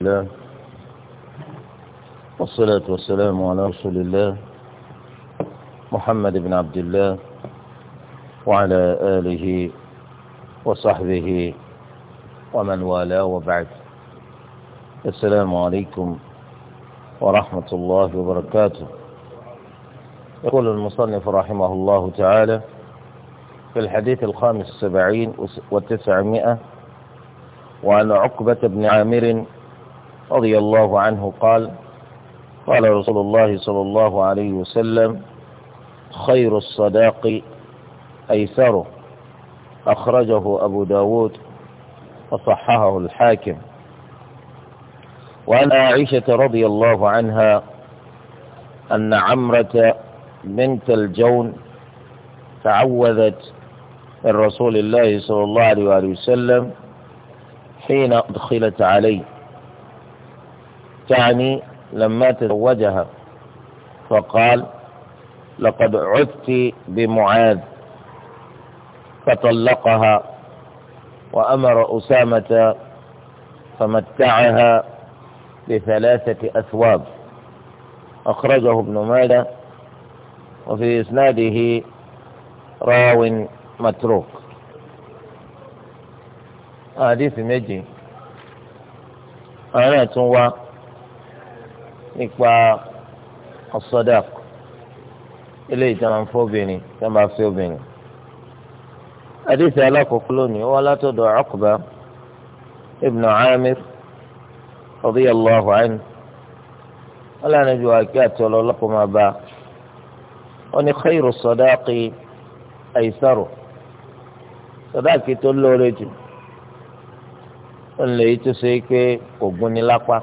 الله والصلاة والسلام على رسول الله محمد بن عبد الله وعلى آله وصحبه ومن والاه وبعد السلام عليكم ورحمة الله وبركاته يقول المصنف رحمه الله تعالى في الحديث الخامس السبعين والتسعمائة وعن عقبة بن عامر رضي الله عنه قال قال رسول الله صلى الله عليه وسلم خير الصداق أيسره أخرجه أبو داود وصححه الحاكم وعن عائشة رضي الله عنها أن عمرة بنت الجون تعوذت من رسول الله صلى الله عليه وسلم حين أدخلت عليه تعني لما تزوجها فقال لقد عدت بمعاذ فطلقها وأمر أسامة فمتعها بثلاثة أثواب أخرجه ابن ماجه وفي إسناده راو متروك حديث مجي أنا تنوى nípa as-sadaq ilé ìjọba fóbìnrin tó máa fi obìnrin. àdìsí alákòókò lónìí wọn látọ̀dọ̀ Uqba ibn Amir radiyallahu anhu wọn lànà ju àkí àti ọlọ́lọ́kọ̀ máa bá wọn ni khayru sadaqi aysaru sọdáàkì tó lóore jù ó lè yí tó ṣe pé kò gún ni lápá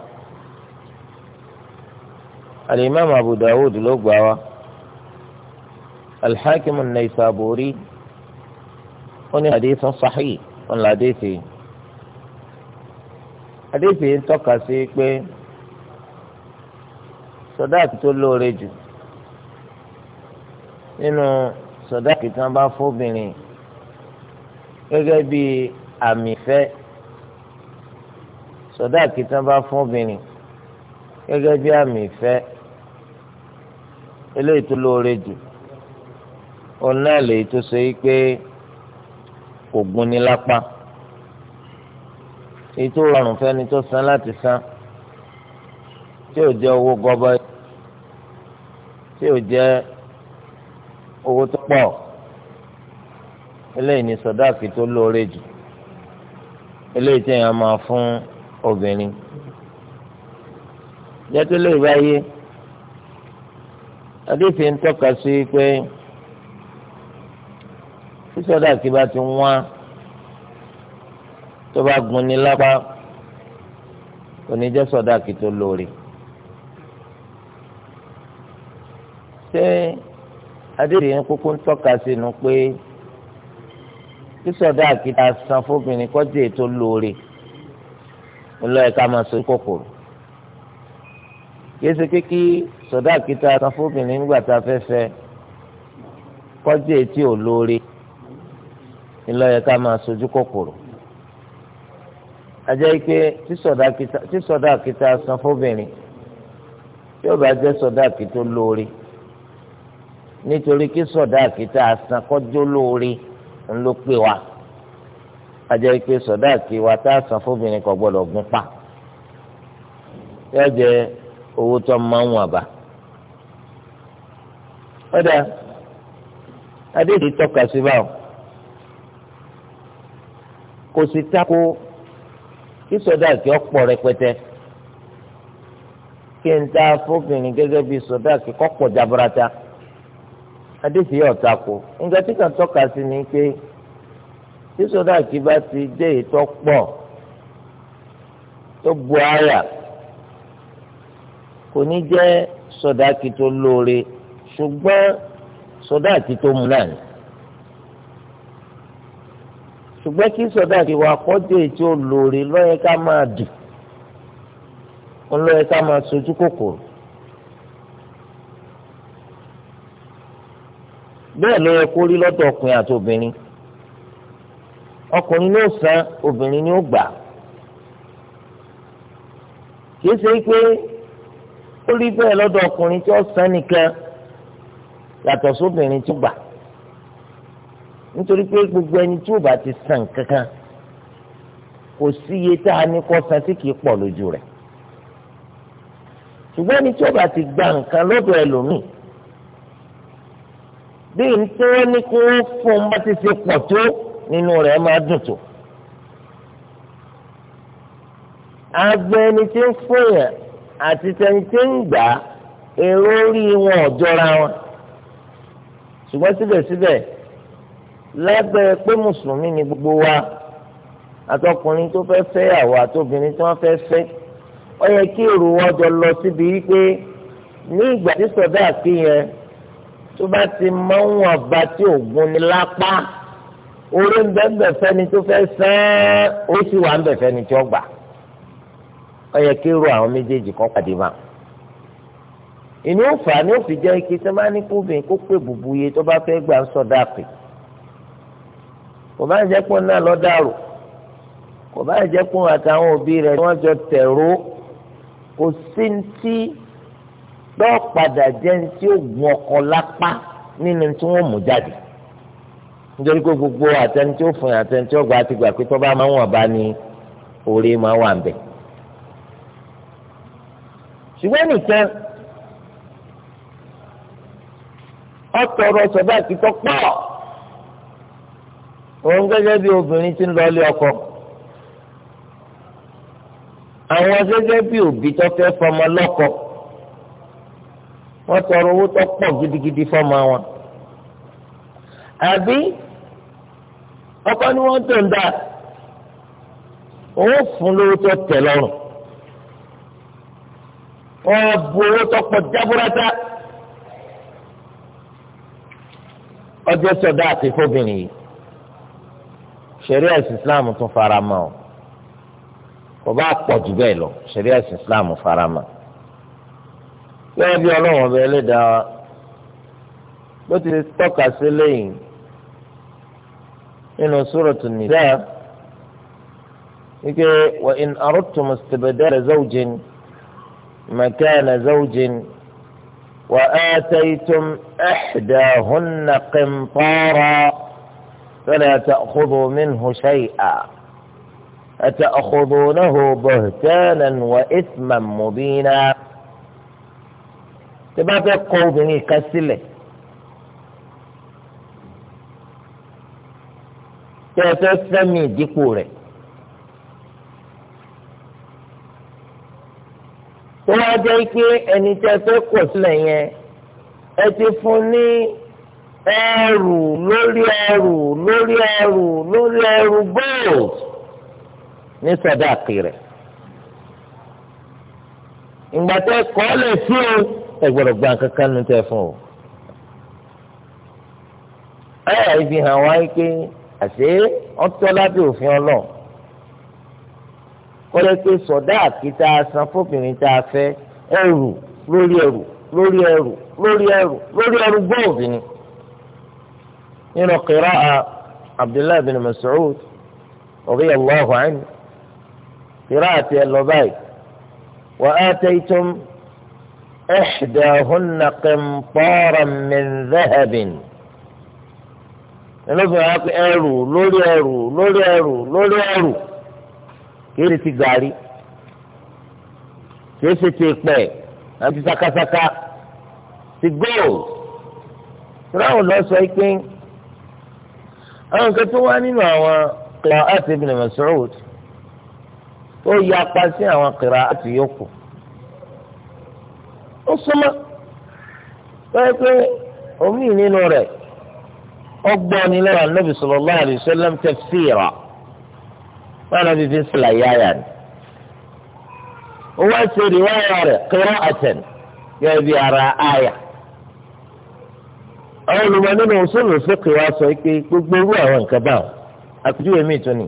alimami abu dawud ló gbà wá alḥakimu naisaburi ó ní hadithun sahih wọn là hadithi hadithi ń tọ́ka sí pé sọdáàkì tó lóore jù nínú sọdáàkì tí wọ́n bá fóbìnrin gẹ́gẹ́ bí àmì ìfẹ́ sọdáàkì tí wọ́n bá fóbìnrin gẹ́gẹ́ bí àmì ìfẹ́ eléyìí tó lóore jù òun náà lèyìí tó ṣe pé kò gúnni lápá èyí tó rọrùn fẹ́ni tó san láti san tí ò jẹ́ owó gọbọi tí ò jẹ́ owó tó pọ̀ eléyìí ni sọdáàkì tó lóore jù eléyìí tí èèyàn máa fún obìnrin jẹ́ tó lè báyé àdéhìí ń tọ́ka sí pé sísọdá kí bá ti wá tó bá gun ní lápá kò ní jẹ́ sọdá kí tó lóore. ṣé àdéhìí ń kúkú ń tọ́ka sínú pé sísọdá kí ta san fóbìnrin kọ́jà ètò lóore ńlọ ẹ̀ka máa so kòkòrò kìí ṣe pé kí sọdá kìíta san fóbìnrin nígbà tá a fẹ́ fẹ́ kọjú etí ò lóore ńlọyẹ ká máa sojú kòkòrò ajẹ́ pé tí sọdá kìíta san fóbìnrin yóò bá jẹ́ sọdá kìíta lóore nítorí kí sọdá kìíta san kọjú lóore ńlọ pé wa ajẹ́ pé sọdá kìíta san fóbìnrin kò gbọ́dọ̀ gún pa yóò jẹ́ owó tó máa ń wọ̀n bá. ọ̀dà adéèdè tọ́ka sí báwọn kò sì tako kí kí ọ pọ̀ rẹpẹtẹ kí n ta fóbìnrin gẹ́gẹ́ bí sọdá kí kọ́ pọ̀ jaburata adéèdè yóò tako tí kan tọ́ka sí ni pé tí sọdá kí bá ti dé ìtọ́ ara. kò ní jẹ́ sọdáàkì tó lóore ṣùgbọ́n sọdáàkì tó mú náà ni ṣùgbọ́n kí sọdáàkì wa kọjú ètò lóore lọ́yẹ ká máa dùn ọlọ́yẹ ká máa sojú kòkòrò. bẹ́ẹ̀ ló yẹ kó rí lọ́dọ̀ ọkùnrin àti obìnrin ọkùnrin ló san obìnrin ni ó gbà kì í ṣe pé ó rí bẹ́ẹ̀ lọ́dọ̀ ọkùnrin tí ó sàn nìkan yàtọ̀ sóbìnrin tó gbà nítorí pé gbogbo ẹni tí ò bá ti sàn kankan kò sí iye tá a ní kó san tí kìí pọ̀ lójú rẹ̀ ṣùgbọ́n ẹni tí ò bá ti gba nǹkan lọ́dọ̀ ẹlòmíì bí n tí wọ́n ní kó fún un bá ti ṣe pọ̀ tó nínú rẹ̀ máa dùn tó. agbẹ́ni tí ń fún yẹn àti tẹ̀ǹtẹ̀ ń gbà èrò orí wọn ò jọra wọn ṣùgbọ́n síbẹ̀síbẹ̀ lábẹ́ pé mùsùlùmí ni gbogbo wa àtọkùnrin tó fẹ́ fẹ́ àwọ àtobìnrin tí wọ́n fẹ́ fẹ́ ó yẹ kí èrò wọn jọ lọ síbi wípé ní ìgbà tí sọdá àti yẹn tó bá ti mọ wọn ọba tí ògùn ni lápá orí ń bẹ́ẹ̀ bẹ́ẹ̀ fẹ́ni tó fẹ́ sẹ́ẹ́ ó sì wà ń bẹ́ẹ̀ fẹ́ni tí ó gbà ó yẹ kí irú àwọn méjèèjì kan pàdé mà ìní ó fà á ní òfin jẹ́ ike tó máa ní kó bìnrin kó pè bùbù iye tó bá fẹ́ gbà ń sọ̀dá pè kò bá jẹ́ pọ́n náà lọ́dàrú kò bá jẹ́ pọ́n àtàwọn òbí rẹ̀ tí wọ́n jọ tẹ̀rọ kò sí ti lọ́ọ̀padà jẹ́ ní tí ó gun ọkọ̀ lápá nínú tí wọ́n mú jáde nítorí pé gbogbo àtẹni ó fún yàn àtẹni tí ó gba ti gbà pé tó bá máa ń wọ̀n bá ní orí máa wà ń bẹ̀ẹ́ ṣùgbọ́n nìkan ọtọrọ sọdọ àti tọpọ òun gẹ́gẹ́ bí obìnrin ti ń lọlé ọkọ àwọn gẹ́gẹ́ bí òbí tó fẹ́ fọmọ lọ́kọ wọ́n tọrọ owó tó pọ̀ gidigidi fọmọ wọn àbí ọkọ ni wọ́n tó ń dà owó fún lówó tó tẹ́ lọ́rùn wọ́n bu owó tọpọ̀ jábúrátá ọjọ́ sọdá àti fóbìnrin yìí ṣẹ̀ríà ìsìláàmù tún fara mọ́ ọ kò bá pọ̀ jù bẹ́ẹ̀ lọ ṣẹ̀ríà ìsìláàmù fara mọ́ gẹ́gẹ́ bí ọlọ́run ọbẹ̀ ẹlẹ́dàá bó ti tọ́ka sí lẹ́yìn nínú sóròtù nìdáà wípé wà in arútùmù sìtìbẹ̀dẹ́rẹ̀ مكان زوج وآتيتم إحداهن قنطارا فلا تأخذوا منه شيئا أتأخذونه بهتانا وإثما مبينا تبقى تقول بني كسله تتسمي ديكوري tó wá jẹ́ pé ẹni tẹ́ fẹ́ kọ̀ sílẹ̀ yẹn ẹ ti fún ní ẹrù lórí ẹrù lórí ẹrù lórí ẹrù gold ní sàdáàkì rẹ̀ ìgbà tẹ́ kọ́ lẹ̀ sí o ẹ gba kankan nu tẹ́ fún o ẹ̀ ẹ̀ fi hàn wáyé pé àṣé ọtọ́ òfin ọlọ́ọ̀. kọ́lé pé sọ̀dá àkìtà san fóbìnrin tá a fẹ́ ẹrù lórí ẹrù lórí ẹrù lórí ẹrù lórí ẹrù gbọ́ obìnrin. nínú kẹrọ a abdullahi bin masoud radiyallahu anhu kẹrọ àti ẹ lọ báyìí wọ́n ẹlọ́bàì wa ataytum ihdahunna qintaran min dhahabin ẹlọ́bìnrin á pé ẹrù lórí ẹrù lórí ẹrù lórí ẹrù. kìí retí gàrí kìí ṣe ti pẹ̀ àti sakasaka ti gold ráhùn lọ sọ pé àwọn nǹkan tó wá nínú àwọn qira'at Ibn Mas'ud ó yapa sí àwọn qira'at yòókù ó súnmọ́ wọ́n pé omi nínú rẹ̀ ọgbọ́n ni lọ́wọ́ Ànábì sallallahu alaihi wasallam wọn náà fífi sílà yáyà ni wọn ṣe rí wáyà rẹ kírọ àtẹn yóò bí ara àyà àwọn olùmọ̀ nínú òṣèlú sókè wa sọ pé gbogbo irú àwọn nǹkan báwọn àpèjúwe mi tún ni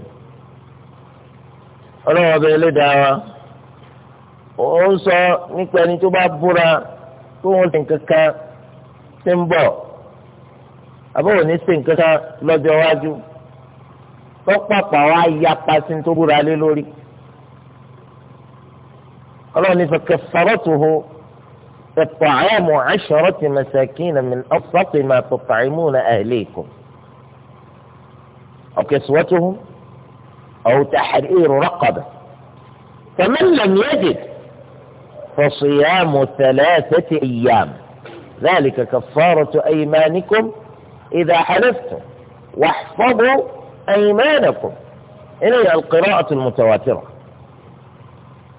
ọlọ́wọ́ ọbẹ̀ ẹlẹ́dàá wa ó ń sọ nípa ẹni tó bá búra tó wọn ṣe nǹkan kan ń bọ̀ àbọ̀wò ní ṣe nǹkan lọ́jọ́ iwájú. tọ́pàpà wa ya pasi tó búra lé lórí ọlọ́run ìfẹ́ kẹfàrọ́tùhù ìpààmù àṣọrọ́tì mẹsàkínà mi ọ̀pọ̀pẹ̀ máa tọ̀pàìmù náà ẹ̀lẹ́ ìkọ́ fọ̀sọ̀ ọ̀hùtàḥìrì mọ̀ tẹ̀lẹ̀ yẹ́dì fọ̀ṣìyàmù tẹ̀lẹ́sẹ̀tì ìyàm ذلك كفارة أيمانكم إذا حلفتم واحفظوا أيمانكم إلى القراءة المتواترة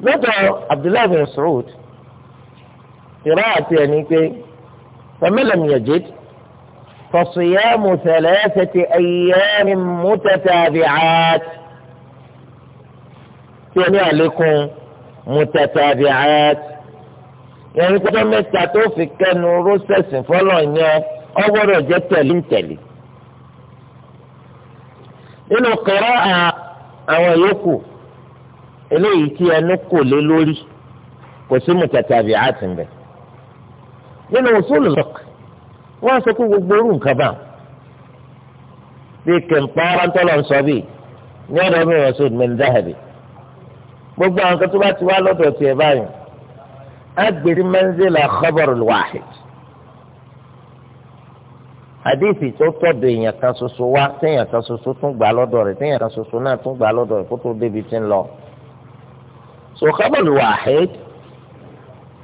لدى عبد الله بن مسعود قراءة يعني كي فمن لم يجد فصيام ثلاثة أيام متتابعات يعني عليكم متتابعات يعني كتب مستعطوف كانوا رسس فلو أنه أول جت تلي nínú kẹrọ àwọn yòókù eléyìí tí ẹnu kò lé lórí kò sí mùtàtàbí àti ń bẹ nínú òṣùlù lọk wọn sọ pé gbogbo orú nǹkan bá bí kẹmpá rántọlọ ń sọ bí ní ọ̀dọ̀ mi wọn sọ mẹndáhàbì gbogbo àwọn kan tó bá lọ́dọ̀ tiẹ̀ báyìí agbèrè mẹnzẹlà khabarul wahid àdéhìí tó tọ̀dọ̀ èèyàn kan ṣoṣo wá téèyàn kan ṣoṣo tún gbà lọ́dọ̀ rẹ̀ téèyàn kan ṣoṣo náà tún gbà lọ́dọ̀ rẹ̀ kó tó débi tí ń lọ. so kábọ̀lù wàhíd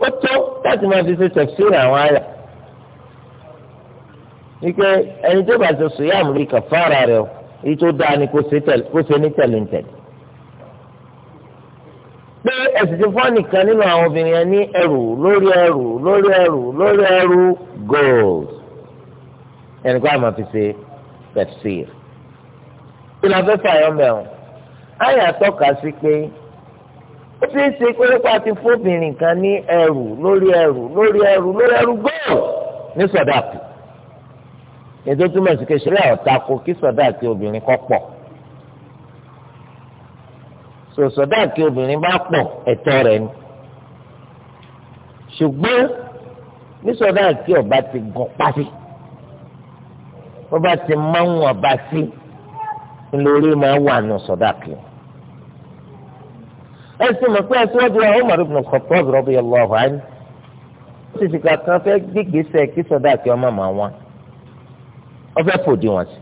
ó tó láti máa fi ṣe tẹ̀síìrì àwọn àyà wípé ẹni tó bá ṣe sùn yá àmúrí kàfàrà rẹ̀ o èyí tó dáa ni kó ṣe ní tẹ̀léǹtẹ̀lé. pé ẹ̀sìn ti fọ́ọ̀nì kan nínú àwọn obìnrin yẹn ní ẹrù lórí ẹrù lórí ẹrù lórí ẹrù gold yẹn kó àmọ́ fi ṣe tafsir. kí la fẹ́ fàyọ́ mẹ́wọ̀n ayé àtọ́ka sí pé ó ti ń ṣe pẹ́lẹ́pẹ́ àti fóbìnrin kan ní ẹrù lórí ẹrù lórí ẹrù lórí ẹrù gbọ́ọ̀ ní sọ̀dáàkì ètò túmọ̀ sí pé ṣẹlẹ̀ ọ̀tá kó kí sọ̀dáàkì obìnrin kọ́ pọ̀ sọ̀dáàkì obìnrin bá pọ̀ ẹ̀tọ́ rẹ̀ ni ṣùgbọ́n ní sọ̀dáàkì ọba ti gọ̀ pàṣẹ wọ́n bá ti máa ń wọ̀n bá sí lórí máa wà nù sọ̀dáàkì. ẹ sì mọ̀ pé aṣíwájú wa Umar ibn Khattab radiyallahu anhu ó sì fìkà kan fẹ́ gbégbèsè kí sọ̀dáàkì ọmọ màá wá wọ́n fẹ́ fòdì wọn sí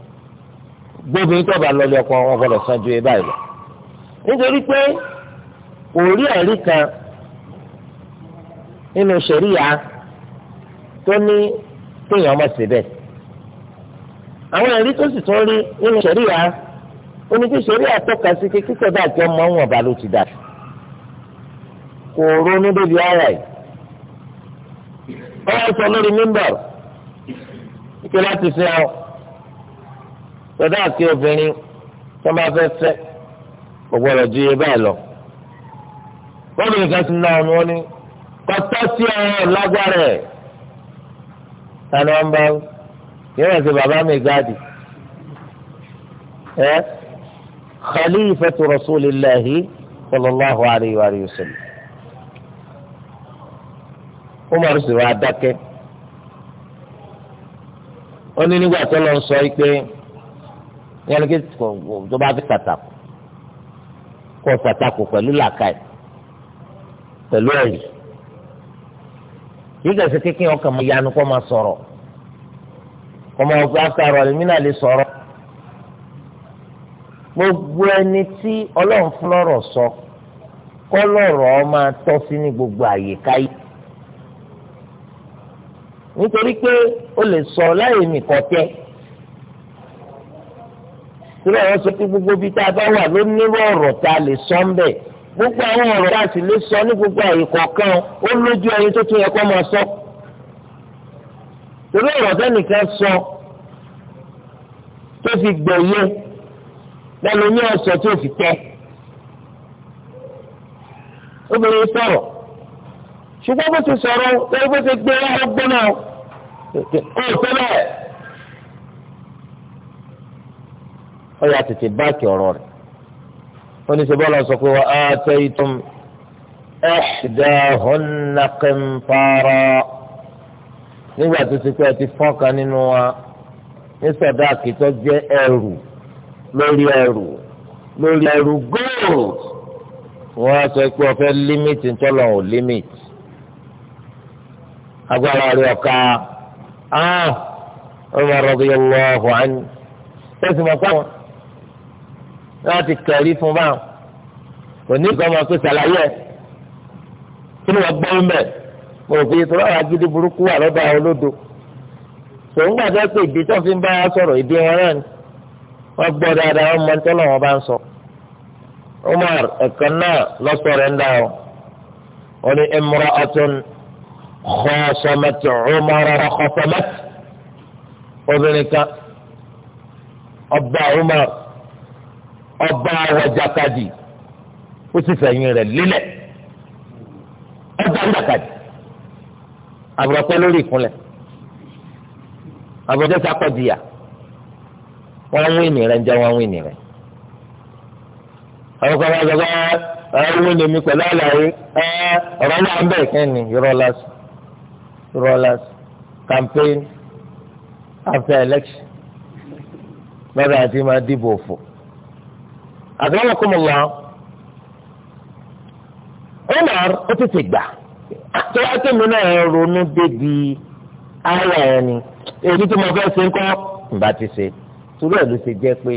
gbóbi tó bá lọlé ọkọ wọn gbọ́dọ̀ san ju ebá ìlọ nítorí pé kò ẹ̀rí kan nínú ṣẹ̀ríyà tó ní kéèyàn ọmọ síbẹ̀ àwọn ẹ̀rí tó sì tún rí nínú sẹ̀ríà oníkí sẹ̀ríà tọ́ka sí pé kíkọ̀dá àti ọmọ wọn ọba ló ti dà kò ronú débi ara yìí wọ́n sọ lórí mímbọ̀rù ike láti fi hàn sọdá àti obìnrin tó máa fẹ́ fẹ́ kò gbọ́dọ̀ ju iye báyìí lọ wọ́n lè fẹ́ sí náà wọ́n ní sí ọ̀rọ̀ lágbára ẹ̀ tani wọ́n bá ń yẹ́rẹ́ sọ bàbá mi gáàdì ẹ́ khalifatu rasulillahi sallallahu alayhi wa sallam umar sì wá dákẹ́ ó ní nígbà tó lọ sọ pé yẹn kí tó bá fi kàtàkù kó kàtàkù pẹ̀lú làkàì pẹ̀lú ẹ̀rí yíga sí kékeré ọkàn mọ yanu kó máa sọ̀rọ̀ kọ́mọ ọgbẹ́ akárọ̀ ẹ̀mínà lè sọ̀rọ̀ gbogbo ẹni tí ọlọ́run fún lọ́rọ̀ sọ kọ́ lọ́rọ̀ ọ máa tọ́ sí ní gbogbo àyíkáyé nítorí pé o lè sọ láyé nìkan tẹ́ síbẹ̀ wọ́n sọ pé gbogbo ibi tá a bá wà ló nírú ọ̀rọ̀ tá a lè sọ ń bẹ̀ gbogbo àwọn ọ̀rọ̀ tá a sì lè sọ ní gbogbo àyíkọ̀ọ̀kan ó lójú ẹni tó tún yẹ kó máa sọ torí ọ̀rọ̀ sẹ́nìkan sọ tó fi gbẹ̀yẹ lẹ́nu ní ọ̀sọ̀ tó fi tẹ́ obìnrin sọ̀rọ̀ ṣùgbọ́n bó ti sọ̀rọ̀ lórí bó ti gbé ọ̀rọ̀ gbóná ó tẹ́lẹ̀ ó yà tètè báàkì ọ̀rọ̀ rẹ̀ wọ́n ní sọ́bọ́lá sọ pé wọ́n á tẹ́ ìtum ẹ̀ṣdá hùn nàkìntàrà nígbà tó ti pẹ́ ti fọ́n kan nínú wa ní sọ̀dá àkìtọ́ jẹ́ ẹrù lórí ẹrù lórí ẹrù gold wọ́n á sọ pé ọ̀fẹ́ límìtì ń tọ́lọ̀ ò límìtì agbára rẹ̀ ọ̀ka ah Umar radiyallahu anhu ẹ̀sì mọ̀ pé wọn láti kẹ̀rí fún báwọn kò ní ìgbà máa pèsè àlàyé kí ni wọ́n gbọ́ ń bẹ̀ mo rò pé ètò ọ̀rọ̀ agídí burúkú wà lọ́dọ̀ àwọn olódo tòun gbàgbé pé ìdí tó fi ń bá wa sọ̀rọ̀ ìdí wọn náà ni wọ́n gbọ́ dáadáa wọ́n mọ ní tọ́lọ̀ wọn bá ń sọ. Umar ẹ̀kan náà lọ́sọ̀rọ̀ ń dá o ó ní imra'atun khasamat Umar khasamat obìnrin kan ọba Umar ọba wọ̀jàkadì ó sì fẹ̀yìn rẹ̀ lílẹ̀. àbùrọ̀pẹ́ lórí ìkúnlẹ̀ àbùrọ̀pẹ́ sakọ̀dìyà wọ́n ń wíìnì rẹ̀ ń jẹ́ wọ́n ń wíìnì rẹ̀ àwọn kan bá sọ pé ẹ wíìnì mi pẹ̀lú àlàyé ẹ ọ̀rọ̀ náà ń bẹ̀ kẹ́ni ìrọ̀lás ìrọ̀lás campaign after election lọ́dọ̀ àti máa dìbò fò àgbẹ̀wò kọ́mọ̀lá Umar ó tètè gbà tó wá tèmi náà ronú débi ara ẹ̀ ni èyí tí mo fẹ́ ṣe ń kọ́ ìgbà ti ṣe torí ẹ̀ ló ṣe jẹ́ pé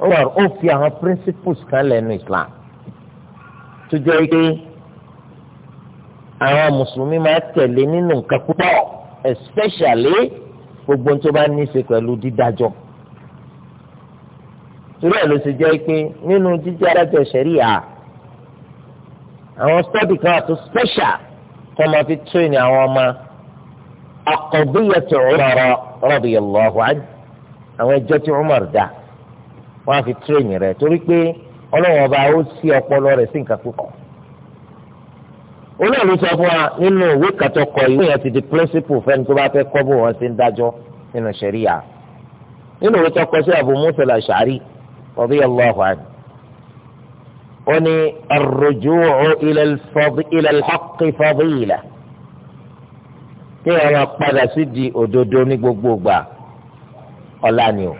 ó fi àwọn principles kan lẹ́nu Islam tó jẹ́ pé àwọn mùsùlùmí máa tẹ̀lé nínú nǹkan púpọ̀ especially gbogbo tó bá ní í ṣe pẹ̀lú dídájọ́ torí ẹ̀ ló ṣe jẹ́ pé nínú jíjẹ́ adájọ́ ṣẹ̀ríà àwọn study kan àti special kọ́mọ fi tírénì àwọn ọmọ akọ̀bíyàtì Umar radiyallahu anhu àwọn ẹjọ́ tí Umar dá wọ́n á fi tírénì rẹ̀ torí pé ọlọ́wọ́n ọba ó sí ọpọlọ rẹ̀ sí nǹkan púpọ̀. olóòlù sọ fún wa nínú ìwé kàtọ́kọ̀ ìwé yẹn ti di principal fẹ́ni tó bá fẹ́ kọ́ bó wọn ṣe ń dájọ́ nínú ṣẹ̀ríyà nínú ìwé tọkọ sí Abu Musa al-Ash'ari radiyallahu وني الرجوع إلى الفض... إلى الحق فضيلة kí ẹ máa padà sídìí òdodo ní gbogbo gbà ọ̀la ni o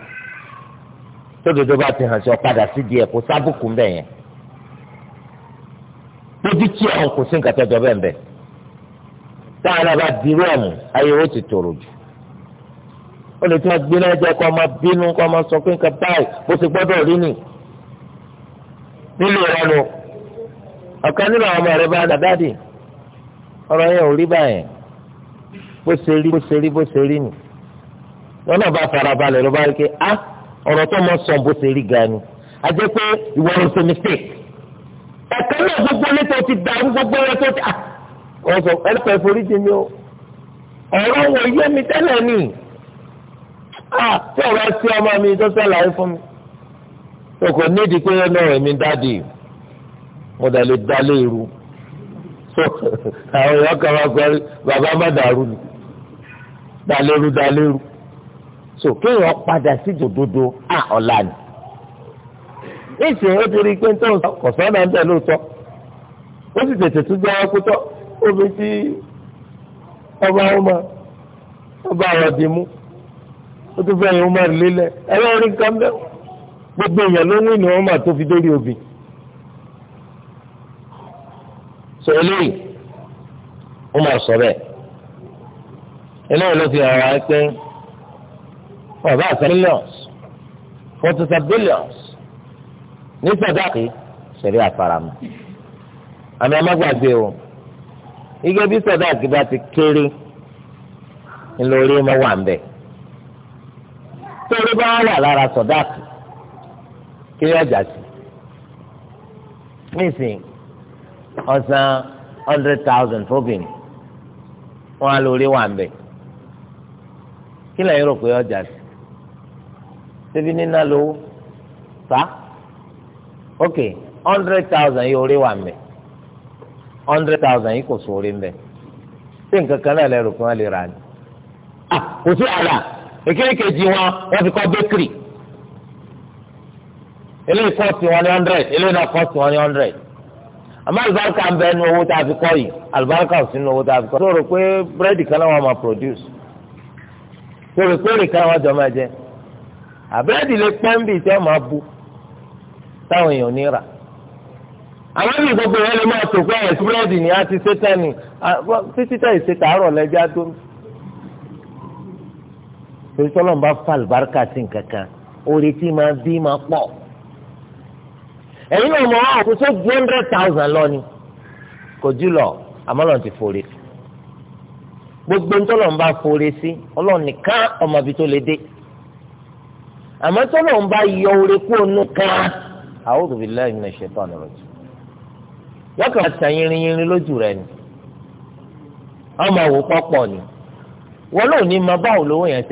tódodo bá ti hàn sí ọ padà sídìí ẹ kó sábùkù mbẹ yẹn lójú tí ọ̀hún kò sí nǹkan tẹ́jọ bẹ́ẹ̀ bẹ́ẹ̀ táwọn náà bá dirú ẹ̀mú ayé ó ti tòrò jù ó lè tún gbé náà jẹ́ kó ọmọ bínú kó ọmọ sọ pé nǹkan báyìí bó ti gbọ́dọ̀ rí nìyí nílò rẹ nu ọ̀kan nínú àwọn ọmọ rẹ bá dàda dì ọ̀rọ̀ yẹn ò rí báyẹn bó ṣe rí bó ṣe rí bó ṣe rí nù wọn náà bá fara balẹ̀ ló bá rí i pé a ọ̀rọ̀ tó mọ sọ bó ṣe rí gan ni a jẹ́ pé ìwọ ló ṣe mistake ẹ̀kan náà gbogbo ní tó ti dàrú gbogbo rẹ tó ti a wọ́n sọ ẹlẹ́pẹ̀ foríjì mi o ọ̀rọ̀ wọ̀nyí ẹ̀mí tẹ́lẹ̀ ni a tí ọ̀rọ̀ ẹ sí ọmọ mi tó sẹ́lẹ̀ ayé fún mi o kò nídìí pé náà èmi dáàdì mo dà lè dalé irú àwọn èèyàn kan máa gbọ́ bàbá má dàrú ni dalérú dalérú so kéèyàn padà sí dòdòdó à ah, ọ̀la ni nísìnyí ó ti rí i pé tó kọ̀sán náà ń tẹ̀ lóòótọ́ ó sì tètè tún jẹ́ ọkútọ́ omi tí ọba ọmọ ọba ọ̀rọ̀ dì mú ó tún fẹ́ yẹn ó má rí lélẹ̀ ẹ̀rọ orí kan bẹ́ẹ̀ gbogbo èèyàn ló ń wí ni wọ́n máa tó fi dórí obì. sọ eléyìí ó máa sọ bẹ́ẹ̀ eléyìí ló fi hàn án pé ọba àti millions forty seven billions ní sadaki ṣẹlẹ̀ àfaramọ́ àmì amágbàgbé o igi bí sàdáàkì bá ti kéré ńlọrọ ẹ máa wà ń bẹ torí bá wà lára sàdáàkì kí yọ ọjà sí nísìnyí ọ̀sán hundred thousand fóbìnrin wọn á lórí wà ń bẹ̀ kí lẹ́yìn rò pé ọjà sí ṣébi níná lówó fa ok hundred thousand yìí orí wà ń hundred thousand yìí kò sóore ń bẹ̀ ṣé nǹkan kan náà lẹ́rù pé wọ́n lè rà ni. Ah, kò sí àlà èkéèkéjì wọn wọ́n fi kọ́ bẹ́kìrì eléyìí kọ́ọ̀tì wọn ní hundred eléyìí náà kọ́ọ̀tì wọn ní hundred àmọ́ àlùbáríkà ń bẹ nu owó tá a fi kọ́ yìí àlùbáríkà ò sí nu owó tá a fi kọ́ yìí. sọ̀rọ̀ pé búrẹ́dì kan náà wọ́n máa produce sọ̀rọ̀ pé èrè kan wọ́n jọ máa jẹ àbúrẹ́dì lè pẹ́ ń bì máa bu táwọn èèyàn ní rà àwọn ènìyàn gbogbo yẹn lè máa tò pé ẹ̀sìn búrẹ́dì ni a ti ṣe tẹ́ni títí tẹ́ ìṣe tààrọ̀ lẹ́jà tó torí tọ́lọ́mùbá fa àlùbáríkà sí nǹkan kan oore tí máa bí máa pọ̀ ẹ̀yin náà mọ̀ ọ́ kò tó lọ ni kò jù lọ àmọ́ lọ́n ti sí gbogbo ntọ́lọ̀ ń bá sí ọlọ́run nìkan ọmọ tó lè dé àmọ́ tọ́lọ̀ ń bá yọ orí kú ònú kan a'udhu billahi minash shaitanir rajim yọkàn máa tàn yinrin lójú rẹ ni ọmọ òwò ni wọn lóò ní ma báwo lówó yẹn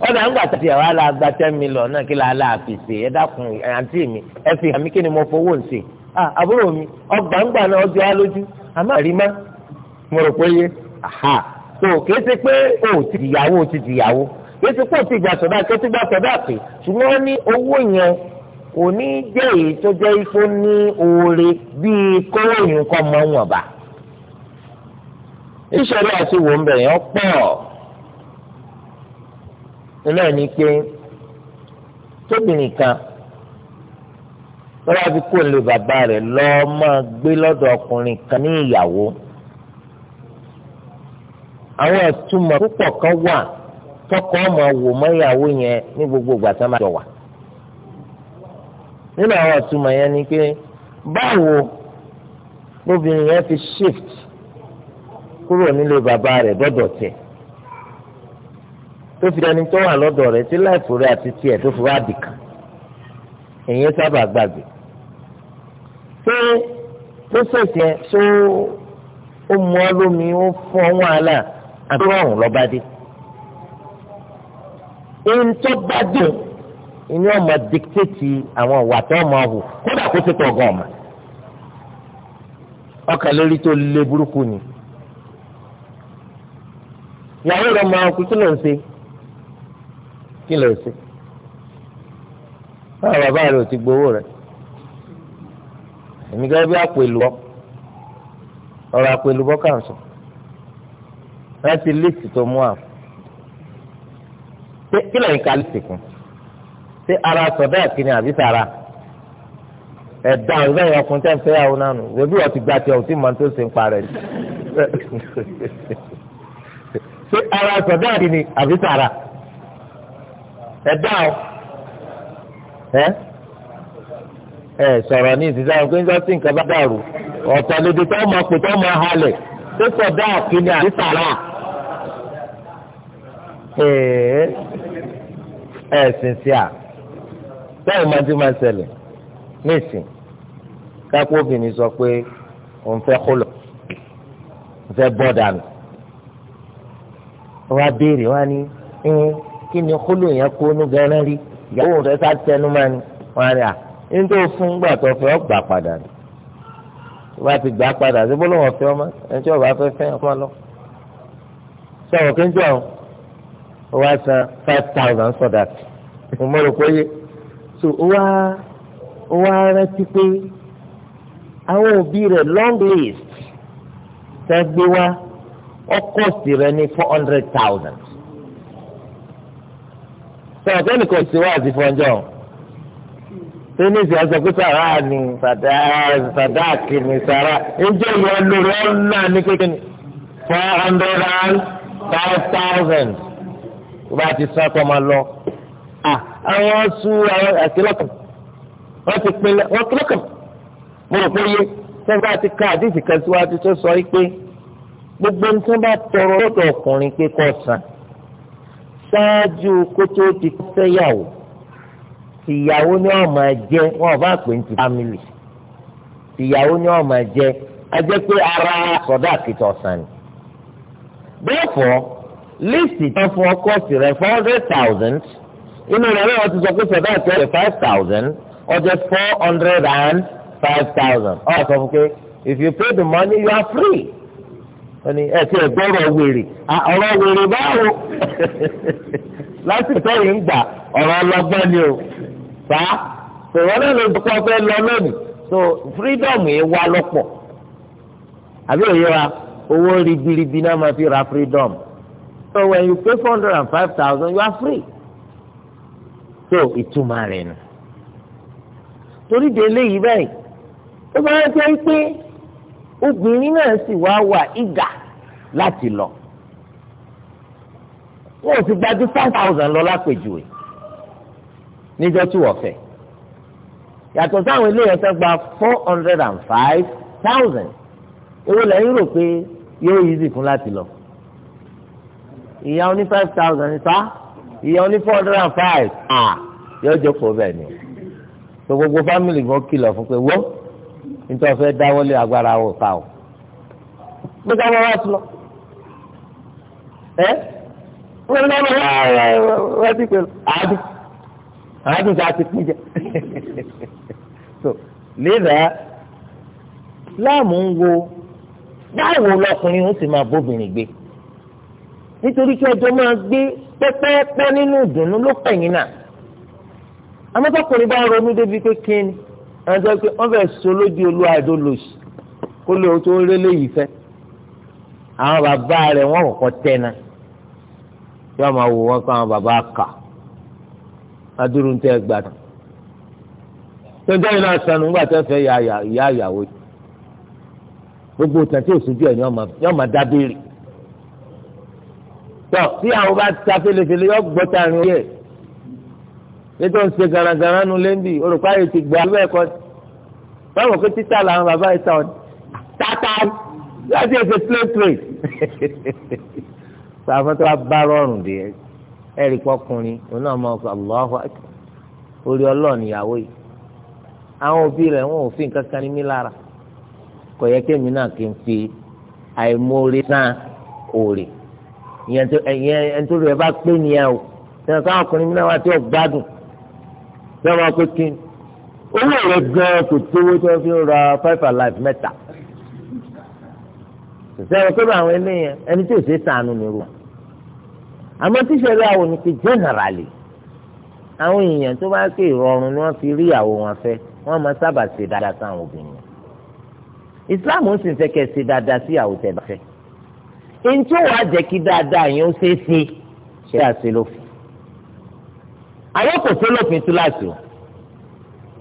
ọ ń gbàtà tí àwa la gba náà kí la la fi ṣe dákun àǹtí mi ẹ fi hàn mí kí ni mo fowó ń ṣe àbúrò mi ọgbàǹgbà náà ọjọ́ á lójú àmọ́ àrímá mo rò pé yé tó pé o ti dìyàwó o ti dìyàwó kìí o ti gbà gbà pé ṣùgbọ́n ní owó yẹn kò ní jẹ́ èyí tó jẹ́ ní oore bíi mọ́ wọn bá. ìṣòro àti náà ni pé tóbìnrin kan lọ́wọ́ bí kò lè bàbá rẹ̀ lọ́ọ́ máa gbé lọ́dọ̀ ọkùnrin kan ní ìyàwó àwọn ìtumọ̀ púpọ̀ kan wà tọkọ ọmọ wò mọ́ ìyàwó yẹn ní gbogbo ìgbà tí wọ́n máa jọ wà nínú àwọn ìtumọ̀ yẹn ni pé fi shift kúrò nílé bàbá rẹ̀ dọ́dọ̀ tẹ̀. tó fi dání tó wà lọ́dọ̀ rẹ̀ tí láìpù rẹ̀ àti tiẹ̀ tó fi wá dìkan èyí sábà gbàgbé ṣé tó ṣèṣì ẹ ṣó ó mú ọ lómi ó fún ọ wàhálà àbí ọrùn lọ́ba dé ohun tó bá dùn inú ọmọ dikitéètì àwọn ìwà tó ọmọ hù kódà kó ti pọ̀ gan ọmọ ọkàn lórí tó le burúkú ni ìyàwó rẹ̀ máa kú kí ló ṣe kí ló ṣe báwo bàbá rẹ ò ti gbowó rẹ èmi gẹ́gẹ́ bí àpèlúbọ́ ọ̀rọ̀ àpèlúbọ́ kàn sọ láti líìsì tó mú àwọn ṣé kí lóyún ká líìsì kún ṣé ara sọ̀dọ̀ àkíní àbí sara ẹ̀dá ọ̀rẹ́ yẹn ọkùnrin tẹ́ ń fẹ́ yàwó náà nù wẹ́bí wọ́n ti gba tiẹ̀ òtí màá tó ṣe ń parẹ́ ṣé ara sọ̀dọ̀ àkíní àbí sara ẹ̀dá o ẹ ẹ sọ̀rọ̀ ní ìsìsá yẹn pé ń sọ sí nǹkan bá dàrú ọ̀tọ̀ lóde tó mọ̀ pé tó mọ̀ halẹ̀ tó sọ dá àkíní àti sàrà ẹ ẹ sísí à bẹ́ẹ̀ máa ti máa ṣẹlẹ̀ nísìn kápó obìnrin sọ pé òun fẹ́ kó lọ òun fẹ́ bọ́ dànù wọ́n á béèrè wọ́n á ní kí ni kólú yẹn kó ní gánà rí ìyàwó rẹ sá tẹnu máa ní wọn rí à ń tó fún gbà tó fẹ́ ọgbà padà ní tó ti gbà padà sí bó lóun ọ̀fẹ́ ọmọ ẹni tí ọba fẹ́ fẹ́ ọmọ lọ. sọ̀rọ̀ kí n jọ ọ wá san five thousand sọ̀dà mo mọ̀ rò pé yé so ó wá ó wá rántí pé àwọn òbí rẹ̀ long list tẹ́ gbé wá ọkọ̀ sí rẹ ní four hundred thousand sọ̀rọ̀ pé nìkan ti wá àti fọ́njọ́ tó ní ìsìn ọ̀sẹ̀ pé sàrà ni sàdáàkì ni sàrà ẹjọ́ yọ lórí ọ̀nà ní kékeré ni four hundred and five thousand tó bá ti sọ ọkọ máa lọ àwọn su àwọn àkìlọ́kàn wọ́n ti pinlẹ̀ wọ́n kìlọ́kàn mo rò pé yé sẹ́ńtà ti ká àdéhìí kan síwájú tó sọ yìí pé gbogbo nǹkan bá tọrọ lọ́dọ̀ ọkùnrin pé kó san ṣáájú kótó ti fẹ́yàwó tìyàwó ni wọ́n máa jẹ́ wọ́n bá pè ní ti family tìyàwó ni wọ́n máa jẹ́ ajẹ́ pé ara sọ̀dá àkìtọ̀ ọ̀sán ni. therefore lísì tán fún ọkọ sí rẹ four hundred thousand inú rẹ náà wọ́n ti sọ pé sọ̀dá àti ọ̀rẹ́ five thousand ọjọ́ four hundred and five thousand ọ̀ sọ fún pé if you pay the money you are free wọ́n ní ẹ̀sìn ẹ̀gbọ́rọ̀ wèrè ọ̀rọ̀ wèrè báwo lásìkò yìí ń gbà ọ̀rọ̀ ọlọ́gbọ́n ni o fà á sọ̀rọ̀ náà ló dúpọ̀ fẹ́ lọ lónìí so freedom yìí wá lọ́pọ̀ àbí òye wa owó ribiribi náà máa fi ra freedom so when you pay four hundred and five thousand you are free so ìtumọ̀ rẹ̀ nù torí de eléyìí báyìí ó bá ń jẹ́ pé obìnrin náà sì wá wà ìgà láti lọ wọn ò sì gbajú five thousand lọ lápèjúwe níjọ tí wọ́n fẹ́ yàtọ̀ sáwọn ilé ẹ̀sẹ̀ gba four hundred and five thousand èwo lẹ́yìn rò pé yóò easy fún láti lọ ìyá oní five thousand ní sá ìyá oní four hundred and five ah yóò jókòó bẹ́ẹ̀ ni gbogbo family gan kìlọ̀ fún pé wọ́n nítorí ọ̀fẹ́ dáwọ́lé agbára wò ká o gbégbá wọn wá sí lọ ẹ wọn ní wọn wá wọn ti pè àádùn àádùn tí a ti pín jẹ so lẹ́dà láàmú ń wo báwo lọkùnrin ó sì máa bóbìnrin gbé nítorí kí ọjọ́ máa gbé pẹ́pẹ́pẹ́ nínú ìdùnnú ló pẹ̀yìn náà amọ́tọ́kùnrin bá ronú débi pé kí ni ẹni tó pé wọ́n fẹ́ so lójú olúwa ẹ̀dó lòsì kó lè tó rí léyìí fẹ́ àwọn bàbá rẹ̀ wọ́n kọ́kọ́ tẹ́ná yóò máa wò wọ́n pé àwọn bàbá kà adúrú ń tẹ́ gbà tán tó ń dẹ́yìn náà sanu ńgbà tẹ́ fẹ́ ìyá ìyàwó gbogbo ìtàn tí òṣùjú ẹ̀ yóò máa dábìrì tọ́ tí àwọn bá ta fẹ́lẹ́fẹ́lẹ́ yóò gbọ́ tààrin yẹn nítorí wọn ń ṣe garagara nu lẹ́ńbì olùkọ́ ayé ti gbà bẹ́ẹ̀ kọ́ báwo kó títà làwọn bàbá yìí ta ọ tata láti ẹsẹ̀ play play sàmọ́ tó wá bá rọrùn dé ẹ̀rí pọkùnrin òun náà mọ ọkọ àlọ́hùn orí ọlọ́ọ̀ni ìyàwó yìí àwọn òbí rẹ̀ wọn ò fi nǹkan kan ní mí lára kò yẹ kémi náà kí n fi àìmóore náà òòrè ìyẹn tó rẹ̀ bá pé nìyẹn o sẹ́yìn ọkùnrin mi náà wá tí ò ṣé wọn pé kí ni owó rẹ gan kò tówó tó fi ra five alive mẹ́ta ṣe wọn pé àwọn eléyẹn ẹni tí ò ṣe sànù nìrú àmọ́ tíṣẹ̀lẹ̀ àwọn ni pé jẹ́nẹ̀rálì àwọn èèyàn tó bá ké ìrọ̀rùn ni wọ́n fi rí ìyàwó wọn fẹ́ wọ́n máa sábà ṣe dáadáa sáwọn obìnrin ìsìláàmù ń sì fẹ́ kẹ́ ṣe dáadáa sí ìyàwó tẹ̀ bá fẹ́ ẹni tí ó wàá jẹ́ kí dáadáa yẹn ó ṣeé ṣe ṣe àṣelófin àyè kò sí lófin túláàsì o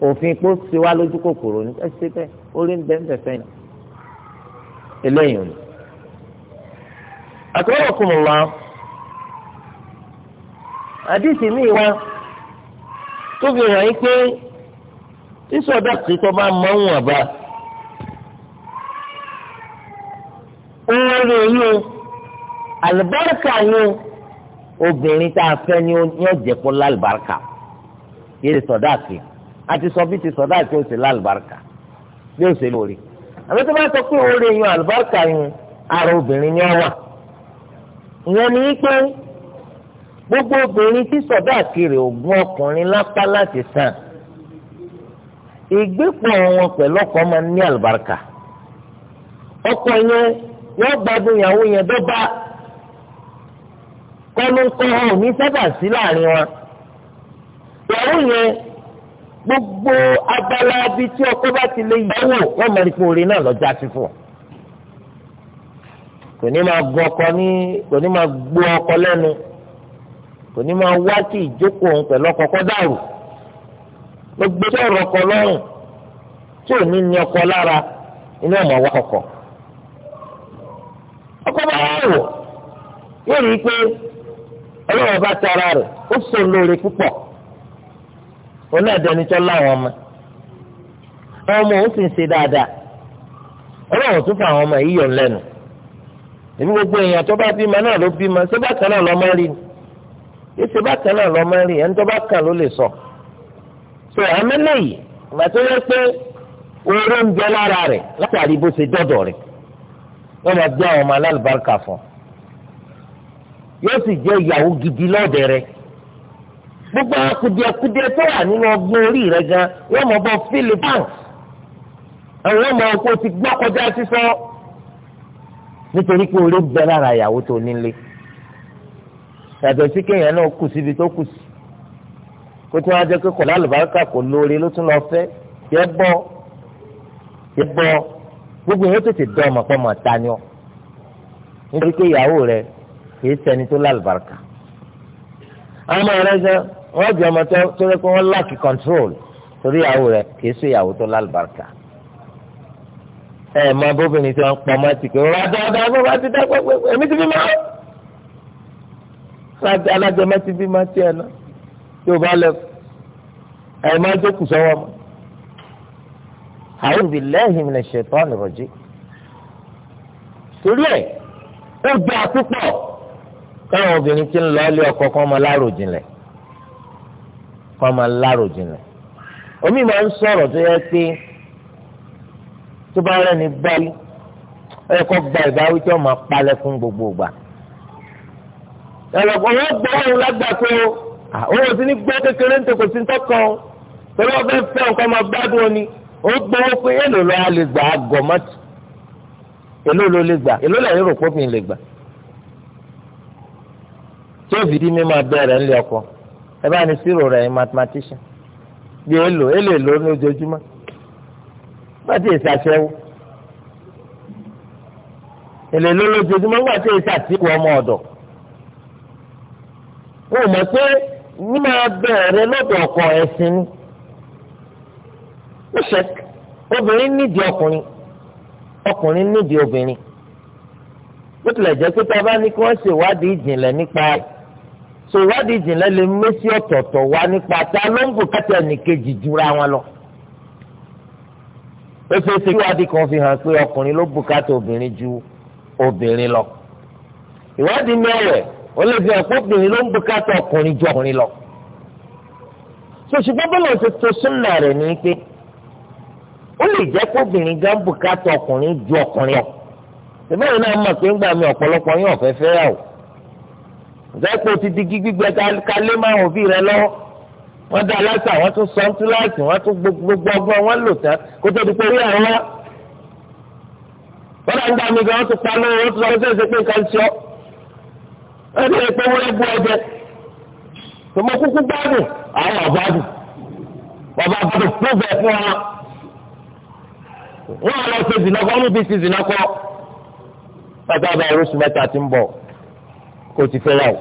òfin pé ó ti wá lójú kòkòrò ní ẹ ṣe bẹ́ẹ̀ orí ń bẹ ń bẹ fẹyìn eléyìí ni. àtúrò kùn wá àdìsí mi wá tó fi hàn yín pé sísọdọ títọ bá mọ òun àbá òun rí yín àlùbáríkà yín obìnrin tá a fẹ́ ni yóò jẹ́ kó lálùbáríkà yé lè sọ̀dá àti àti sọ bí ti sọ̀dá àti ó sì lálùbáríkà bí ó sì lórí àmì tó bá sọ pé oore yan àlùbáríkà yan ara obìnrin ni ọ wà ìyẹn ni pé gbogbo obìnrin tí sọ̀dá àti rè ògùn ọkùnrin lápá láti sàn ìgbépọ̀ wọn pẹ̀lú ọkọ máa ń ní àlùbáríkà ọkọ yẹn yọ gbádùn ìyàwó yẹn dọ́gba kọlu ńkọ́ wọn ò ní sábà sí láàrin wọn. ìyàwó yẹn gbogbo abala bíi tí ọkọ bá ti lè yẹ wò wọn mọ nípa orin náà lọ́jà sí fún ọ. kò ní máa gbọ́ ọkọ ní kò ní máa gbó ọkọ lẹ́nu kò ní máa wá kí ìjókòó òun pẹ̀lú ọkọ kọ́ dàrú gbogbo tí ọ̀rọ̀ ọkọ lọ́rùn tí ò ní ní ọkọ lára inú ọmọ wa kọ̀kọ̀. ọkọ bá wà wò yóò rí i pé ọlọ́run bá tara rẹ̀ ó sọ lóore púpọ̀ oní àdánitọ́ láwọn ọmọ ọmọ òun sì ń ṣe dáadáa ọlọ́run tún fún àwọn ọmọ yìí yọ̀ lẹ́nu èmi gbogbo èèyàn tó bá bímọ náà ló bímọ ṣé bákan náà lọ́mọ rí ni yìí ṣe bákan náà lọ́mọ rí ẹni tó bá kàn ló lè sọ so àmẹ́lẹ́ ìgbà tó yẹ pé oore ń jẹ lára rẹ̀ látàrí bó ṣe dọ́dọ̀ rẹ̀ wọ́n máa gbé àwọn ọmọ alálùbáríkà fún un yóò sì jẹ́ ìyàwó gidi lọ́dẹ rẹ gbogbo kùdìẹ̀kùdìẹ̀ tó wà nínú ọgbọ́n orí rẹ gan wọ́n mọ̀ bọ́ fílì bank àwọn ọmọ ọkọ ti gbọ́ kọjá sísọ nítorí pé orí bẹ lára ìyàwó tó nílé yàtọ̀ sí kéèyàn náà kù síbi tó kù sí kó tí wọ́n á jẹ́ pé kọ̀lá àlùbáríkà kò lóore ló tún lọ fẹ́ yẹ bọ́ yẹ bọ́ gbogbo yẹn tètè dán ọmọ pọ́ mọ̀ ta ọ nítorí pé ìyàwó rẹ kìí ṣẹni tó lálùbáríkà àwọn ọmọ rẹ gan wọn jẹ ọmọ tó rẹ pé wọn lack control torí ìyàwó rẹ kìí ṣe ìyàwó tó lálùbáríkà ẹ máa bóbìnrin tí wọn pamọ́ ti pé wọn dáadáa bó bá ti dá pẹpẹ èmi ti fi máa sáájú alájọmọ ti fi máa tiẹ̀ náà tí o bá lẹ ẹ máa jókòó sọ́wọ́ mọ. àyùbí lẹ́yìn lè ṣètò ànàrọ̀jì torí ẹ̀ ó gbà púpọ̀ káwọn obìnrin tí ń lọ ilé ọkọ kọ́ máa lárò jinlẹ̀ kọ́ máa lárò jinlẹ̀ omi máa ń sọ̀rọ̀ tó yẹ pé tó bá rẹ́ni báyìí ẹ kọ́ gba ìbáwí tí wọ́n máa palẹ̀ fún gbogbo ìgbà ẹ̀rọ̀kọ̀ wọn gbọ́ ọ̀hún lágbàtọ́ òun ò sí ní gbọ́ kékeré ní tòkòtì tọkàn o pẹ̀lú ọbẹ̀ fẹ́ nǹkan máa gbádùn ọ ni ó gbọ́ ó pé èlò lọ́ọ́ lè gbà á gọ̀ mọ́tì èlò ló lè gbà èlò lẹ́yìn rò pọ́pìn lè gbà tí ó fi di mímọ bẹ̀rẹ̀ ńlẹ̀ ọkọ ẹ bá ní sírò rẹ̀ mathematician bí èlò èlò èlò ní ojoojúmọ́ gbà tí èsì àṣẹwó èlò èlò lójoojúmọ́ gbà tí èsì àtìkù ọmọ ọ̀dọ̀ ó mọ̀ pé mímọ bẹ̀rẹ̀ lọ́dọ̀ ọkọ ẹ̀sìn ni ó ṣe obìnrin nídìí ọkùnrin ọkùnrin nídìí obìnrin bó tilẹ̀ jẹ́ pé tá a bá ní kí wọ́n ṣèwádìí ìjìnlẹ̀ nípa rẹ̀ so ìwádìí ìjìnlẹ̀ lè mẹ́sí ọ̀tọ̀ọ̀tọ̀ wá nípa tá ló ń bùkátà ẹnìkejì jura wọn lọ. ó ṣeé ṣe kí ìwádìí kan fi hàn pé ọkùnrin ló bùkátà obìnrin ju obìnrin lọ. ìwádìí mẹ́wẹ̀ ó lè fi hàn pé obìnrin ló ń bùkátà ọkùnrin ju ọkùnrin lọ. so ṣùgbọ́n bọ́lá ṣe to súnà rẹ̀ ní pé ó lè jẹ́ pé obìnrin gan bùkátà ọkùnrin ju ọkùnrin lọ. ìbáyìí náà mọ̀ pé ń gbà ọ̀sẹ̀kọ̀ ti di gbígbẹ kálé máa hàn fi rẹ lọ́wọ́ wọ́n dá aláṣà wọ́n tún sọ tún láìsí wọ́n tún gbogbo ọgbọ́n wọ́n lò tán kó tó di pé orí ẹ̀rọ wá. wọ́n dá nígbà mi gan wọ́n tún pa lóore wọ́n tún lọ sí ẹsẹ̀ pé nǹkan ṣe ọ́. wọ́n ti rí pé wọ́n bu ọjẹ́ tòmọ́ kúkú gbádùn àwọn ọ̀gbádùn bàbá gbádùn tó bẹ̀ fún wa. wọ́n lọ sí ìdìnnà kọ́ ọ́nù bíi ti ìdìnnà kọ́. bàbá bá ẹrú sùn mẹ́ta ti ń bọ̀ kó o ti fẹ́ yàwó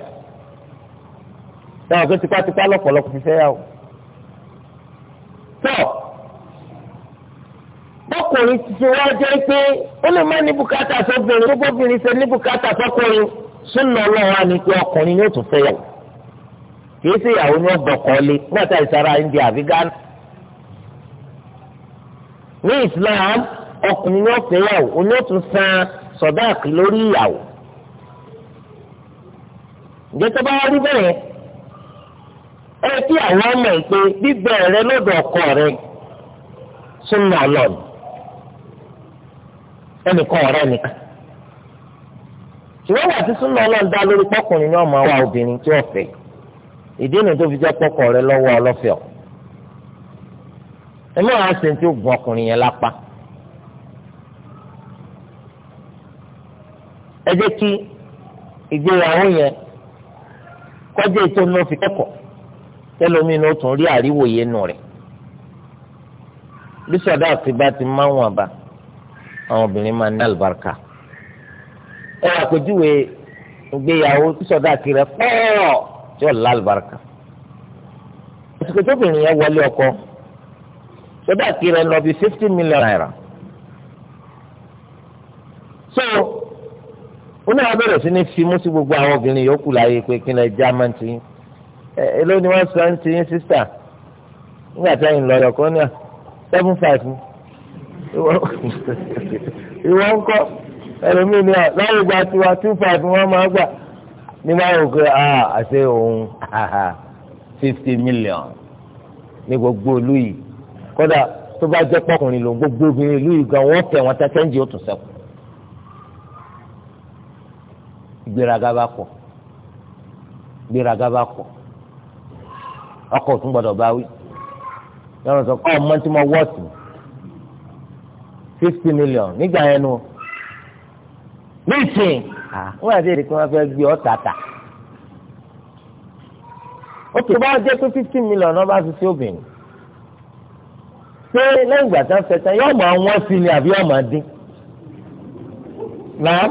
táwọn kó tipátipá lọ́pọ̀lọpọ̀ ti fẹ́ yàwó. tọ́ bọ́kùnrin ti ṣe wá jẹ́ pé ó lè má ní bùkátà sóbìnrin tó bóbìnrin ṣe ní bùkátà sọ́kùnrin súnà ọlọ́run á ní pé ọkùnrin yóò tún fẹ́ yàwó kìí ṣe ìyàwó ní ọgbọ̀kọ̀ lé nígbàtà ìsara India àbí Ghana ní Islam ọkùnrin ní ọ̀fẹ́ yàwó oní òtún san sọ̀dáàkì lórí ìyàwó ǹjẹ́ tó bá wá rí bẹ́ẹ̀ ẹ kí àwọn ọmọ ẹ̀ pé bíbẹ̀ rẹ lọ́dọ̀ ọkọ rẹ súnmọ́ ọlọ́ọ̀nù ẹnìkan ọ̀rẹ́ nìkan ṣùgbọ́n àti súnmọ́ ọlọ́ọ̀nù dá lórí pọ́kùnrin ní ọmọ wa obìnrin tí ọ̀fẹ́ ìdí nu tó fi jẹ́ pọ́kùn rẹ lọ́wọ́ ọlọ́fẹ́ ọ̀ ẹ mọ̀ wá sí ti gun ọkùnrin yẹn lápá ẹ jẹ́ kí ìgbéyàwó yẹn kọjá ètò ní o fi kẹ́kọ̀ọ́ tẹlomi ní o tún rí àríwòye nù rẹ̀ bí sọdá àti bá ti máa wọn bá àwọn obìnrin máa ní àlùbáríkà ẹ àpèjúwe ìgbéyàwó tí sọdá àti rẹ pọ́ọ̀ tí ó lọ àlùbáríkà àsìkò tóbìnrin yẹn wọlé ọkọ sọdá àti rẹ lọ fifty million naira. ó náà wá bẹ̀rẹ̀ sí ni fimú sí gbogbo àwọn obìnrin yòókù láyé pé kí lẹ já máa ń tiyín ẹ ẹ ló ní wọn sọ ń tiyín sísà nígbà tí àyìn lọ ọkọ ní à seven five ni ìwọ ń kọ ẹlòmíì ni à láwọn ìgbà tiwa two five wọn máa gbà ní máa wò pé àṣẹ òun fifty million ní gbogbo olú yìí kódà tó bá jẹ́ pọ́kùnrin lòun gbogbo obìnrin ìlú yìí gan wọ́n tẹ̀ wọ́n tẹ́tẹ́ ń jẹ́ òtún sẹ́kù ìgbéraga bá pọ̀ ìgbéraga bá pọ̀ ọkọ òtún gbọ́dọ̀ bá wí yọrọ sọ pé ọmọ tí mo wọ́ọ̀tì fifty million nígbà yẹn nu meeting wọ́n àti èrè kí wọ́n fẹ́ gbé ọ̀tà tà ó tó bá jẹ́ pé fifty million náà bá fi sí obìnrin ṣé lẹ́yìn ìgbà tán fẹ́ tán yọ̀ọ́ máa wọ́n sí ni àbí yọ̀ọ́ máa dín náà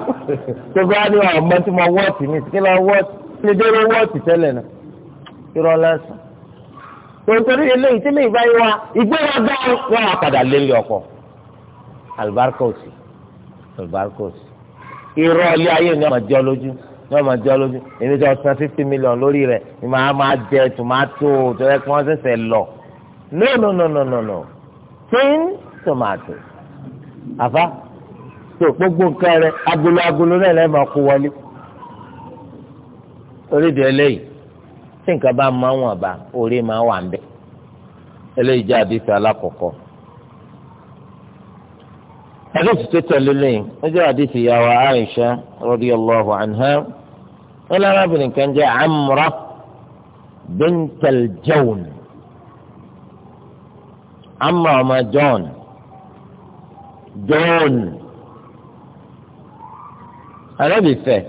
gbogbo àdó àwọn ọmọ tí mo wọ́ọ̀tì mi kí lọ wọ́ọ̀tì kí lè dérò wọ́ọ̀tì tẹ́lẹ̀ náà irọ́ lẹ́sàn. tòǹtòrí eléyìí tí lè báyìí wá ìgbéraga wọn àpàdà lélẹ̀ ọkọ̀ alibarikosi alibarikosi irọ́ ilé ayé ni ọmọ jọ lójú ní ọmọ jọ lójú èmi tí wọ́n san fifty million lórí rẹ̀ ni màá máa jẹ tòmátò tó yẹ kí wọ́n ṣẹ̀ṣẹ̀ lọ no no no no no no tin tomato àfa. so gbogbo nǹkan rẹ agolo agolo náà lẹ́ẹ̀ máa kó wọlé torí ọba, eléyìí tí nǹkan bá máa wọ̀n bá orí máa wà ń bẹ̀ eléyìí jẹ́ àdìsí alákọ̀ọ́kọ́ àdìsí tó tẹ̀lé lẹ́yìn ó jẹ́ àdìsí ìyàwó kan jẹ́ Amra bintal ànábì fẹ́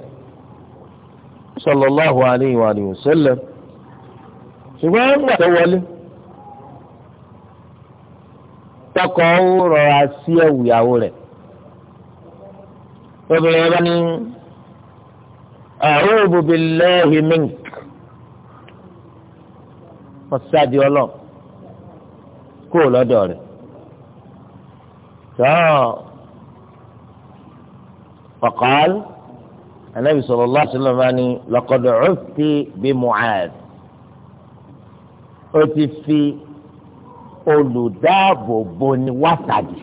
sallallahu alayhi wa sallam ṣùgbọ́n ẹ̀ ń gbà tó wọlé tọkọ ó rọra sí ẹ̀wù ìyàwó rẹ̀ obìnrin yẹn bá ní a'udhu billahi mink ọ̀sáàdì ọlọ́ọ̀ kó o lọ́dọ̀ rẹ̀ tọ́ ọ̀kọ́ọ́lù anabi sallallahu alaihi wasallam ni laqad uti bi Mu'ad ó ti fi olùdáàbòbò ni wàtàdì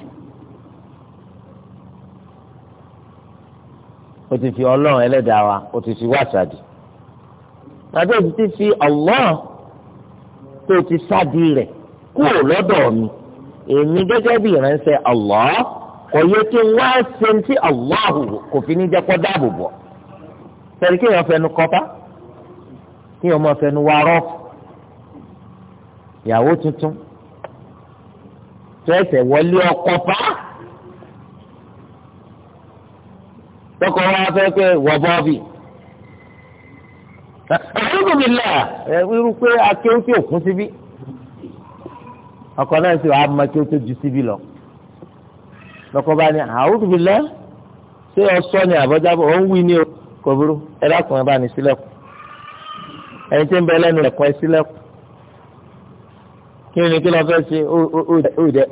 ó ti fi Ọlọ́run Ẹlẹ́dàá wa ó ti fi wàtàdì tàbí ó ti fi Allah tó ti sádi rẹ̀ kúrò lọ́dọ̀ mi èmi gẹ́gẹ́ bí ìránṣẹ́ Allah kò yẹ kí n wá ṣe ti Allah kò fi ní jẹ́ kó dáàbò bò tẹ̀lé kí èèyàn fẹnu kọ́pá kí èèyàn máa fẹnu wa rọ́ọ̀fù ìyàwó tuntun tẹ́tẹ̀ wọlé ọkọ̀ pa tọkọ wa fẹ́ pé wọ́ bọ́ọ̀bì àdúgbò mi là ẹ irú pé akéwù tí ò kún síbí ọkọ náà sì wàá mọ akéwù tó ju síbí lọ lọkọ bá ní àwùjọ mi lẹ ṣé ọsọ ni àbọjábọ ó ń wí ní o kò burú ẹ dákun ẹ bá ní sílẹ̀kùn ẹni tí ń bẹ lẹ́nu ẹ̀kọ́ ẹ sílẹ̀kùn kí ni kí lọ́ọ́ fẹ́ ṣe ó dẹ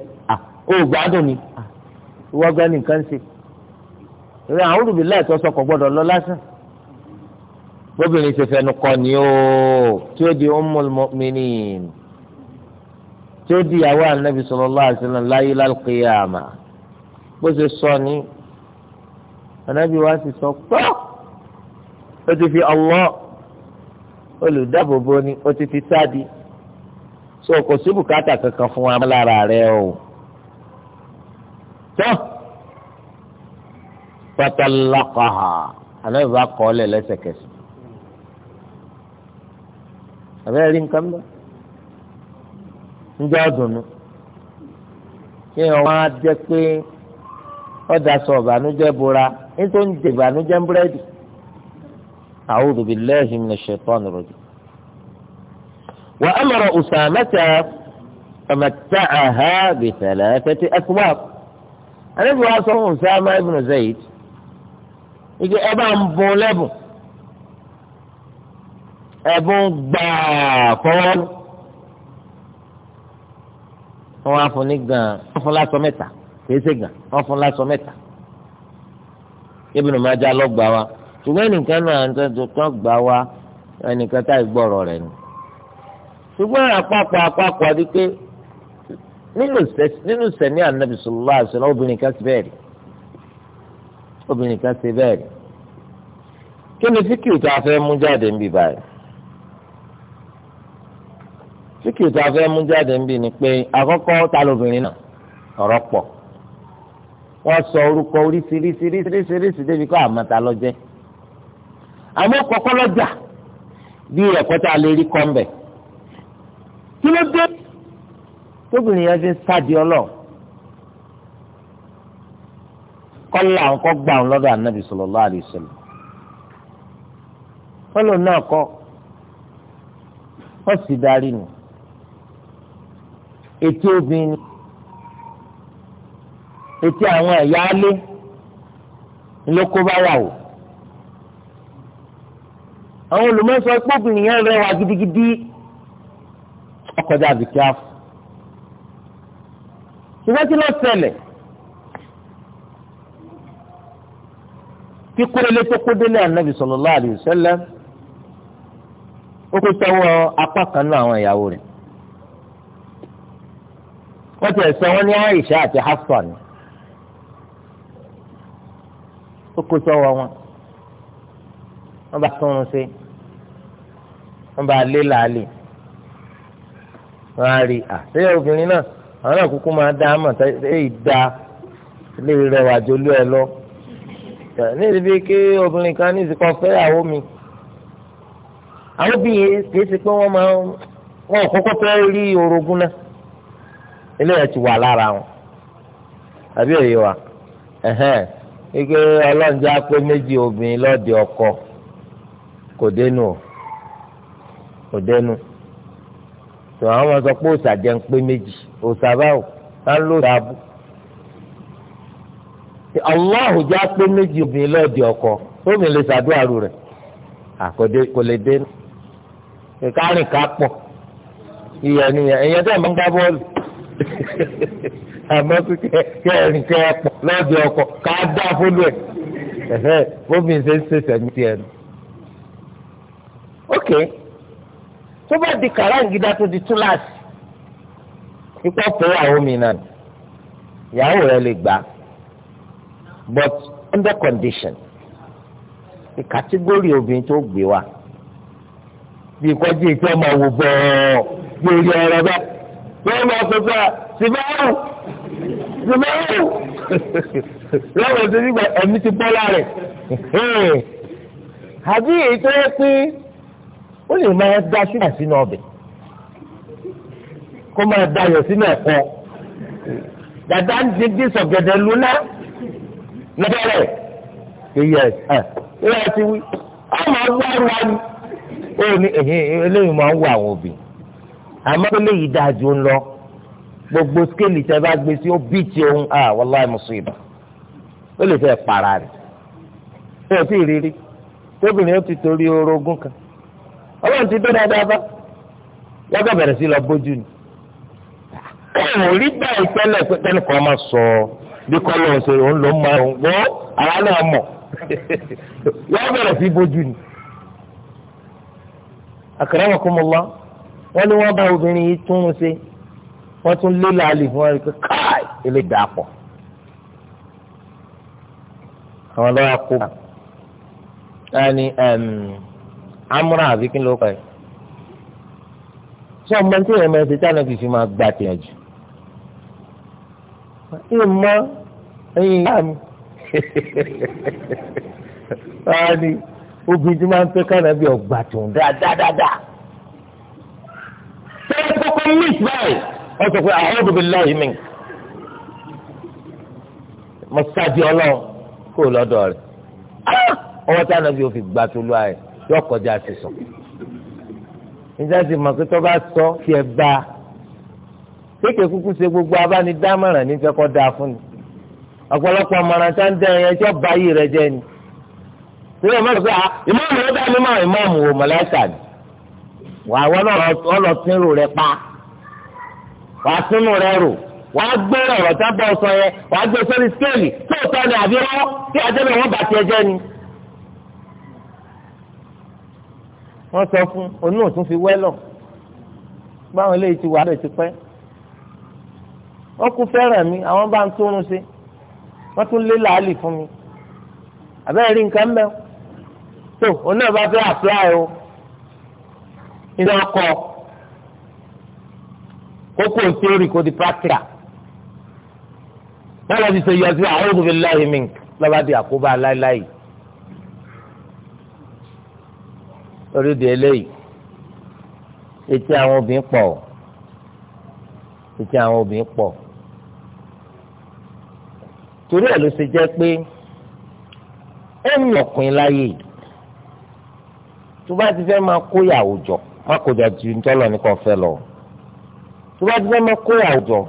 ó gbádùn ni ìwọ́gbẹ́ nìkan ṣe ìrìn àwọn olùbílẹ̀ ẹ̀tọ́ sọkọ̀ gbọ́dọ̀ lọ lásán obìnrin ti fẹnu kọ ni ó tí ó di ummul mu'minin tí ó di ìyàwó ànábì sallallahu alaihi wasallam láyé lálùkìyàmà bó ṣe sọ ni ànábì wa sì sọ pọ́ọ́ ó ti fi Allah olùdáàbòbò ni ó ti fi sáàdì so kò sí bùkátà kankan fún wa lára rẹ o. tó fatalaqaha àná ìbá kọ́ ọ lẹ̀ lẹ́sẹ̀kẹsẹ̀ àbẹ́ rí nǹkan bẹ́ẹ̀ ń jẹ́ ọ̀dùnnú kí wọ́n á jẹ́ pé ọ̀dà sọ ọ̀bànújẹ́ bora nítorí ìbànújẹ́ búrẹ́dì. أعوذ بالله من الشيطان الرجيم وأمر أسامة فمتعها بثلاثة أثواب أنا وصل أسامة بن زيد إذا أبا بولب أبو بافون wọ́n á fún ní gan wọ́n fún lásán mẹ́ta kìí ṣe gan wọ́n fún lásán mẹ́ta Ibn Majah lọ́gbàá wa ṣùgbọ́n ẹnìkan náà ń tẹ́tù kan gbà wá ẹnìkan tá ìgbọ́rọ̀ rẹ̀ ni. ṣùgbọ́n àpapọ̀ àpapọ̀ àti pé nínú sẹ̀ní ànábì sọ̀rọ̀ àṣọlá obìnrin kan ti bẹ́ẹ̀ rí obìnrin kan ti bẹ́ẹ̀ rí. kí ni fíkìrì tá a fẹ́ mú jáde ń bì báyìí? fíkìrì tá a fẹ́ mú jáde ń bì ni pé àkọ́kọ́ ta lóbìnrin náà ọ̀rọ̀ pọ̀ wọ́n sọ orúkọ oríṣiríṣiríṣiríṣi débi kọ́ àmọ́ta lọ́jẹ́ àmọ́ kọ́kọ́ lọ́jà bí ẹ̀kọ́ta lè rí kọ́ńbẹ̀. kí ló dé tóbìnrin yẹn fi ń sáàdì ọlọ́ọ̀ kọ́lá àwọn kọ́ gbà wọn lọ́dọ̀ ànábì sallallahu alaihi wasallam. kọ́lọ̀ náà kọ́ wọ́n sì darí nù etí obìnrin etí àwọn ẹ̀yà alé ló bá wà wò àwọn olùmọ̀sọ pọ́bìnrin yẹn rẹwà gidigidi ọkọjá àbíkí àfọ. ṣùgbọ́n kí ló ṣẹlẹ̀ kíkúrẹ́lẹ́ tó kó délé ànábì sallallahu alaihi wasallam ó kó sọ́wọ́ apá kan náà àwọn ìyàwó rẹ̀ wọ́n ti ẹ̀sọ́ wọn ní Aisha àti Hafsa ó kó sọ́wọ́ wọn wọ́n bá tún un ṣe wọ́n bá lé làálì wọ́n á rí à ṣé obìnrin náà àwọn náà kúkú máa dá àmọ̀ èyí dá lè rẹwà jolú ẹ lọ ní ibi kí obìnrin kan ní ìsìnkọ fẹ́yàwó mi àwọn obìnrin kì ṣe pé wọ́n máa wọ́n kọ́kọ́ fẹ́ rí orogún náà eléyà ti wà lára wọn àbí òye wa ẹ̀hẹ́n ike ọlọ́njẹ́ pé méjì obìnrin lọ́ọ̀dẹ̀ ọkọ kò dénú o kò dénú tó àwọn sọ pé òòsà jẹ́ ń pé méjì òòsà báwò tá ń lò dáàbò aláhùn jẹ́ pé méjì obìnrin lọ́ọ̀dì ọkọ tómi lè ṣàdúrà rú rẹ̀ àkọ́dé kò lè dénú kárìn ká pọ̀ ìyẹn nìyẹn ìyẹn tẹ̀ máa ń gbá bọ́ọ̀lù àmọ́ tó kẹrin kẹ́ ẹ pọ̀ lọ́ọ̀dì ọkọ ká dá fólú ẹ̀ bómi ṣe ń ṣe sẹ̀mí tiẹ̀ nù ókè tó bá di kàráǹgídá tó di túláàsì ipò fúnyàwó mi náà ìyàwó rẹ lè gbà but under condition the category obìnrin tó gbé wa bí kọjú ètò ọmọ wò bọ́ọ̀ lórí ọ̀rọ̀ bẹ́ẹ̀ wọ́n máa sọ pé sìbáwò sìbáwò lọ́wọ́ ìdílé ẹ̀mí ti bọ́ lára rẹ̀ àbí èyí tó yẹ pé. ó lè máa dá ṣúgà sínú ọbẹ̀ kó máa dá ayọ̀ sínú ẹ̀kọ́ dàda ń di bí sọ̀gẹ̀dẹ̀ lúná lọ́bẹ̀rẹ̀ ìyẹ ẹ̀ ìyẹ ti wí ọ máa wá wá ó ní eléyìí máa ń àwọn òbí eléyìí dáa ju gbogbo skéèlì tẹ bá gbé sí ó bí ti ohun à wàláì mùsùlùmí ó lè fẹ́ para rẹ̀ ó sì rírí tóbìnrin ó ti torí orogún ọlọ́run ti dé dáadáa bá lọ́gà bẹ̀rẹ̀ sí lọ bójú ni mo rí báyìí tẹ́lẹ̀ pé tẹ́nìkan máa sọ bí kọ́lọ́ ṣe òun ló máa ń gbọ́ àwa náà mọ̀ lọ́gà bẹ̀rẹ̀ sí bójú ni. àkàrà wọn kò mọ wá wọn ni wọn bá obìnrin yìí tún un ṣe wọn tún lé làálì fún wọn pé káì ilé dàá pọ̀ àwọn lọ́wọ́ kó bá a ní amúra àbí kí ló kọ́ ẹ̀ ṣé ọmọ tí èèyàn máa ṣe tí ànábì fi máa gba tiẹ̀ jù ẹ mọ ẹyin ìyá mi báwa ni obìnrin tí máa ń fẹ́ kánábì ọgbà tó ń dáadáa tẹ́lẹ̀ kọ́kọ́ ní ìsirayì wọ́n sọ pé àwọn òbí lọ́ọ̀ mi mo ṣáàjì ọlọ́run kó lọ́dọ̀ rẹ̀ ah! ọwọ́ tí ànábì ò fi gbà tó lọ́ọ̀ rẹ̀. yọ kọjá sísọ níta sì mọ̀ pé tó bá sọ kí ẹ bá kéèké kúkú ṣe gbogbo abánidámọ̀ràn nífẹ̀ẹ́ kọ́ dáa fún ni ọ̀pọ̀lọpọ̀ ọmọràn tá ń ni ah, ni wọ́n rò rẹ pa túnú rẹ rò gbé ọ̀rọ̀ tábọ̀ sọ gbé sórí tó sọ ni àbí rọ́ àjẹmọ̀ wọn wọ́n sọ fún òun náà tún fi wẹ́lọ̀ báwọn eléyìí ti wà lóye ti pẹ́ wọ́n kú fẹ́ràn mi àwọn bá ń tórun ṣe wọ́n tún lé làálì fún mi àbẹ́rẹ́ rí nǹkan mẹ́wọ́ tó òun náà bá fẹ́ àpláì o ilé ọkọ kókó theory kò di practical wọ́n lọ ti ṣe yọ sí àwọn olùkọ́ fi láyé mi lọ́ba di àkóbá láéláé lórí di eléyìí etí àwọn obìnrin pọ̀ etí àwọn obìnrin pọ̀ torí ẹ̀ ló ṣe jẹ́ pé ẹ̀mí ọkùnrin láyè tó bá ti fẹ́ máa kó yàwó jọ má kó jà ju ntọ́lọ̀ nìkan fẹ́ lọ tó bá ti fẹ́ máa kó yàwó jọ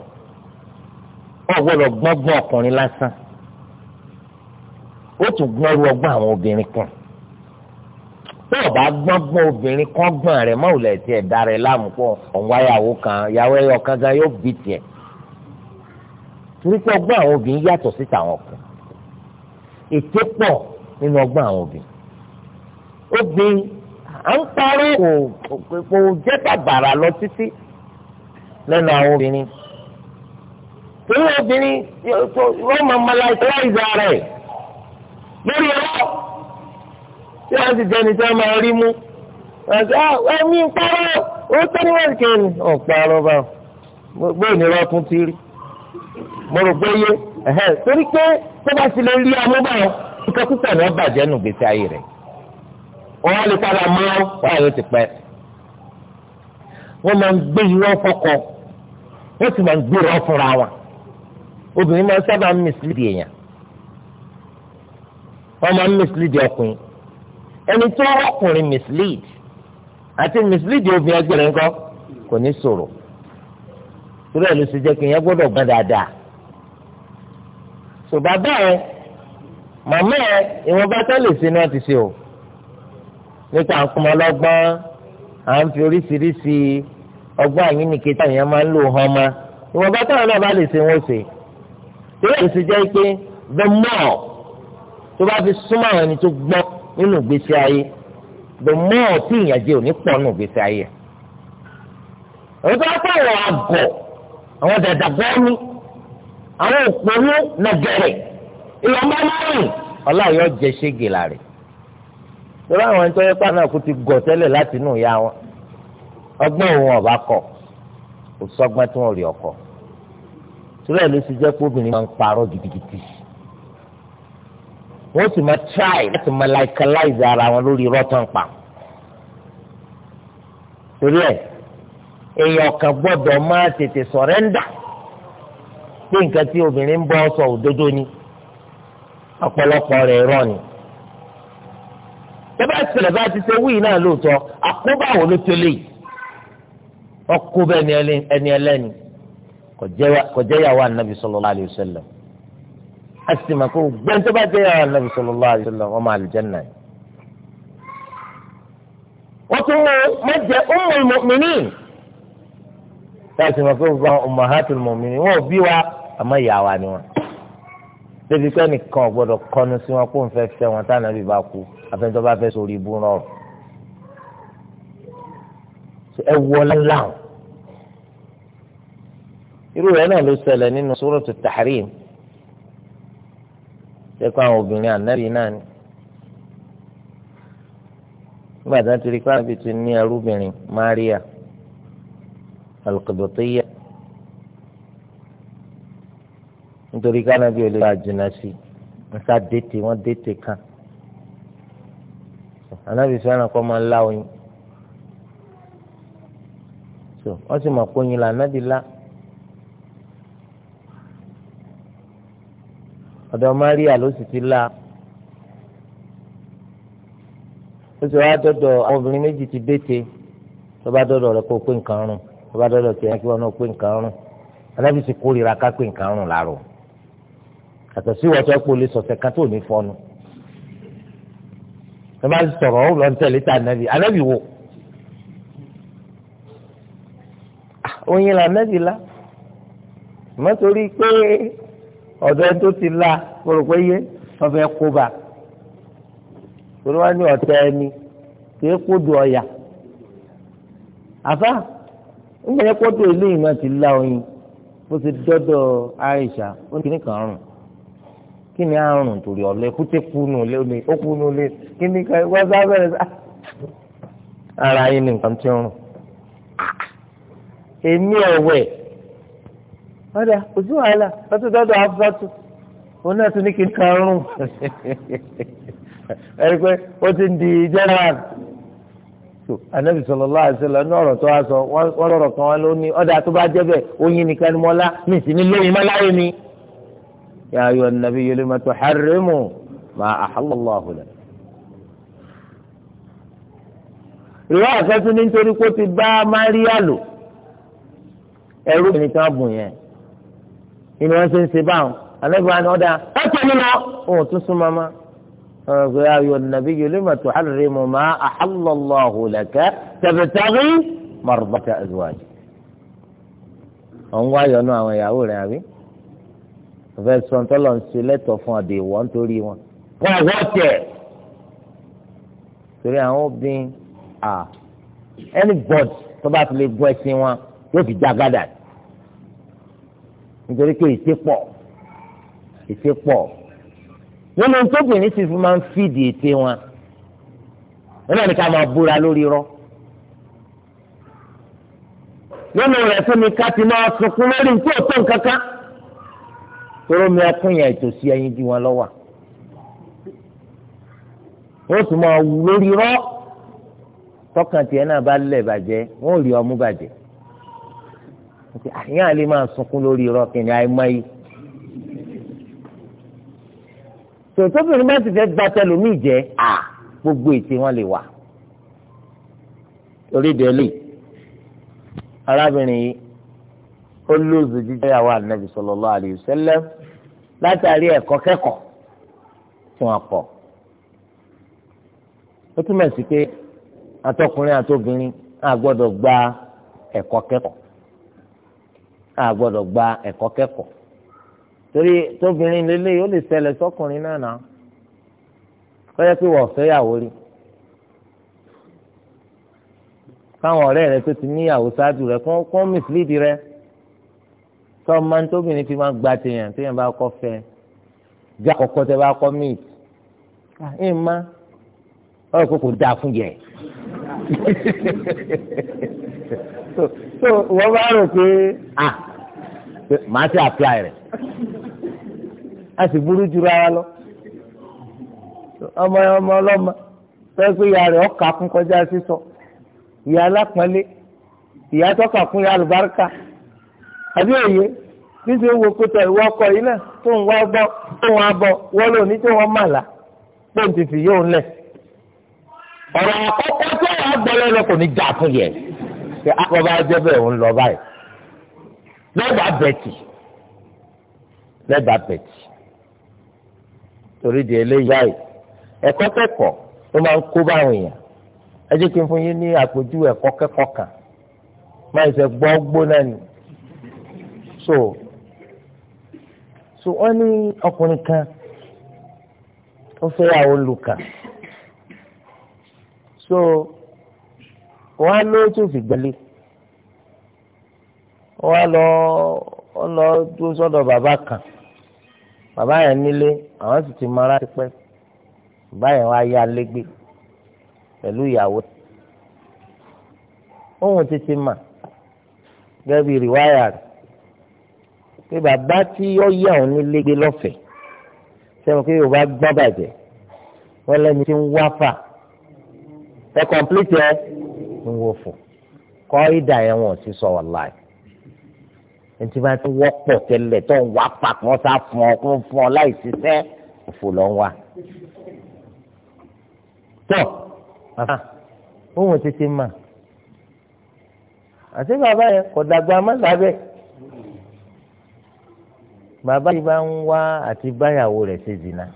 ọ gbọ́dọ̀ gbọ́ngbọ́n ọkùnrin lásán ó tún gbọ́n rú ọgbọ́n àwọn obìnrin kan. bọ́ọ̀ bá gbọ́n gbọ́n obìnrin kan gbọ́n rẹ̀ mọ́ òlẹ̀ tiẹ̀ darẹ̀ láàmú pọ̀ yàwó kan yàwó ẹyọ kan gan yóò bí tiẹ̀ torí ọgbọ́n àwọn obìnrin yàtọ̀ síta àwọn ọkùnrin ètò pọ̀ nínú ọgbọ́n àwọn obìnrin obìnrin à ń parí lọ títí lẹ́nu àwọn obìnrin obìnrin tí wọ́n ti jẹ́ni tí wọ́n máa rí mú ẹ̀mí ah, parọ́ ó tẹ́lẹ̀ wọ́n kì í ní ọ̀parọ́ bá gbogbo ìnira tún ti rí mo rò pé yé torí pé tó bá ti lè rí amúbá yẹn ìkọkúta ni wọ́n bàjẹ́ nù gbèsè ayé rẹ̀ wọ́n lè sábà mọ́ wọ́n àyè ti pẹ́ wọ́n máa ń gbé irọ́ fọ́kọ wọ́n sì máa ń gbé irọ́ fúnra wọn obìnrin máa ń sábà ń mísílídìí èèyàn wọ́n máa ń mísílídìí ọkùnrin ẹni tó ọkùnrin mislead àti mislead obìnrin ẹgbẹ̀rẹ̀ ńkọ́ kò ní sọ̀rọ̀ torí ẹ̀ ló ṣe jẹ́ kí n yẹn gbọ́dọ̀ gbọ́n dáadáa sọ bàbá màmá ẹ ìwọ̀n bá tẹ́lẹ̀ sí náà ti ṣe o nípa àkùnmọ́ ọlọ́gbọ́n à ń fi oríṣiríṣi ọgbọ́n àyínnìkè táwọn èèyàn máa ń lò hàn ma ìwọ̀n bá tẹ́lẹ̀ náà bá lè ṣe wọ́n ṣe torí ẹ̀ ló ṣe jẹ́ pé the more tó bá fi súnmọ́ àwọn ẹni tó gbọ́n nínú ìgbésí ayé the more tí ìyànjẹ ò ní pọ̀ nínú ìgbésí ayé àwọn tó bá pààrọ̀ àgọ̀ àwọn dàdàgbọ́ ni àwọn òpònú nàgẹ̀rẹ̀ ìlọ́mọ márùn ọláyọ̀ jẹ ṣége láàrẹ̀ torí àwọn ẹni tó yẹ pàánà kó ti gọ̀ tẹ́lẹ̀ láti inú ìyá wọn ọgbọ́n òun ọ̀bá kọ̀ kò sọ́gbọ́n tí wọ́n rí ọkọ̀ torí ẹ̀ ló ti jẹ́ pé obìnrin máa ń parọ́ gidigidi wọ́n sì máa try láti máa likealize ara wọn lórí rọ́tàn pa. torí ẹ̀ èèyàn kan gbọ́dọ̀ máa tètè sọ̀rẹ́ndà pé nǹkan tí obìnrin ń bọ́ sọ òdodo ni ọ̀pọ̀lọpọ̀ rẹ̀ rọ̀ ni. bẹ́ẹ̀ bá tilẹ̀ bá ti ṣe wíì náà lóòótọ́ àkóbáwò ló tó léyìí ọkọ bẹ́ẹ̀ ni ẹni ẹlẹ́ni kò jẹ́ yàwó ànábì sallallahu alaihi wasallam a sì mà kó gbẹ́ni tó bá jẹ́ yàrá nàbì sallallahu alaihi wasallam ọmọ àlùjánnà yìí. wọ́n tún wọ́n mọ̀jẹ̀ ummul mu'minin láti mọ̀ pé wọ́n ummahatul mu'minin wọ́n bí wa àmọ́ ìyá wa ni wọ́n. débi pé nìkan gbọ́dọ̀ kọ́nu sí wọn kó n fẹ́ fẹ́ wọn táwọn nàbì bá kú àfẹ́ntọ́ bá fẹ́ sórí ibú náà ẹ wọlé láwọn irú rẹ̀ náà ló ṣẹlẹ̀ nínú Suratul Tahrim jẹ́ pé àwọn obìnrin ànábì náà ni nígbà tí wọ́n ti rí pé ànábì ti ní ẹrúbìnrin Maria alùpùpùtìyà nítorí ká ànábì ò lè bá jìnnà sí nǹkan dètè wọ́n dètè kan ànábì fẹ́ràn kọ́ máa ń lá oyin wọ́n sì mọ̀ pé oyin là ànábì lá. ọ̀dọ̀ Maria ló sì ti la ó sì wá dọ́dọ̀ àwọn obìnrin méjì ti bẹ́tẹ̀ tó bá dọ́dọ̀ rẹ kó pé nǹkan rùn tó bá dọ́dọ̀ tiẹ̀ kí wọn náà pé nǹkan rùn alábì sì kórìíra ká pé nǹkan rùn láàrọ̀ àtọ̀ sí wọ́n tó pé olè sọ̀tẹ̀ kan tó ní fọ́nu tó bá sọ̀rọ̀ ó lọ ń tẹ̀lé ta nàbì anábì wò ah, oyin la nàbì la mọ́tò rí pé ọ̀dọ́ tó ti la kúrò pé yé ọ̀fẹ́ kóbá torí wọ́n ní ọ̀tẹ̀ ẹni kìí kódù ọ̀yà àfa nígbà yẹn kódù eléyìí náà ti la oyin ó ti dọ́dọ̀ Aisha ó ní kíní kan rùn kíní àrùn torí ọ̀lẹ kúté kúnú lé ó kúnú lé kíní kan wọ́n sá bẹ̀rẹ̀ sá ara yín ni nǹkan tí rùn èmi ọ̀wẹ̀. ọ̀dà ojú wàhálà ọtú dọ́dọ̀ òun náà tún ní kí n so sallallahu ní sọ wọ́n rọ̀rọ̀ kan wá tó bá jẹ́ bẹ́ẹ̀ oyin ni mo lá mi sì ní ma ìwé ìní wọn ṣe ń ṣe báwọn anábìwá ni ọ̀dà ẹ tẹ̀lé lọ òun tún sún mọ́mọ́ ọ̀gbẹ́ ayọ̀ nàbí yìí lóyún màtò àlùrẹ́ mọ̀ má àhàlọ́lọ́ àhùlẹ̀kẹ́ tẹ̀bẹ̀tẹ̀rí mọ̀rọ̀bọ̀tà ẹ̀zùwájú. ọ̀hún wáyọ̀ náà àwọn ìyàwó rẹ̀ àbí ọ̀fẹ́ sọ̀ńtọ́lọ̀ ń ṣe lẹ́tọ̀ fún ọ̀dẹ̀ ìwọ́ wọn. torí wọn yóò fi nítorí pé ète pọ̀ ète pọ̀ nínú tóbìnrin sì fi máa ń fìdí ète wọn wọn náà ní ká máa búra lórí rọ nínú rẹ̀ fún mi ká ti máa sunkún lórí nǹkan tó nǹkan kan tóró mi ẹkún yẹn ìtòsí ẹyin di wọn lọ́wọ́ wọ́n tún máa wú lórí rọ́ tọkàn tiẹ̀ náà bá lẹ̀ bàjẹ́ wọ́n ò rí ọmú bàjẹ́ àyàn àlè máa sunkún lórí irọ́ kìnìún àìmọye. tòótọ́bìnrin bá ti fẹ́ gba tẹlómi jẹ́ à gbogbo ètè wọn lè wà. torí délé arábìnrin yìí ó lóòzù jíjẹ́ ìyàwó ànábì sallallahu alayhi wa sallam látàrí ẹ̀kọ́ kẹ́kọ̀ọ́ tí wọ́n kọ́. ó túmọ̀ sí pé atọkùnrin àtobìnrin á gbọ́dọ̀ gba ẹ̀kọ́ kẹ́kọ̀ọ́ a gbọ́dọ̀ gba ẹ̀kọ́ kẹ́kọ̀ọ́ torí tóbìnrin lélẹ̀ yóò lè ṣẹlẹ̀ sọ́kùnrin náà náà kọ́yẹ́ pé wọ́n fẹ́ yàwó rí káwọn ọ̀rẹ́ rẹ tó ti níyàwó ṣáájú rẹ kọ́ kọ́ mìsílídìí rẹ tọ́ máa ń tóbìnrin fi máa gba tèèyàn téèyàn bá kọ́ fẹ́ já kọ́kọ́ tẹ́ bá kọ́ mìt ẹ̀ má ọ̀rọ̀ kò kò dáa fún yẹ so wọ́n bá rò pé ah pé màá ti apply rẹ̀ a sì burú jù ara lọ ọmọ ọmọ ọlọ́mọ sọ pé ìyá rẹ̀ ọkà kún kọjá sísọ ìyá alápọ̀nlé ìyá tọ́ka kún ìyá àlùbáríkà àbí òye níṣẹ wo pété ìwọ ọkọ yìí náà tó ń wá bọ tó ń wá bọ wọn lò ní tó wọn mà là pé n ti fi yóò lẹ ọ̀rọ̀ àkọ́kọ́ tó wàá gbọ́ lẹ́nu kò ní jà fún yẹ kí akọba jẹ́ bẹ́ẹ̀ ń lọ báyìí lẹ́gbàá bẹ̀tì lẹ́gbàá bẹ̀tì torí di eléyìí báyìí ẹ̀kọ́ kẹ́kọ̀ọ́ ló máa ń kó báwọn èèyàn ẹ jẹ́ kí n fún yín ní àpèjúwe ẹ̀kọ́ kẹ́kọ̀ọ́ kan máa ń sẹ gbọ́ gbóná ni so so wọ́n ní ọkùnrin kan ó fẹ́ àwọn olùkà so wọ́n á lóyún tó fi gbẹ́lẹ́ wọ́n lọ wọ́n lọ tó sọ́dọ̀ bàbá kan bàbá yẹn nílé àwọn sì ti mara tipẹ́ bàbá yẹn wá yá lẹ́gbẹ́ pẹ̀lú ìyàwó ohun títí mà gẹ́gẹ́ bí rìwáyà rẹ̀ pé bàbá tí ó yá òun ní lẹ́gbẹ́ lọ́fẹ̀ẹ́ sẹ́wọ̀n pé yorùbá gbọ́n bàjẹ́ wọ́n lẹ́ni tí ń wá fà ẹ̀ kọ̀ǹpìlìtì ẹ̀ ń wò fò kọ́ ìdá yẹn wọ̀n ti sọ wọ́n láì ẹni tí bá ti wọ́pọ̀ tẹ́lẹ̀ tó ń wá pa sá fún ọ kó fún ọ láì ṣiṣẹ́ òfò lọ wá. tọ́ bàbá òun tètè mà àti bàbá yẹn kò dàgbà má sábẹ́ bàbá yìí bá ń wá àti báyàwó rẹ̀ ṣe zìnà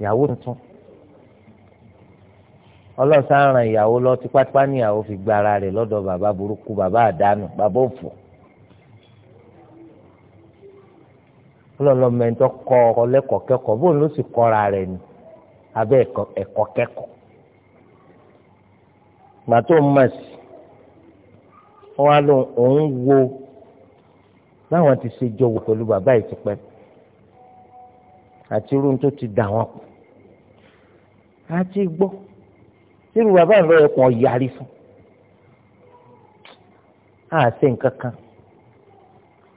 ìyàwó tuntun ọlọ́sàn-án ìyàwó lọ tipátipá níyàwó fi gba ara rẹ̀ lọ́dọ̀ bàbá burúkú bàbá àdánù bàbá òfò. ọlọ́lọ́ mẹ́tọ́ kọ́ ọ lẹ́kọ̀ọ́ kẹ́kọ̀ọ́ bóun ló sì kọ́ra rẹ̀ ni abẹ́ ẹ̀kọ́ kẹ́kọ̀ọ́ gbà tó ń mọ̀ sí wọn á lóun òun wo báwọn ti ṣe jọ̀wọ́ pẹ̀lú bàbá yìí ti pẹ́ àti irú tó ti dà wọn kù á ti irú bàbá yìí kan yarí fún àá ṣe nǹkan kan.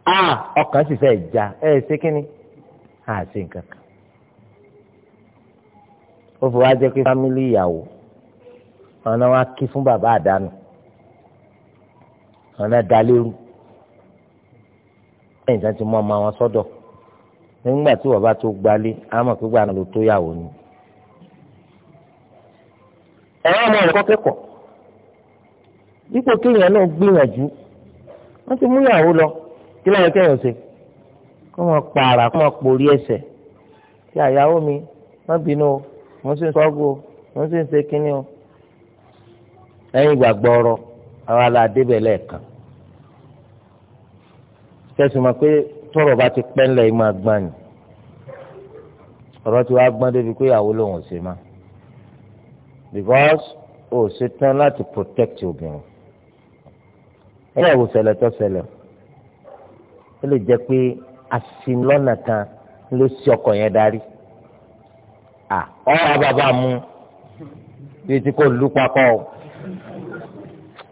a ọkàn sì fẹ́ já ẹ ṣe a ṣe nǹkan kan ó fi wá jẹ́ pé fámìlì ìyàwó kí fún bàbá àdánù ọ̀nà dalérú lẹ́yìn tí wọ́n wọn sọ́dọ̀ nígbà tí bàbá tó gbalé àmọ̀ pé gbà ló tó yàwó ni ẹ̀rọ ọmọ rẹ̀ kọ́ kẹ́kọ̀ọ́ dípò kéèyàn kí lóye kẹyìn ọsẹ kó wọn pààrà kó wọn pòrí ẹsẹ̀ tí àyàwó mi má bínú o mo sì ń sọgbó o mo sì ń ṣe kínní o ẹ̀yin ìgbàgbọ́ ọ̀rọ̀ àwọn aládébẹ̀ lẹ́ẹ̀kan kẹsùn máa pé tọrọ bá ti pẹ́ ńlẹ̀ yìí máa gbọ́n ni ọ̀rọ̀ tí wàá gbọ́n débi pé ìyàwó lòun ò sí ma because o ò ṣetán láti protect obìnrin ẹ̀yà ìwòsẹ̀lẹ̀ tó ṣẹlẹ̀ o ó lè jẹ́ pé asinlọ́nà kan ló sí ọkọ̀ yẹn darí à ọ̀rọ̀ bàbá mu bíi tí kò lù pakọ́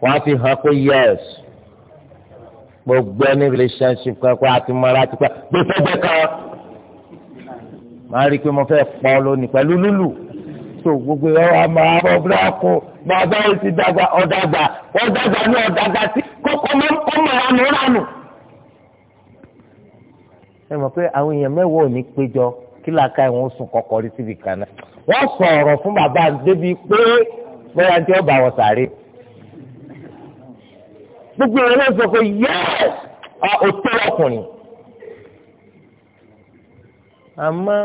wọ́n á fi hàn pé yẹ́s gbogbo ẹni relationship kan pé a ti mọ ara ti pẹ́ gbèsè gbẹ kan màá rí i pé mo fẹ́ pọ́ lónìí pẹ̀lú lúlù tó gbogbo ẹ wà máa bọ bíláàkù bàbá yìí ti dàgbà ọ̀dàgbà ọ̀dàgbà ní ọ̀dàgbà tí kọ́kọ́ máa ń kọ́ mọ̀ ẹ mọ̀ pé àwọn èèyàn mẹ́wọ́ ò ní péjọ kí làákà ẹ̀ wọ́n sùn kọ́kọ́rí síbi kan náà wọ́n sọ ọ̀rọ̀ fún bàbá débi pé bóyá tí ó bá wọ sàárè gbogbo ìrìn náà sọ pé yẹ́s òtún ọkùnrin àmọ́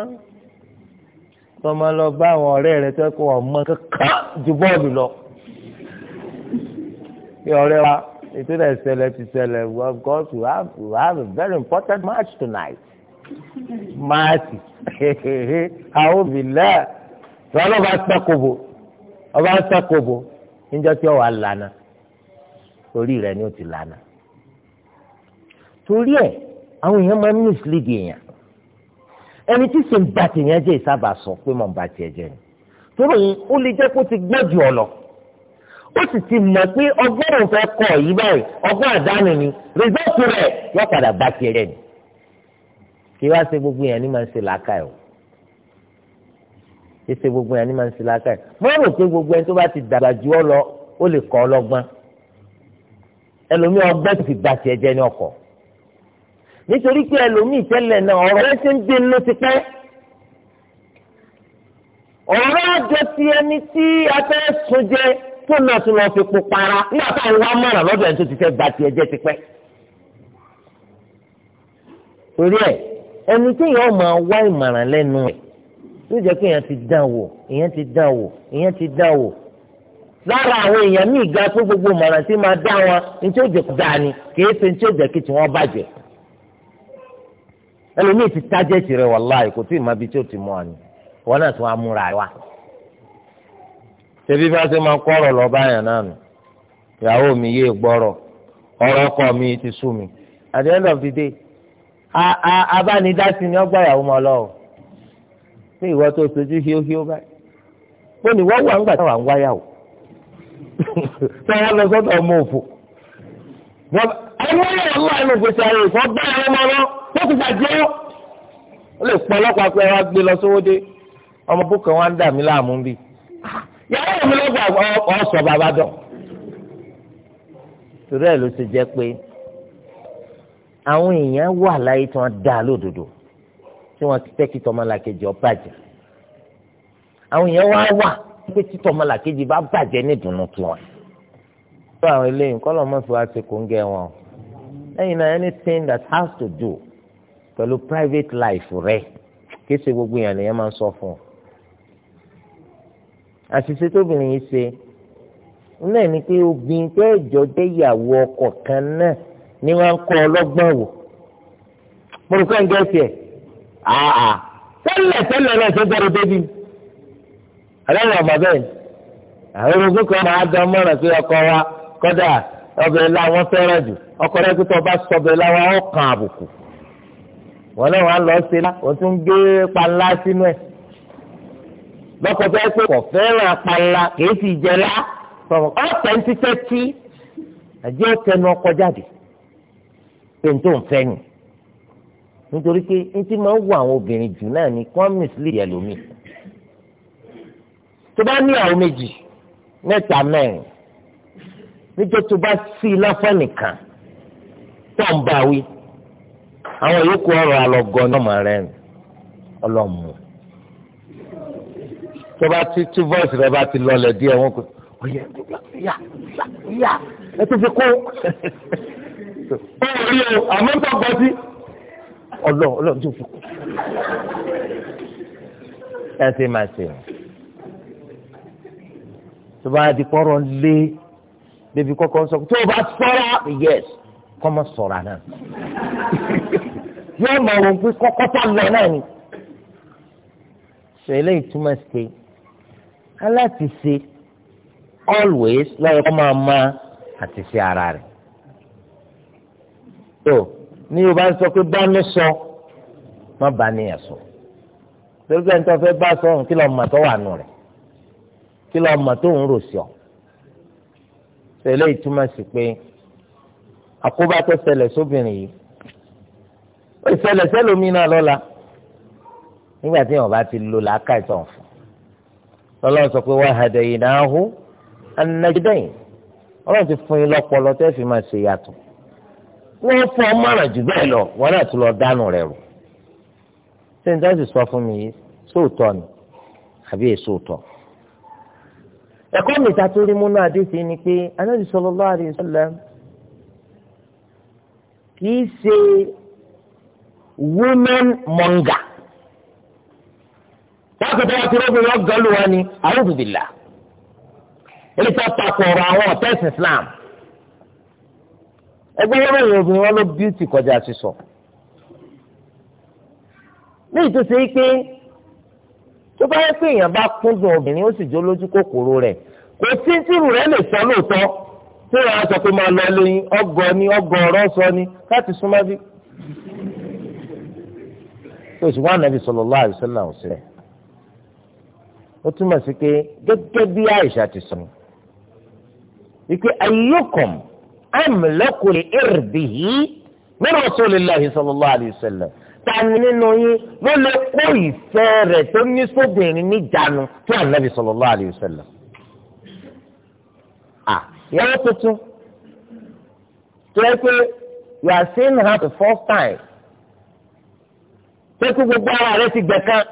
tọmọ lọ bá àwọn ọ̀rẹ́ rẹ tó kọ́ ọmọ kankan ju bọ́ọ̀lù lọ bí ọ̀rẹ́ wa ètò rẹ̀ ṣẹlẹ̀ ti ṣẹlẹ̀ of course we have we have a very important match tonight match àwọn òbílẹ̀ wọn bá sẹ́kọ̀bù ọba sẹ́kọ̀bù níjọ́ tí ọ̀wà lànà orí rẹ̀ ni ó ti lànà torí ẹ̀ àwọn èèyàn máa ń mislead èèyàn ẹni tí sì ń ba ìsábà sọ pé mọ̀ ń ba ni torí ó lè jẹ́ kó ti gbọ́ ju ọ lọ ó sì ti mọ̀ pé ọgbọ́n òun fẹ́ kọ̀ yí báyìí ọgbọ́n àdánù ni rìsọ́ọ̀tì rẹ̀ yóò padà bá tiẹ̀ rẹ̀ ni. kí wá ṣe gbogbo yẹn ni máa ń ṣe làákàyè o ṣe ṣe gbogbo yẹn ni máa ń ṣe làákàyè mo rò pé gbogbo ẹni tó bá ti dàgbà jù ọ lọ ó lè kọ́ ọlọ́gbọ́n ẹlòmíì ọgbọ́n ti bá tiẹ̀ jẹ́ ní ọkọ̀ nítorí pé ẹlòmíì tẹ́lẹ̀ náà ọ̀rọ̀ ẹ ṣe àjọ ti ẹni tí a fẹ́ sun tó náà tún lọ fi pupa ara nígbà táwọn wá mọ̀ràn lọ́dọ̀ ti fẹ́ gba tiẹ̀ torí ẹni tí yóò máa wá ìmọ̀ràn lẹ́nu ẹ̀ ló jẹ́ pé ti dán wò èèyàn ti dán wò èèyàn ti dán wò lára àwọn èèyàn míì gbogbo ìmọ̀ràn tí máa dá wọn ní tí ó kó dáa ni kì í tí ó kí ti tájẹ́ tirẹ̀ wàláì tí ì ṣebí bá ṣe máa kọ́ lọ ìyàwó mi yé mi ti sú at the end of the day abánidásí ni ọgbà ìyàwó mọ́ lọ́wọ́ ṣé ìwọ tó sojú híóhíó báyìí pé ni wọ́n wà ń gbà táwọn wáyàwó táwọn lọ ọmọ òfò yẹn wà lọ ó lè pé gbé lọ sówódé ọmọ yàrá mi lọ́gbà ọ̀sọ̀ bàbá dọ̀. torí ẹ̀ ló ṣe jẹ́ pé àwọn èèyàn wà láyé tí wọ́n dá lódodo tí wọ́n ti kí tọmọlàkejì ọ bàjẹ́ àwọn èèyàn wá wà pé tí tọmọlàkejì bá bàjẹ́ nídùnnú tiwọn. fún àwọn eléyìí kọ́lọ̀ mọ́ fi wá ṣe kó ń gẹ wọn lẹ́yìn náà anything that has to do pẹ̀lú private life rẹ̀ kí ṣe gbogbo èèyàn lèèyàn máa ń sọ fún ọ àṣìṣe tóbìnrin yìí ṣe náà ni pé obìnrin tó ẹjọ jẹ ìyàwó ọkọ kan náà ni wọn ń kọ ọlọ́gbọ́n wò mo rò pé ń gẹ́sì ẹ̀ àà tẹ́lẹ̀ tẹ́lẹ̀ náà ṣe gbọ́dọ̀ débi àlẹ́ ọ̀gbà bẹ́ẹ̀ àwọn ológun kan máa dán mọ́ràn pé ọkọ wa kọ́dà ọbẹ̀ làwọn fẹ́ràn jù ọkọ rẹ kí tó bá sọbẹ̀ làwọn ọkàn àbùkù wọn náà wọn lọ sí la wọn tún gbé panlá sínú ẹ̀ lọ́kọ̀ tó yẹ pé kò fẹ́ràn apala kìí sì jẹlá ọ̀pẹ̀ ń ti tẹ́tí àjẹ́ ọ̀tẹnu ọkọ jáde pé n tó ń fẹ́ ni nítorí pé n ti máa ń wo àwọn obìnrin jù náà ni kọ́mìsì lè yẹ lómi tó bá ní àwọn méjì mẹ́ta mẹ́rin nítorí tó bá sí iná fún nìkan tó ń bá àwọn yòókù ọ̀rọ̀ alọ́gọ́ ní ọmọ rẹ̀ ọlọ́mùú tọba tí tí voice rẹ bá ti lọlẹ̀ díẹ̀ wọn kò ọyẹ yà yà ẹ tó fi kó báwo rí o àmọ́ tó gbọ́ sí ọlọ́ ọlọ́ tó fi kó ẹ ṣe máa ṣe o tó bá di kọ́rọ̀ lé débi kọ́kọ́ sọ tó o bá sọ́ra yes kọ́ mọ́ náà yóò máa wọ pé kọ́kọ́ tó lọ náà ni ṣe eléyìí túmọ̀ sí pé aláti ṣe always lọ́yẹ kó máa ma àti ṣe ara rẹ̀ tó ní o bá ń sọ pé bá mi sọ má bá níyà sọ torí pé nítorí fẹ́ bá sọ òun kí lọ́ọ́ mà tó wà nù rẹ̀ kí lọ́ọ́ mà tó ń rò sí ọ tẹ̀lé ìtumọ̀ sí pé àkóbá tó ṣẹlẹ̀ sóbìnrin yìí ó ṣẹlẹ̀ sẹ́lómi náà lọ́la nígbà tí wọn bá ti lo làákà fún lọ́lọ́run sọ pé wa hadaynahu an-najdayn ọlọ́run ti fún yín lọ́pọlọ tẹ́ fi máa ṣe yàtọ̀ wọ́n fún ọ márùn jù bẹ́ẹ̀ lọ wọ́n náà tún lọ dánù rẹ̀ rò ṣé n dáhùn sì sọ fún mi yìí ni àbí èso òótọ́ ẹ̀kọ́ mi ta tó rí múnú àdéhìí ni pé anábì sallallahu alaihi wasallam kì í ṣe women monger wọ́n kò si wá sí wọn wọn ni àrùbùbìlà eléyìí tó takò ọ̀rọ̀ àwọn ọ̀tẹ́sì Islam ẹgbẹ́ wọn obìnrin wọn ló kọjá sísọ ní tó bá yẹ pé èèyàn bá obìnrin ó sì jó lójú kòkòrò kò sí tìrù lè sọ lóòótọ́ tí wọn á sọ pé máa lọ ni ọgọ sọ ni láti bí. oṣù wa nàbì ó túmọ̀ sí pé gẹ́gẹ́ bí àìsà ti sọ̀rọ̀ wípé ayyukum amlaku li irbihi min rasulillahi sallallahu alayhi wa sallam tani nínú yín ló lè kó ìfẹ́ rẹ̀ tó ní sóbìnrin níjànú tó ànábì sallallahu alayhi wa sallam. à yàrá tuntun tó yẹ pé you are seeing her gbogbo ara rẹ ti gbẹ̀kan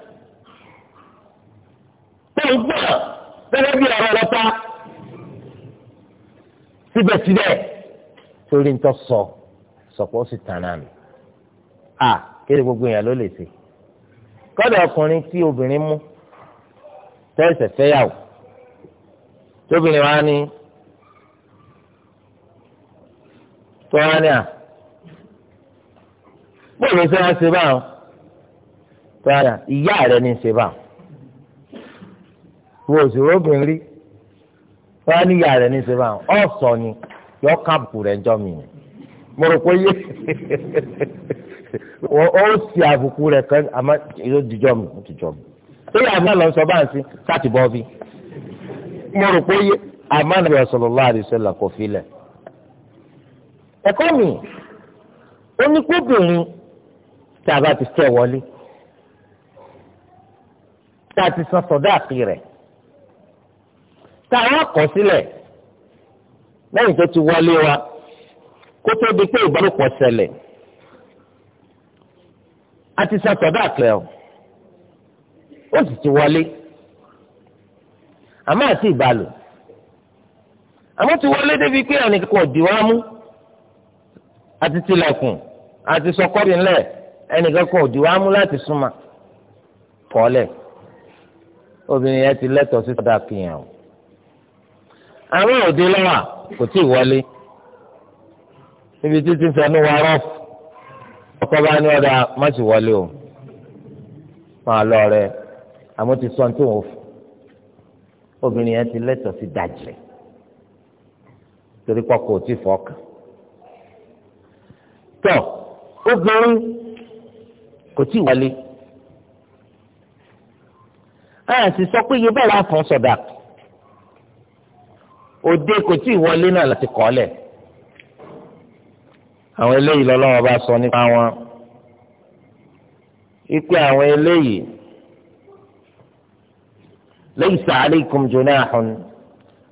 tó ń gbọ́ gẹ́gẹ́ bí ọ̀rọ̀ lọ́ta síbẹ̀síbẹ̀ torí ń tọ́ sọ sọ̀pọ̀ ó sì tàn án mi à kéde gbogbo èèyàn ló lè ṣe kọ́dọ̀ ọkùnrin tí obìnrin mú tẹ́sẹ̀ fẹ́yàwó tóbìnrin wa ní tọ́wọ́n ní à bóòlù sẹ́wọ́n ṣe báwọn tọ́wọ́n ní à ìyá rẹ̀ ní ṣe báwọn wọ́n sì róbìnrin rí wọ́n á níyà rẹ̀ ní sèbá ọ̀sọ̀ ni yọ káàpù rẹ̀ jọ mi ni mo rò pé yé ó sì àbùkù rẹ̀ kan àmọ́ yóò dìjọ́ mi ó dìjọ́ mi ó yà àbúrò lọ sọ báyìí sí káàtì bọ́ bí mo rò pé yé àmọ́ nàbí sallallahu alaihi wasallam kò filẹ̀ ẹ̀kọ́ mi oníkóbìnrin tí a bá ti fẹ́ wọlé tá a ti san sọ̀dá àkì rẹ̀ tá a kọ sílẹ̀ lẹ́yìn tó ti wọlé wa kó tó di pé ìbálòpọ̀ ṣẹlẹ̀ a ti sọ tọ́dọ̀ àkẹ́ ọ ó sì ti wọlé àmọ́ àti ìbálò àmọ́ ti wọlé débi pé ẹnìkan kò dì wá mú àti tilẹ̀kùn àti sọkọ́rì ńlẹ̀ ẹnìkan kò dì wá mú láti súnmọ́ kọ́lẹ̀ obìnrin yẹn ti lẹ́tọ̀ọ́ sí tọ́dọ̀ àkìyàn o àárọ̀ òde lọ́wọ́ kò tí ì wọlé níbi títí fẹnu wa rọ́ọ̀fù ọkọ bá ní ọ̀dà má sì wọlé o máa lọ rẹ àmọ́ ti sọ tó ń fò obìnrin yẹn ti lẹ́tọ̀ọ́ sí dajìlẹ̀ torí pọ́kọ̀ òtí fọ́ọ̀kà tọ́ obìnrin kò tí ì wọlé a sì sọ pé iye bẹ́ẹ̀ la fọ́n sọ̀dà kù òde kò tí ì wọlé náà láti kọ́lẹ̀ àwọn eléyìí lọ́lọ́wọ́ bá sọ nípa wọn ipe àwọn eléyìí lẹ́yìn laysa alaykum junahun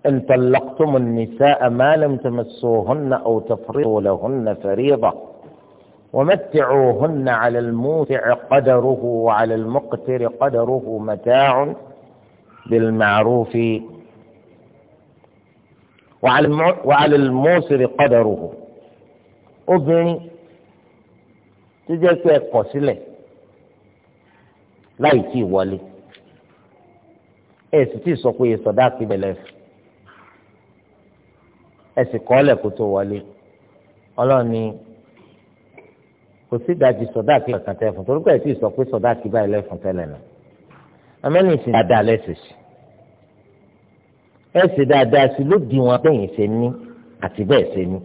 in tallaqtum an-nisaa ma lam tamassuhunna aw tafriḍu lahunna fariida ومتعوهن على الموسع قدره وعلى المقتر قدره متاع بالمعروف wàhálà mọ́sẹ̀rẹ̀ kọ́dọ̀rọ̀ hù obìnrin tó jẹ́ pé ẹ kọ̀ sílẹ̀ láì tí ì wọlé ẹ sì tí ì sọ pé iye sọdá àpilẹ̀lẹ̀ ẹ sì kọ́ ọ́lẹ̀ kó tó wọlé ọlọ́ọ̀ni kò sí ìdajì sọdá àti kankan fún torí pé ẹ sì sọ pé sọdá àti báyìí lẹ́fun tẹ́lẹ̀ náà amẹ́ni dáadáa lẹ́sẹ̀ sí ẹ ṣe dáadáa sí ló di wọn bẹ́yìn ṣe ní àti bẹ́ẹ̀ ṣe ní.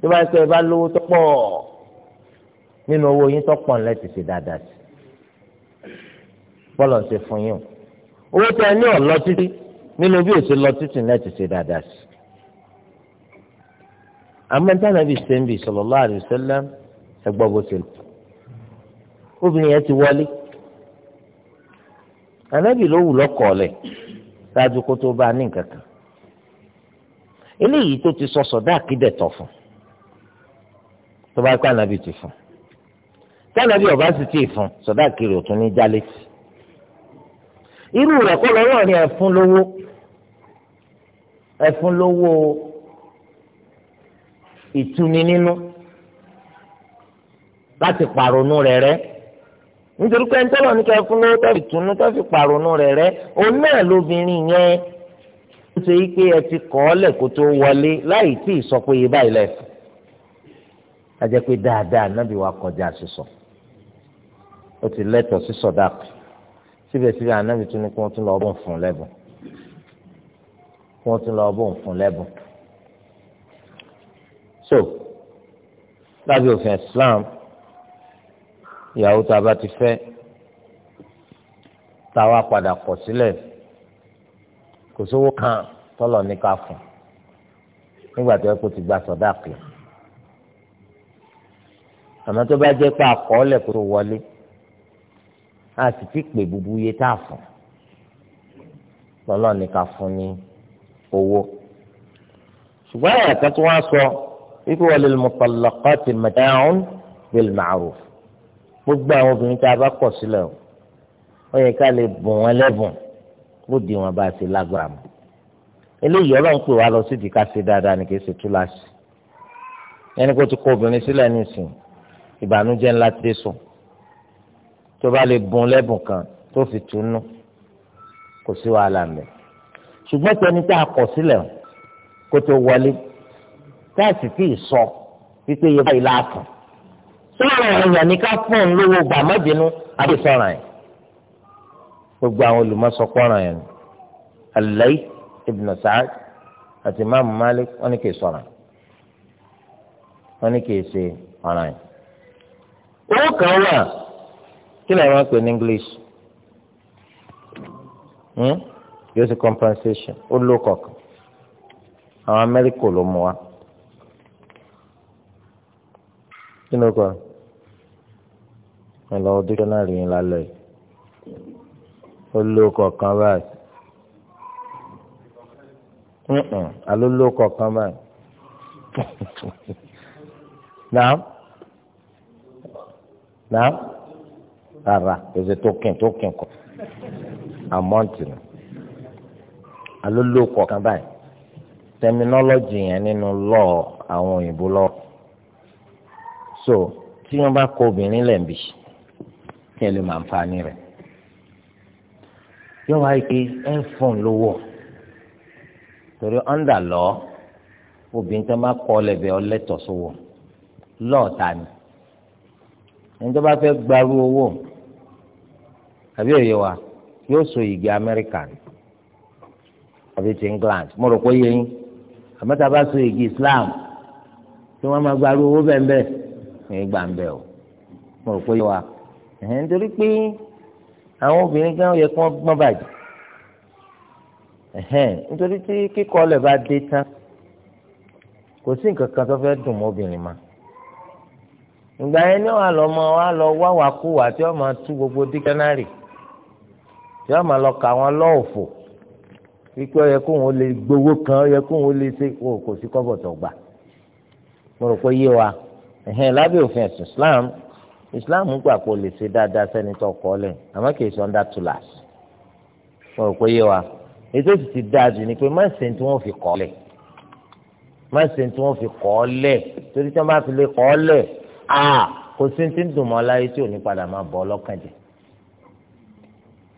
tó bá sọ ẹ bá lówó tọ́pọ̀ nínú owó yín tọ́pọ̀ ńlẹ́ ti ṣe dáadáa sí. bọ́lọ̀ ń ṣe fún yín o. owó tẹ ní ọ̀lọ́ títí nínú bí òṣè lọ títí ńlẹ́ ti ṣe dáadáa sí. àmọ́ńtà nàbì sẹ́ńbì sallallahu alaihi wasallam ẹgbọ́ bó ṣe lọ. obìnrin yẹn ti wọlé. ànábì ló wù lọ́kọ̀ọ́lẹ̀ ṣáájú kó tó bá a ní nǹkan kan eléyìí tó ti sọ sọdá àkídẹ tọ fún tó bá pé ànábì ti fún tí ànábì ọba sì ti fún sọdá àkìrì ò tún ní jálẹ sí irú rẹ̀ kọ́ lọ́wọ́ ni ẹfun lówó ẹfun lówó ìtuni nínú láti pàrọnú rẹ̀ rẹ̀ nítorí pé ntọ́lọ̀ ní kẹ́ fún lówó tó fi túnú tó fi pàrọ̀nù rẹ̀ rẹ́ òun náà lóbìnrin yẹn ó ṣe pé ẹ ti kọ́ ọ́ lẹ̀ kó tó wọlé láì tí ì sọ pé yé báyìí lẹ́sìn ajẹ́ pé dáadáa nábì wa kọjá sísọ ó ti lẹ́tọ̀ọ́ sísọ dàpọ̀ síbẹ̀síbẹ̀ ànábì tún ní kí wọ́n tún lọ́ọ́ bọ̀ fún lẹ́bùn kí wọ́n tún lọ́ọ́ bọ̀ fún lẹ́bùn. so lábẹ́ òfin Islam ìyàwó tá a bá ti fẹ́ tá a wá padà kọ̀ sílẹ̀ kò sówó kan tọ́lọ̀ ní ká fún nígbà tó yẹ kó ti gba sọ̀dá pè àmọ́ tó bá jẹ́ pé àkọọ́lẹ̀ kó tó wọlé a sì ti pè bubu iye tá a fún tọ́lọ̀ ní ká fún ní owó ṣùgbọ́n àwọn àtàtúwọ́n sọ wípé walil mutallaqati mata'un bil ma'ruf gbogbo àwọn obìnrin tá a bá kọ̀ sílẹ̀ o ó yẹ ká lè bùn wọn lẹ́bùn ló di wọn bá a ṣe lágbára mu eléyìí ọlọ́run pè wá lọ sí ìdíkà ṣe dáadáa ní kìí ṣe túláàsì ẹni kó ti kọ obìnrin sílẹ̀ nísìn ìbànújẹ́ ńlá ti dé sùn tó bá lè bùn lẹ́bùn kan tó fi túnú kò sí wàhálà mẹ́ ṣùgbọ́n tẹni tá a kọ̀ sílẹ̀ kó tó wọlé táàsì kì í sọ wípé yẹ báyìí láàfún sọ̀rọ̀ ẹ̀yàn ní ká fún un lówó gbà má bínú àbí sọ̀rọ̀ ẹ̀ gbogbo àwọn olùmọ̀sọ̀kọ́ràn ẹ̀ Al-Layth ibn Sa'd àti Imaamu Malik wọ́n ní kì í sọ̀rọ̀ wọ́n ní kì í ṣe ọ̀ràn ẹ̀ owó kan wà kí ni àwọn pè ní English hmm? yóò ṣe compensation ó ló kọ̀ọ̀kan àwọn Amẹ́ríkà ló mú wa. Kí ẹ lọ dictionary yín lálẹ́ ó lóko kan báyìí alo lóko kan báyìí náà náà rárá èsì tó kìn tó kìn kọ àmọ́ǹtì nù alo lóko kan báyìí tẹminọlọjì yẹn nínú lọ́ọ̀ àwọn òyìnbó lọ so tí wọ́n bá kọ obìnrin lẹ́ǹbì. kí ẹ lè máa nfààní rẹ yóò wáyé pé ẹ ń fún un lówó torí ọ̀ndà lọ obìnrin tó bá kọ́ lẹ́bẹ̀ẹ́ lọ́ọ̀ta ni ẹni tó bá fẹ́ gbarú owó àbí òye wa yóò so ìgbé amẹ́ríkà ni àbí ti England mo rò pé yẹ yín àmọ́tà bá so ìgbé Islam tí wọ́n máa gbarú owó bẹ́ẹ̀ bẹ́ẹ̀ ní gbà o mo rò pé yẹ wa. ẹ̀hìn nítorí pé àwọn obìnrin gan yẹ kí gbọ́n bàjẹ́ ẹ̀hìn nítorí tí kíkọ́ ọlẹ̀ bá dé tán kò sí ma ìgbà yẹn ni wàá lọ mọ wàá lọ wá wàkúwà tí wọ́n máa tú gbogbo díkánárì tí wọ́n máa lọ kà wọ́n lọ́ọ̀fọ̀ wípé ó kó wọn lè gbowó kan ó kó wọn lè ṣe wò kò sí kọ́bọ̀tọ̀ gbà mo rò pé yé islam gbà kó lè ṣe dáadáa sẹ́ni tó kọ́ lẹ̀ àmọ́ kì í ṣe under two laps wọn ò pé yé wa ètò sì ti dáa jù ni pé má ṣe tí wọ́n fi kọ́ lẹ̀ má ṣe tí wọ́n fi kọ́ lẹ̀ torí tí wọ́n bá fi lè kọ́ lẹ̀ à kò sí ti ń dùn láyé tí ò padà máa bọ́ ọlọ́kàn jẹ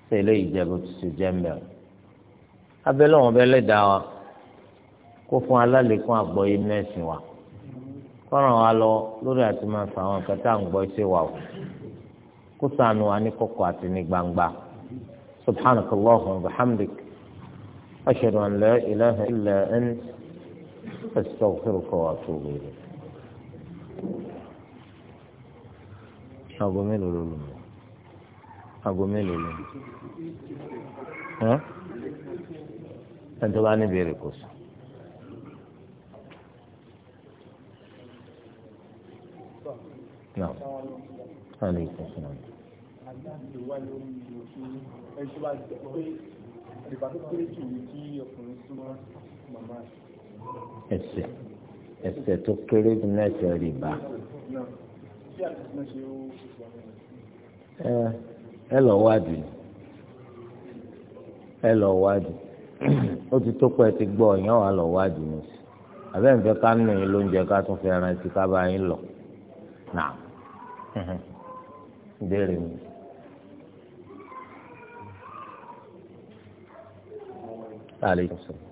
ṣe eléyìí ti ṣe jẹ mẹ́rin abẹ́lẹ́ wọn bẹ́ẹ̀ lẹ́dàá wa kó fún alálẹ̀kùn àgbọ̀yé mẹ́sìn wa kọ́ràn wa lọ lórí àti máa fa àwọn nǹkan tá à ń gbọ́ ṣe wà o kó sànù wa ní kọ̀kọ̀ àti ní gbangba subhanaka allahumma wa bihamdik ashhadu an la ilaha illa ant astaghfiruka wa atubu ilayk. aago mélòó ló lò mọ́ aago mélòó ló náà náà lè kọ́ fún mi. ẹsẹ̀ ẹsẹ̀ tó kéré jù náà ṣe rìbá ẹ lọ wádìí ẹ lọ wádìí ó ti tó pẹ́ ti gbọ́ ọ̀yàn wà lọ wádìí nù sí abẹ́ǹfẹ́ ká nù yín lóúnjẹ ká tún fẹ́ rántí ká bá yín lọ náà ìbéèrè mi. Aleykum salaam.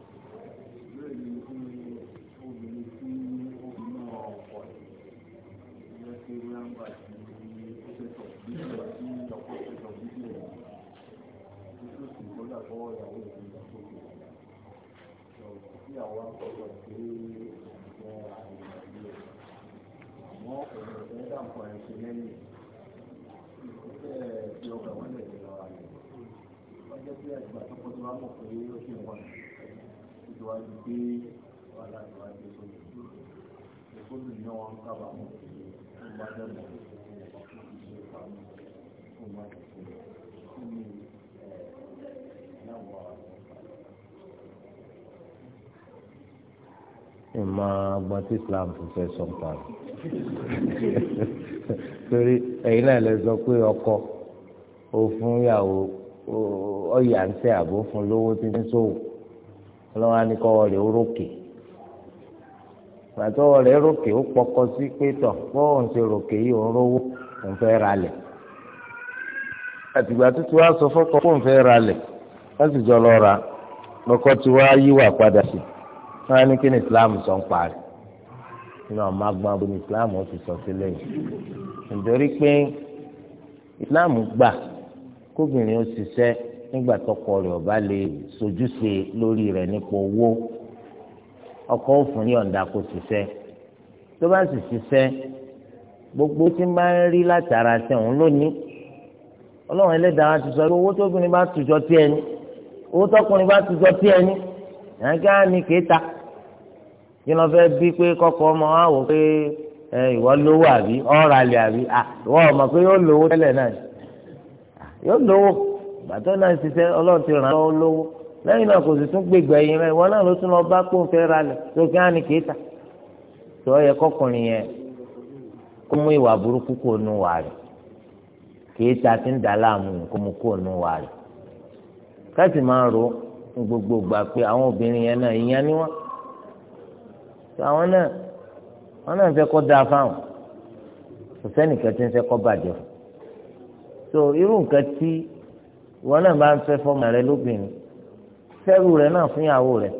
wá ìmọ̀ ọgbọ́n tí Islam fi fẹ́ sọ nǹkan rẹ̀ torí ẹ̀yin náà lè sọ pé ọkọ ó ìyàwó ọyà ń sẹ àbò fún lówó tí ń sòwò ọlọ́wọ́ anìkọ́wọ́ rẹ̀ ó rókè gbàtọ́wọ́ rẹ̀ rókè ó pọkọ sí pé tọ̀ bọ́ọ̀ ń ṣe rókè yìí òun rówó òun fẹ́ ra àtìgbà tó ti sọ fọ́kọ fóun fẹ́ ra lẹ̀ jọ lọ ra lọ́kọ́ tí wá yíwà padà sí wọ́n á ní kí ni Islam sọ ń parí nínú àwọn agbọn abúlé Islam ó ti sọ sílẹ̀ yìí nítorí pé Islam gbà. kóbìnrin ó ṣiṣẹ́ nígbà tọkọ rẹ̀ ọba lè sojúṣe lórí rẹ̀ nípa owó ọkọ òfin ní kó ṣiṣẹ́ tó bá sì ṣiṣẹ́ gbogbo tí ń bá ń rí látara sẹ́wọ̀n lónìí ọlọ́run ti sọ owó tóbìnrin bá tùjọ tí ẹni owó tọkùnrin bá tùjọ tí ẹni ni kéta kí ló fẹ́ bí pé kọ́kọ́ ọmọ wa wò pé ìwọ lówó àbí ọ̀rọ̀ àlè àbí ìwọ ọmọ pé yóò lówó tẹ́lẹ̀ yóò lówó gbàtọ́ náà ṣiṣẹ́ ọlọ́run ti ràn án lọ́wọ́ lẹ́yìn náà kò sì tún gbégbé ẹ̀yìn rẹ̀ wọn náà ló tún lọ bá ra lẹ̀ tó kí kì í yẹ kọkùnrin yẹn kó mú ìwà burúkú kó nu wà rẹ̀ kì í ti ń dà láàmú kó kó nu wà rẹ̀ máa ro gbogbo gbà pé àwọn obìnrin yẹn náà ìyẹn ni wọn àwọn náà wọn so irú nǹkan tí wọn náà bá ń fẹ́ fọ́mọ rẹ lóbìnrin fẹ́rù rẹ náà fún ìyàwó rẹ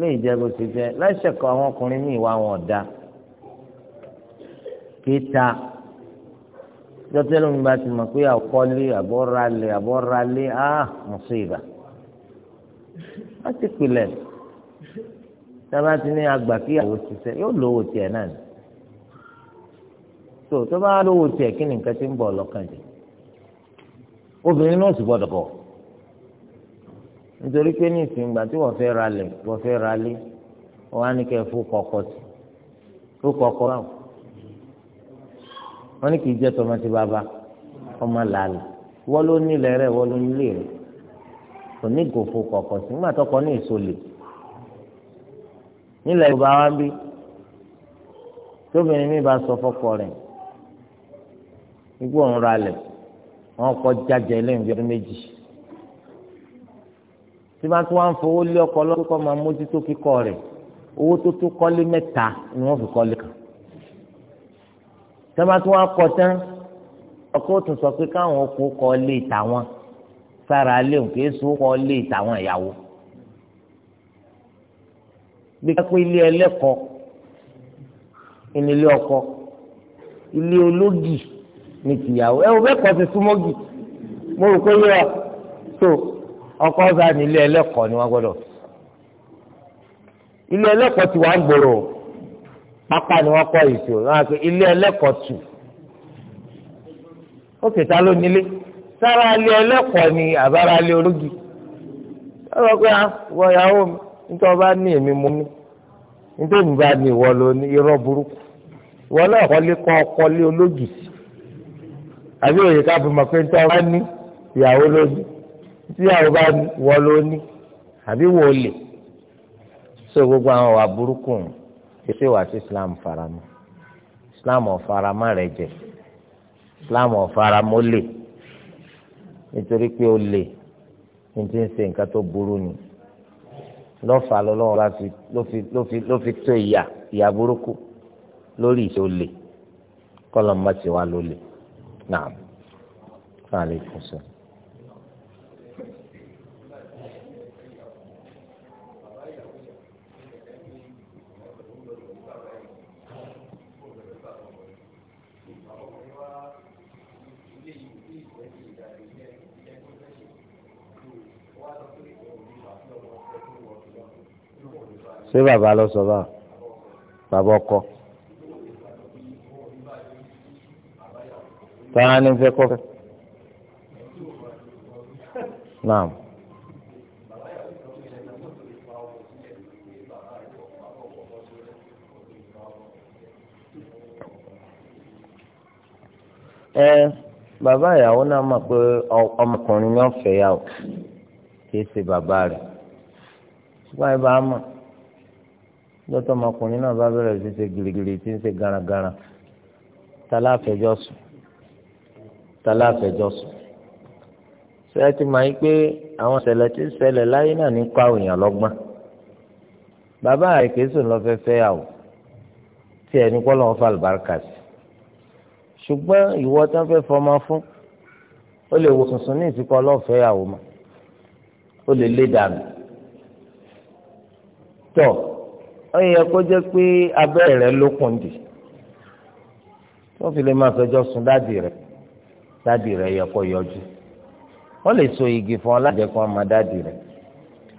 lè jẹ́ bó ti jẹ́ láìsẹ̀kọ̀ àwọn ọkùnrin ní ìwà wọn ọ̀dà kéta jọ́tẹ́lómi bá ti mọ̀ pé àkọ́lé àbọ̀ralé àbọ̀ralé á ah, mùsíbà láti pilẹ̀ tábà ti ní agbà kí àwọn òṣìṣẹ́ yóò lówó tiẹ̀ náà ni tó tó bá lówó tiẹ̀ kí ni nǹkan ti ń bọ̀ lọ́kàn jẹ obìnrin náà sì gbọ́dọ̀ bọ̀ nítorí pé ní ìsìn ìgbà tí wọ́n fẹ́ ra lẹ̀ wọ́n fẹ́ ra lé wọ́n á ní kẹ́ fún kọ́kọ́ sí fún kọ́kọ́ báwọn wọ́n ní kì í jẹ́ tọmọ ti bàbá ọmọ làálẹ̀ wọ́n ló nílẹ̀ rẹ̀ wọ́n ló nílé rẹ̀ kò ní gòfò kọ̀ọ̀kan sí nígbà tó ní ìsọlẹ̀ nílẹ̀ Yorùbá wa ń bí tóbìnrin mi bá sọ fọ́kọ rẹ̀ nígbà òun ra lẹ̀ wọ́n kọ́ jájẹ lẹ́yìn ọdún méjì tí wọ́n tún wá ń fowó lé ọkọ lọ́wọ́ kọ́ máa mójútó kíkọ́ rẹ̀ owó tó tó kọ́lé mẹ́ta ni wọ́n fi kọ́lé kan tí wọ́n tún wá kọ́ tán ọkọ òtún sọ pé káwọn ọkọ kọ́lé tàwọn sára léwu kì í so kọ́lé tàwọn ìyàwó bí kápẹ́ ilé ẹlẹ́kọ̀ọ́ ìnílé ọkọ ilé ológì ní tìyàwó ẹ ò bẹ́ẹ̀ kọ́ ti mo rò pé yíyọ tó ọkọ ọ̀sà nílé ẹlẹ́kọ̀ọ́ ni wọ́n gbọ́dọ̀ ilé ẹlẹ́kọ̀ọ́ ti wà gbòòrò pápá ni wọ́n kọ́ ìṣó wọ́n á pe ilé ẹlẹ́kọ̀ọ́ tù ó kẹta ló sára ilé ẹlẹ́kọ̀ọ́ ni àbára ilé ológi ó sọ pé àwọn ah, ìyàwó mi nítorí ọba ní èmi mú mi nítorí mi bá ní ìwọ lóní irọ́ burúkú ìwọ náà kọ́lé kọ́ ọkọ́lé ológì sí àbí òye ká fi mọ̀ pé ń tọ́ bá ní ìyàwó ló ní tíyàwó bá wọ ló ní àbí wò lè so gbogbo àwọn wà burúkú ṣe wà sí Islam faramọ́ Islam ọ̀faramọ́ rẹ̀ jẹ Islam ọ̀faramọ́ lè nítorí pé ó lè ní ti ń ṣe nǹkan tó burú ni lọ́fà lọ́lọ́wọ́ ló fi tó ìyà ìyà burúkú lórí ìṣòlè kọ́lọ́ mọ́tì wa ló lè náà fàlẹ́ ìfọ̀sọ. ṣé bàbá lọ sọ báà bàbá ọkọ. táwọn ní fẹ́ kọ́ naam. ẹ bàbá ìyàwó náà mọ̀ pé ọmọkùnrin náà fẹ́ yà ó kì í ṣe bàbá rẹ̀ ṣùgbọ́n ẹ bá mọ̀ lọ́tọ̀ ọmọkùnrin náà bá bẹ̀rẹ̀ sí ṣe gírígírí Tala àfẹjọ́ sùn ṣé ti máa ń pé àwọn ìṣẹ̀lẹ̀ tí ń ṣẹlẹ̀ láyé náà ní kọ́ àwọn èèyàn lọ́gbọ́n bàbá àìkèésù lọ fẹ́ fẹ́ yàwó tí ẹni kọ́ lọ́wọ́ fà lùbáríkà sí ṣùgbọ́n ìwọ tí wọ́n fẹ́ fọmọ fún ó lè wo tuntun ní ìsìnkú ọlọ́ọ̀fẹ́ yàwó ma ó lè lé dànù tọ́ ó yẹ kó jẹ́ pé abẹ́rẹ́ rẹ ló dì tó fi lè máa fẹjọ́ sùn dádì rẹ̀ dádì rẹ yẹ kó yọjú wọ́n lè so igi fún ọ lájẹ kó ọmọ dádì rẹ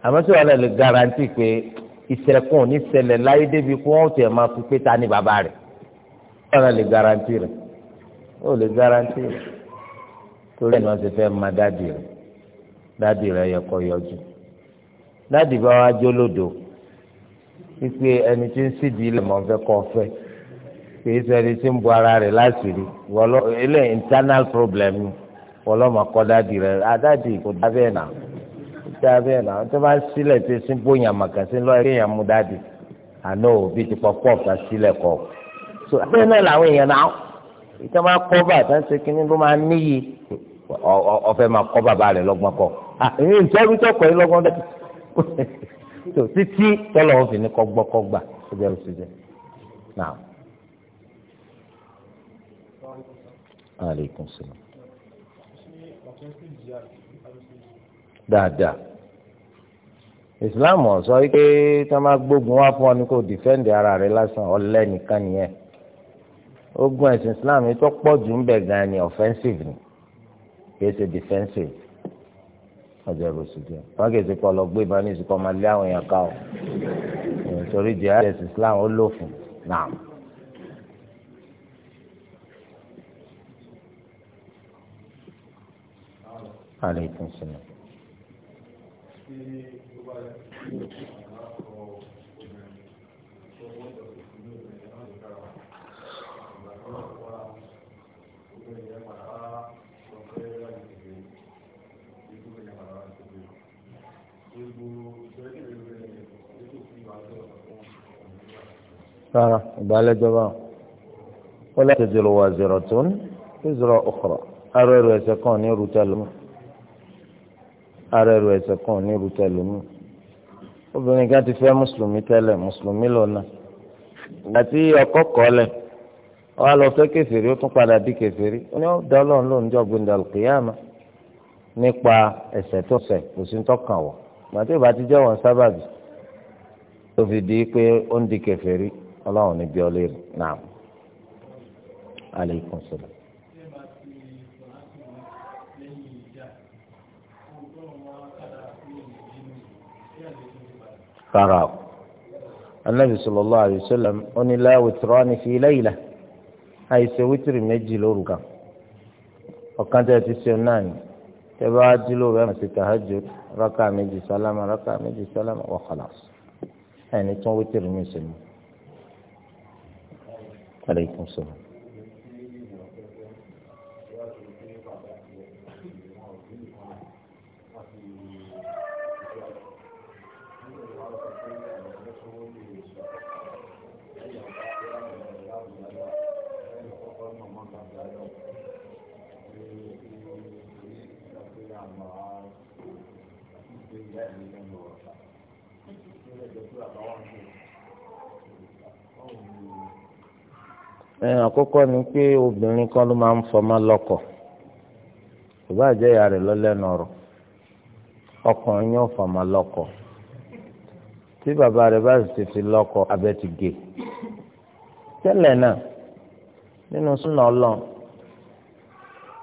àmọ́ tí wọ́n lè garanti pé ìṣẹ̀kùn ní ṣẹlẹ̀ láyé débi kó wọ́n tiẹ̀ máa kú pé ta ni bàbá rẹ̀ wọ́n lè garanti rẹ̀ wọ́n lè garanti rẹ̀ torí ẹni wọ́n ti fẹ́ máa dádì rẹ̀ dádì rẹ̀ yẹ kó yọjú dádì bá wá jólódò wípé ẹni tí ń sídìí lè mọ̀ fẹ́ kọ́ fẹ́ kìí sẹ́ni tí ń bu ara rẹ̀ láṣìírí wọ́lọ́ ilé internal problem wọ́lọ́ máa kọ́ dáàdì rẹ̀ àdáàdì ah, kò dá bẹ́ẹ̀ náà kò dá bẹ́ẹ̀ náà tó bá sílẹ̀ tó sí bóyá màkàsí lọ́ọ́ eré yẹn mú dáàdì àná òbí ti pọ̀ pọ̀ ká sílẹ̀ kọ́ so bẹ́ẹ̀ náà làwọn èèyàn náà ìtọ́ máa kọ́ bàtà ṣe kínní ló máa níyì ọ̀fẹ́ máa kọ́ bàbá rẹ̀ lọ́gbọ́n ah, kọ́ èyí ìtọ́jú tó kọ́ yín lọ́gbọ́n dájú títí tọ́lọ́ aleykum salaam. dáadáa ìsìláàmù sọ pé tí wọ́n bá gbógun wá fún ọ ní kò dìfẹ́ǹdì ara ogun ẹ̀sìn islam tó pọ̀ jù ń gan ni offensive ni kì í ṣe defensive ọjọ́ ìbùsùn jẹ́ wọ́n kì í ṣe kọ́ lọ gbé kọ́ o nítorí Alaikum salaam. rárá ìbálẹ́jọba wọ́n lè tẹ̀síwájú wà zero tún zero ọ̀kọ̀rọ̀ arọ kan ní rúta lómọ́. ara ẹrù ẹ̀ṣẹ̀ kan ní irú tẹlẹmú obìnrin kan ti fẹ́ mùsùlùmí tẹ́lẹ̀ mùsùlùmí lọ́nà àti ọkọ kọ́lẹ̀ wọ́n lọ fẹ́ kẹfẹ́rí ó tún padà di Onye ó ní ọ̀dọ́ ọlọ́run ló jọ gbẹ̀ndà lùkìyàmà nípa ẹ̀ṣẹ̀ tó kò sí tọkàn ìbá ti jẹ́ wọn sábàbí tó fi di pé ó ń di náà rárá o anabi sallallahu alayhi wa sallam onílẹ witrani fi layla àìṣe wítìrì méjì lóru kan ọ̀kan tẹ ti ṣe náà ni tẹ bá dí lóru ẹ màsí tahajjud rákà méjì sálámà rákà méjì sálámà wa khalas ẹni tún wítìrì mi sèmi. aleykum salaam. àkọ́kọ́ ni pé obìnrin kan ló máa ń fọmọ lọ́kọ kò jẹ́ ìyá rẹ̀ lọ́lẹ́nu ọ̀rọ̀ ọkùnrin yóò fọmọ lọ́kọ tí bàbá rẹ̀ bá fi abẹ́ ti gé tẹ́lẹ̀ náà nínú súnà ọlọ́run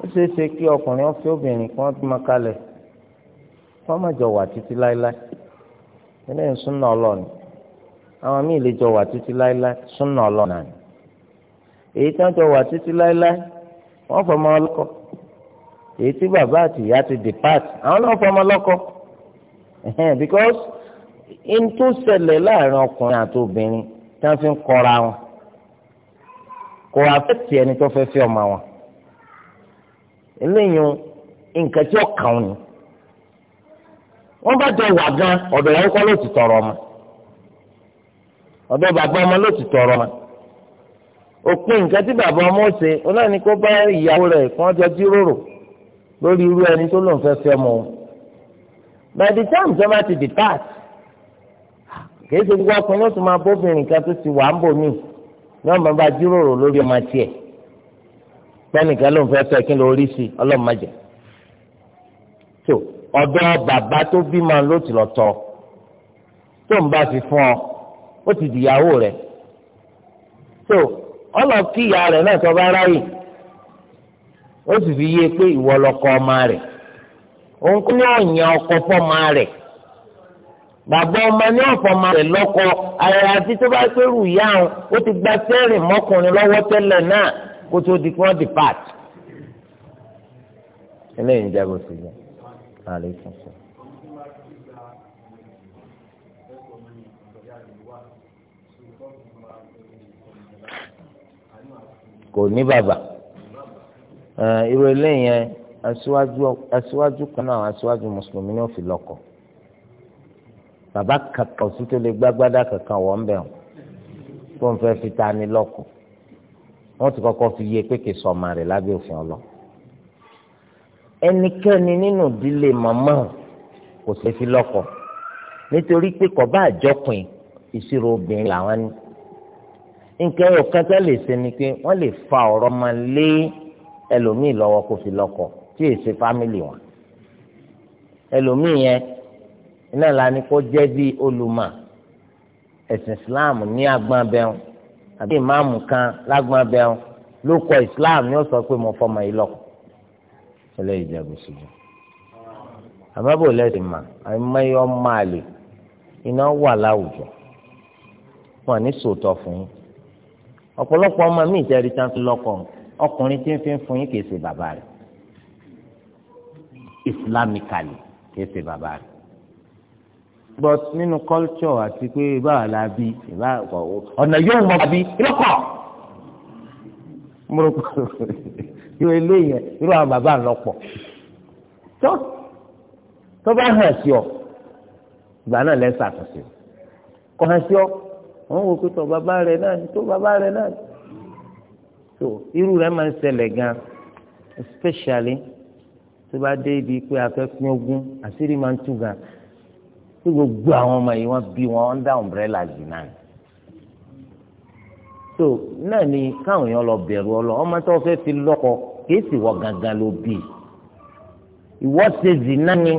ó ṣeé ṣe kí ọkùnrin ó fẹ́ obìnrin kí wọ́n máa kalẹ̀ má jọ wà títí láéláé nínú súnà ọlọ́run àwọn míì èyí tí wọ́n jọ wà títí láéláé wọ́n fọmọ ọlọ́kọ èyí tí bàbá àti ìyá ti depart àwọn náà fọmọ ọlọ́kọ because in tó ṣẹlẹ̀ láàrin ọkùnrin àti obìnrin tí wọ́n fi ń kọra wọn kò àfẹ́tì ẹni tó fẹ́ fẹ́ ọmọ wọn eléyìí nǹkan tí ó kàn ní wọ́n bá jọ wà gan ọ̀dọ̀ ìyàwó kọ́ ló ti tọrọ ọmọ ọ̀dọ̀ bàbá ọmọ ló ti tọrọ ọmọ. òpin nǹkan tí bàbá ọmọ ṣe ọlọ́run ni kó bá ìyàwó rẹ̀ kí wọ́n jọ jíròrò lórí irú ẹni tó lòun fẹ́ fẹ́ ọmọ òun by the time tó bá ti di pass kìí ṣe gbogbo ọkùnrin ló tún máa bóbìnrin kan tó ti wà ń bò míì ní ọmọ bá jíròrò lórí ọmọ tiẹ̀ pẹ́nìkan ló ń fẹ́ fẹ́ kí ló rí sí ọlọ́run má jẹ́ tó ọ̀dọ́ bàbá tó bímọ ló ti lọ tọ́ tó ń bá fi fún ọ ó ti dìyàwó rẹ̀ tó ọlọ́ọ̀kì ìyá rẹ̀ náà tó bá ráyè ó sì fi yé pé ìwọ lọkọ ọmọ rẹ̀ òun kò ní ọ̀yàn ọkọ fọ́mọ rẹ̀ bàbá ọmọ ní ọ̀fọ̀mọ rẹ̀ lọ́kọ àyàfi tó bá pẹ́rù ìyá òun ó ti gba sẹ́rìn mọ́kùnrin lọ́wọ́ tẹ́lẹ̀ náà kó tó di kí wọ́n depart. eléyìí jẹ́ bó ti yẹ. kò ní bàbá irú eléyìí yẹn aṣíwájú kan mùsùlùmí ni ó fi lọ́kọ bàbá kankan sí tó lè gbágbádá kankan wọ̀ ń bẹ̀ wọn tó ń fẹ́ fi ta ni lọ́kọ wọ́n ti kọ́kọ́ fi yé pékè sọ̀mà rẹ̀ lábẹ́ òfin ọlọ ẹnikẹ́ni nínú ìdílé màmá kò ṣe fi lọ́kọ nítorí pé kò àjọpin ìṣirò obìnrin làwọn ní nǹkan ẹ̀rọ kẹta lè ṣe ni pé wọ́n lè fa ọ̀rọ̀ máa lé ẹlòmíì lọ́wọ́ kó fi lọ́kọ tí èyí ṣe fámìlì wọn ẹlòmíì yẹn iná lani kó jẹ́ bí olùmọ̀ ẹ̀sìn Islam ní agbọ́n abẹ́hùn àbí ìmáàmù kan lágbọ́n abẹ́hùn ló kọ Islam ní ó sọ pé mo fọmọ yìí lọ́kọ ẹlẹ́yìí jẹ́ bó àbábò lẹ́sìn mà àìmọye ọmọ àlè iná wà láwùjọ wọn ní sòótọ́ fún yín ọ̀pọ̀lọpọ̀ ọmọ mi ìtẹ́rí tán ti lọ́kọ̀ ọkùnrin tí ń fi fún yín kìí ṣe bàbá rẹ̀ islamically kìí ṣe bàbá rẹ̀ but nínú culture àti pé báwa la bí ọ̀nà yóò mọ bí lọ́kọ̀ mo rò pé irú eléyìí irú àwọn bàbá lọ́pọ̀ tó tó bá hàn sí ọ ìgbà náà lẹ́sà àtúnṣe kò hàn sí ọ wọ́n wò pé bàbá rẹ̀ náà ni tó bàbá rẹ̀ náà ni so irú rẹ̀ máa ń ṣẹlẹ̀ gan especially tó bá dé ibi pé afẹ́fún ogún àṣírí máa ń tú gan tí gbogbo àwọn ọmọ yìí wọ́n bí wọn under umbrella yìí náà so náà ni káwọn èèyàn lọ bẹ̀rù ọ lọ ọmọ tó fẹ́ fi lọ́kọ kìí sì wọ gangan ló bí ìwọ ṣe zì náà ni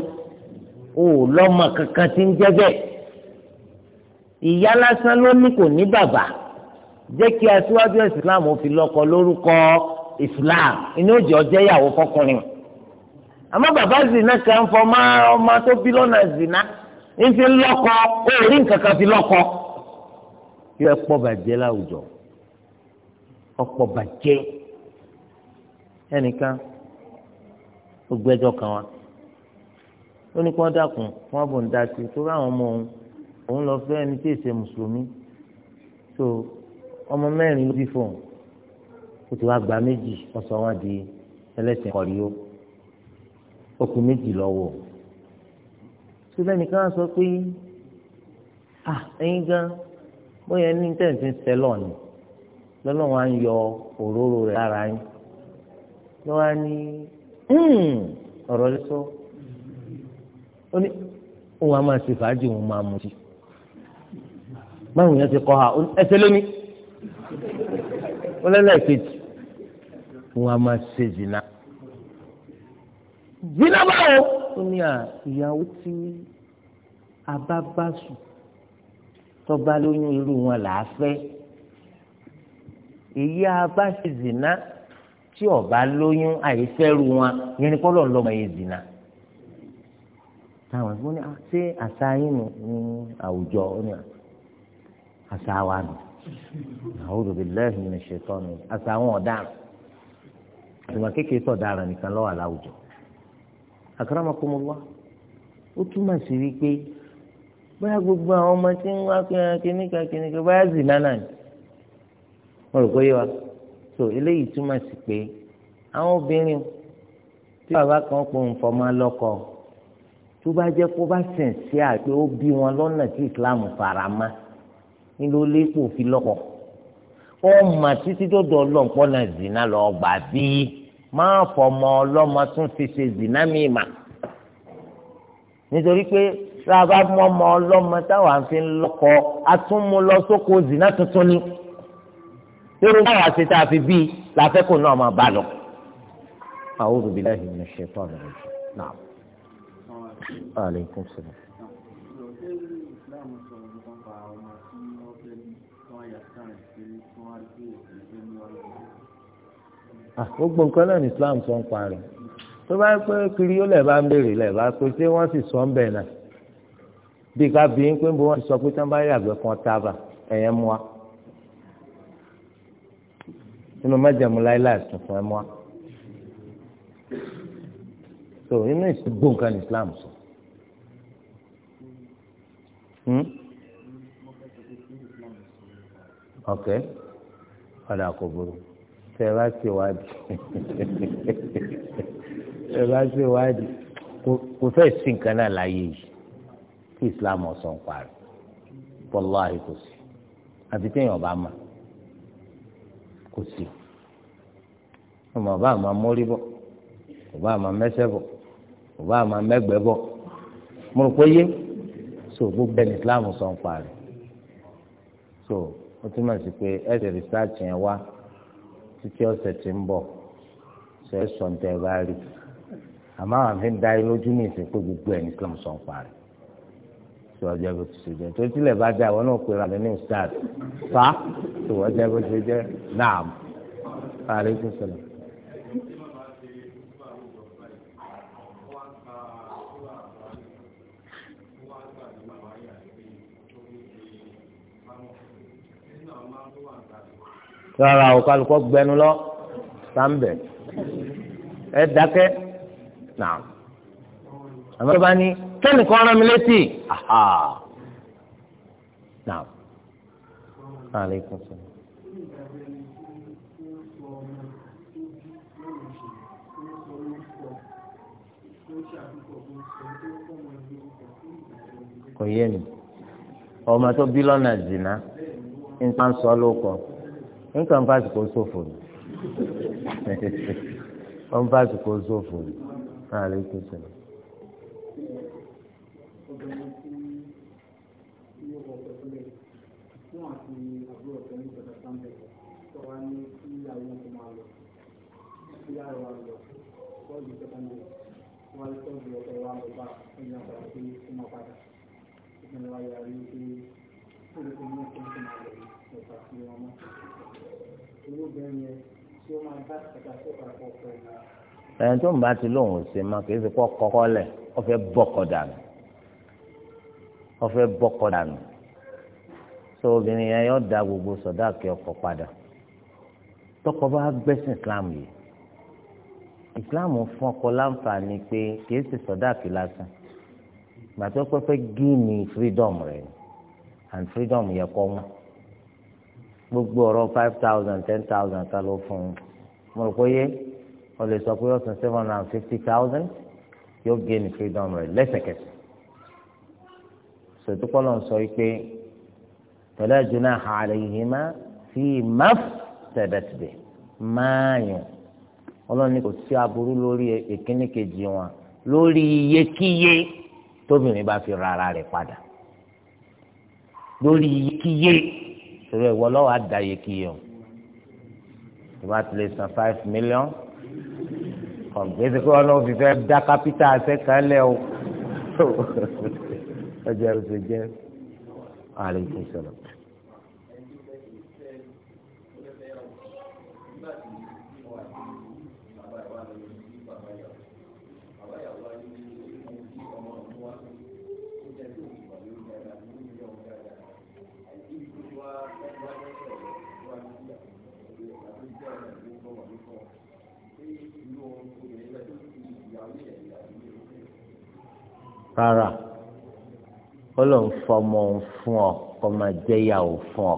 o lọ́mọ kankan ti ń jẹ́ bẹ́ẹ̀ ìyá lásán ló ní kò ní bàbá jẹ́ kí aṣíwájú islam fi lọ́kọ lórúkọ islam inú òjò ọjẹ́ ìyàwó fọkùnrin àmọ́ bàbá zina kan fọmọ ọmọ tó bí lọ́nà zina ń fi lọ́kọ orí nǹkan kan fi lọ́kọ kí ẹ pọ̀ bàjẹ́ láwùjọ ọ̀pọ̀ bàjẹ́ ẹnìkan ó gbẹ́jọ́ kan wa ó ní kí wọ́n dákun wọ́n bò ń dá sí torí àwọn ọmọ òun òun lọ fẹ́ ẹni tí èsè mùsùlùmí so ọmọ mẹ́rin ló bí fóun ó ti wá gba méjì ọ̀sán wọn di ẹlẹ́sìn kọ̀rí ó ó kù méjì lọ́wọ́ síbẹ̀ nìkan sọ pé ah ẹ̀yin gan bóyá ní tẹ̀sí ń sẹ́lọ̀ ni lọ́nà wa ń yọ òróró rẹ̀ lára yín lọ́wọ́ á ní hmm, ọ̀rọ̀ lẹ́sọ́ ó ní òun á máa ṣe fàájì òun máa mutí báwo yẹn ti kọ́ ha ẹsẹ̀ lónìí wọ́n lẹ́lẹ́ kejì wọ́n á máa ṣe zina zina báwo ó ní à ìyàwó tí a bá bá sùn tọ́ba lóyún irú wọn là á fẹ́ èyí a ṣe zina tí ọba lóyún àìfẹ́rù wọn yẹn ni kọ́lọ́ lọ́mọ yẹn zina táwọn ẹ̀gbọ́n ah, àṣà yín nù àwùjọ ó ní à àṣà wa nù àwòrán bíi lẹ́yìn ní ṣètò ni àṣà wọn ọ̀daràn ìwà kékeré sọ̀daràn nìkan lọ́wọ́ àláwùjọ àkàràmọ́kọ́mọ́wá ó túmọ̀ sí wípé báyà gbogbo àwọn ọmọ tí ń wá kíníkà kíníkà báyà zì lánàá ni wọ́n rò pé yé wa so eléyìí túmọ̀ sí pé àwọn obìnrin tí bàbá kan pò ń fọmọ lọ́kọ tó bá jẹ́ kó bá sìn sí àpé ó bí wọn lọ́nà tí ìsìláàmù fara mọ́ ní ló lépò fi lọ́kọ̀ wọ́n mà títí tó dọ̀ ọlọ́ǹpọ̀ náà zina lọ gbà bí máa fọmọ ọlọ́mọ tún fi ṣe zina mi mà nítorí pé tá a bá mú ọmọ ọlọ́mọ táwa fi ń lọ́kọ̀ a tún mú lọ sóko zina tuntun ni irun báwa ṣe tá a fi bí làfẹ́kù náà máa bá lọ. a'udhu billahi minash shaitani rajim. na'am. aleykum salaam. Ah, gbogbo nǹkan náà ní Islam sọ ń parí tó bá pẹ́ kiri ó lẹ̀ bá ń béèrè lẹ̀ bá pé ṣé wọ́n sì sọ ń bẹ̀ náà bí ká bí ń pé ń wọ́n ti sọ pé tí wọ́n bá yàgbẹ́ kan tábà ẹ̀yẹ́ mú wa nínú mẹ́jẹ̀mú láíláì tuntun ẹ̀ mú wa so inú ìsìnkú nǹkan ní Islam sọ. Hmm? ok padà kò burú tẹ ẹ bá ṣe wádìí ẹ bá ṣe wádìí kò fẹ́ sí nǹkan náà láyé yìí tí islam ọ̀sán parí wàláhì kò sí àti téèyàn bá mà kò sí ọmọ ọba àmà mórí bọ̀ ọba àmà mẹ́sẹ̀ bọ̀ ọba àmà mẹ́gbẹ́ bọ̀ mo rò pé yé so gbogbo ẹni islam ọ̀sán parí so ó túmọ̀ sí pé ẹ̀sẹ̀ rìsáàtì yẹn wá títí ọ̀sẹ̀ tí ń bọ̀ ṣe é sọ tẹ bá rí àmọ́ àwọn fi ń da yín lójú ní ìsìnkú gbogbo ẹ̀ nìkan sọ̀ ń parí tí wọ́n jẹ́ bó ti ṣe jẹ́ tó tilẹ̀ bá dá àwọn náà pè rà lẹ́nu stars fa tí wọ́n jẹ́ bó ti ṣe jẹ́ naam aleykum salaam. Thank you rárá o kálukọ́ gbẹnu lọ sáńbẹ̀ ẹ dákẹ́ náà àmọ́ tó bá ní kẹ́nìkan rán mi létí aha náà aleykum salaam. kò yé mi ọmọ tó bí lọ́nà zina ń pa ń sọ lóko nígbà ń fásitì kò sófò ni wọ́n fásitì kò sófò ni náà lè tó ṣẹlẹ̀. Thank you. ẹni tó ń bá ti lóun ò ṣe máa kì í ṣe kọ́ kọ́kọ́ lẹ̀ wọ́n fẹ́ bọ́kọ̀ dànù wọ́n fẹ́ bọ́kọ̀ dànù tó obìnrin yẹn yọ da gbogbo sọ̀dáàkì ọkọ padà tọkọ bá gbẹ́sìn Islam yìí Islam fún ọkọ láǹfààní pé kì í ṣe sọ̀dáàkì lásán gbàtọ́ pẹ́pẹ́ gíìnì freedom rẹ̀ and freedom yẹ kọ́ wọn gbogbo ọ̀rọ̀ five thousand ten thousand ká ló fún un mo rò pé yé o lè sọ pé ó san seven hundred and fifty thousand yóò gain freedom rẹ lẹ́sẹ̀kẹsẹ̀ sòtúkọ́ ló ń sọ pé tọ́lá jùlọ àlèyìnmá fi máf tẹ̀bẹ̀tẹ̀bẹ̀ máa yàn ọlọ́run ní kò sí aburú lórí ìkíní kejì wọn lórí iyekíye tóbìnrin bá fi ra rẹ̀ padà lórí iyekíye torí ẹ̀wọ́ lọ́wọ́ àdàyè kìí o ìwà ti lè san five million kọ̀ǹgbẹ́sì kí wọ́n lọ́wọ́ fi fẹ́ dá kápítà àṣẹkálẹ̀ o ọjà òṣèjẹ́ àlejò sọ̀rọ̀. rárá ó lọ ń fọmọ òun fún ọ kó máa jẹ́ ìyàwó fún ọ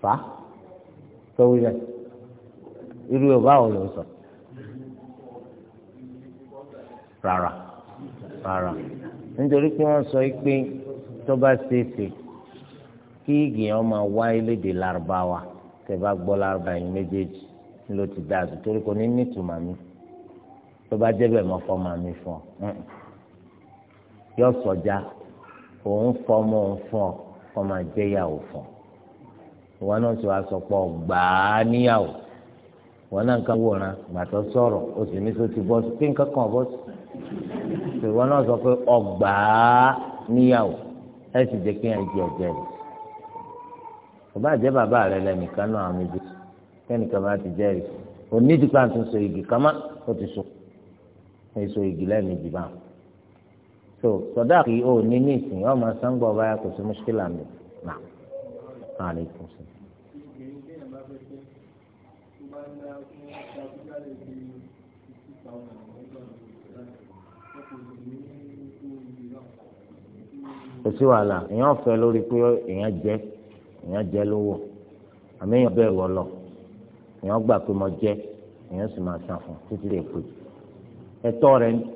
fà á sọ́wọ́ yẹn irú yorùbá ò lọ sọ rárá rárá nítorí pé wọ́n sọ pé tó bá ṣe é ṣe kí ìgbìyàn máa wá elédè lárúbáwá tẹ́ bá gbọ́ lárúbáwá yìí méjèèjì ló ti dáa torí kò ní nítumọ̀ mi tó bá jẹ́ bẹ́ẹ̀ mọ́ fọ́ màmí fún ọ yọ sọjà òun fọmọ òun fún ọ kọ máa jẹ ìyàwó fún ọ ìwọ náà sọ àsọpọ gbàá níyàwó ìwọ náà nǹkan wòran gbàtọ sọ̀rọ̀ o sì ní sọ ti bọ sí pé nǹkan kan bọ sí ìwọ náà sọ pé ọgbàá níyàwó ẹ sì jẹ kí ẹ jẹ ẹ̀jẹ̀ rẹ bàbá àjẹ bàbá rẹ lẹnìkan náà àmì jù kẹ́nìkan bá ti jẹ́rìí onídìí kan tún so igi kama ó ti so èso igi lẹ́ẹ̀mejì báwọn so sọdá kì í ò ní ní ìsìn ọ máa san gbọ báyà kò sí mùsùlùmí àmì nà máa lè kù sí. kò sí wàhálà èèyàn fẹ́ lórí pé èèyàn jẹ èèyàn jẹ lówó àmì èèyàn bẹ̀rù ọlọ èèyàn gbà pé mo jẹ èèyàn sì máa san fún títí lè pè ẹ̀tọ́ rẹ̀ ni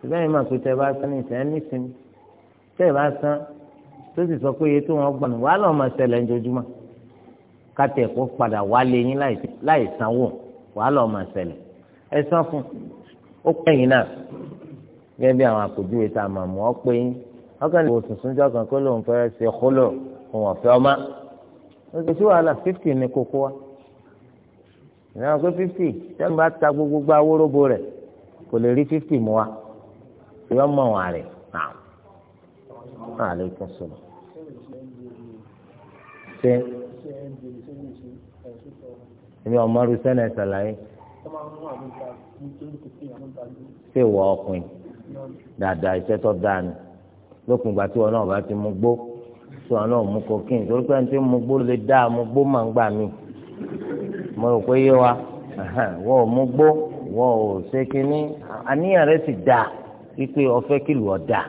ṣùgbọ́n ìmọ̀ pé tẹ bá san ní ìsẹ́ nísìnyí tẹ bá san tó sì sọ pé iye tó wọn gbọ̀nù wàá lọ́ọ́ máa ṣẹlẹ̀ ńjojúmọ́ kátẹ̀ kó padà wálé yín láì sanwó wàá lọ́ọ́ máa ṣẹlẹ̀ ẹ san fún ó pẹ́ yín náà gẹ́gẹ́ bí àwọn àpèjúwe tá a máa mú pé yín ọkàn lè wò sùnsùn jọ kan kó lóun fẹ́ ṣe kólò òun ọ̀fẹ́ ọmọ oṣù tí wàhálà fifty ní kókó wa ìnáwó pé fifty tẹ́lifíà ta gbogbo gbogbo awóróbo rẹ̀ kò lè rí fifty mú wa yọ mọ wọn rẹ náà aleykum salaam ṣe èmi ọmọ rú sẹ́nẹ̀ ṣàlàyé ṣe wọ ọkùnrin dáadáa iṣẹ́ tó dáa ni lókun ìgbà tí wọn náà bá ti mú gbó tí wọn náà mú kokéènì torí pé ẹni tí mú gbó lè dáa mú gbó máa ń gbà mí mo rò pé yé wa wọn ò mú gbó wọn ò ṣe kínní àníyàn rẹ ti dáa wípé ọ̀fẹ́ kìlù ọ̀dà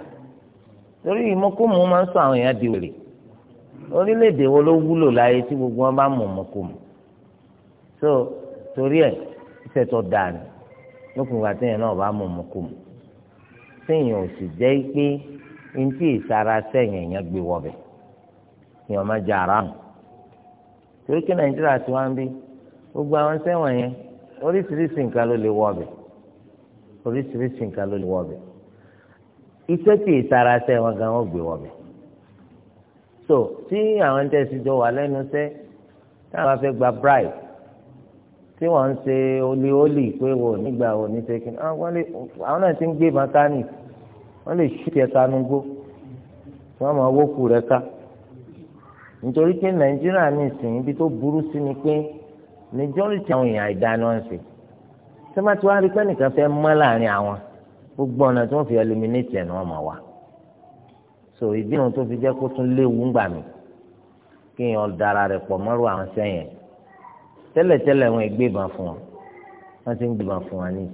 torí ìmọ̀kùmù máa ń sọ àwọn èèyàn di wèrè orílẹ̀-èdè wo ló wúlò láyé tí gbogbo wọn bá mọ̀ ọmọkùmù so torí ẹ̀ ìṣẹ̀tọ̀ dànù lókun ìgbà téèyàn náà bá mọ̀ ọmọkùmù téèyàn ò sì jẹ́ pé ntí ìsara sẹ́yìn èèyàn gbé wọbẹ̀ èèyàn má jẹ ara hàn torí kí nàìjíríà ti wá ń bí gbogbo àwọn sẹ́wọ̀n yẹn oríṣiríṣi nǹkan ló lè wọbẹ̀ oríṣiríṣi nǹkan ló lè wọbẹ̀ iṣẹ́ tí ìtara ṣe wọn gan wọn gbé wọn bẹ̀. so tí àwọn tẹ̀sí jọ wà lẹ́nu sẹ́ táwọn fẹ́ gba bribe tí wọ́n ń ṣe olíolì pé wò nígbà wò ní sẹ́kìn àwọn náà ti ń gbé makani wọ́n lè ṣú tiẹ̀ kanugbó tí wọ́n máa wókù rẹ̀ ká nítorí pé nàìjíríà ní ìsìn ibi tó burú sí ni pé majority àwọn èèyàn àìdáná ń ṣe sẹ́mátì wá rí pẹ́ẹ́nìkan fẹ́ mọ́ láàrin àwọn gbogbo ọ̀nà tí wọ́n fi eliminate ẹ̀ ni wọ́n máa wà so ìdí ìrùn tó fi jẹ́ kó tún léwu ń gbà mí kí èèyàn dara rẹ̀ pọ̀ mọ́rú àwọn sẹ́yìn tẹ́lẹ̀tẹ́lẹ̀ wọn ìgbébọn fún wọn wọ́n ti ń gbébọn fún wọn ní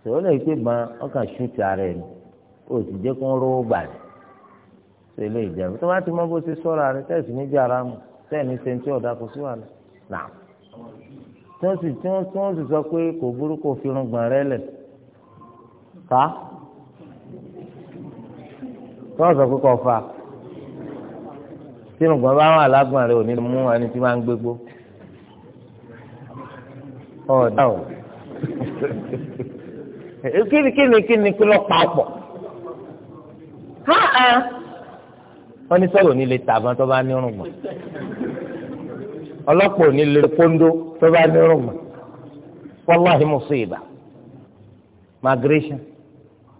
so ó lè gbébọn ọkàn ṣúùtì ara ẹ̀ ó sì jẹ́ kó ń rówó gbà ní so ilé ìjẹun tó bá ti mọ bó ti sọ̀rọ̀ rẹ̀ tẹ̀sí ní jàrá mu tẹ̀mí sentí ọ̀dà kò sí wà náà tí wọ́n sì sọ pé kò burúkú fi rún gbọ̀n rẹ́ lẹ̀ fa tọ́wọ́ sọ pé kọ́ fa tí nùgbọ́n bá wà lágbọ̀n rẹ ò mú ẹni tí máa ń gbégbó ọ̀dà o kíni kíni kíni kí ló pa ọ̀pọ̀ wọ́n ní sọ̀rọ̀ nílé tàbọn tó bá ní rùngbọ̀n ọlọ́pàá ò ní lè kóńdó tó bá ní rùngbọ̀n wọ́n láhìí migration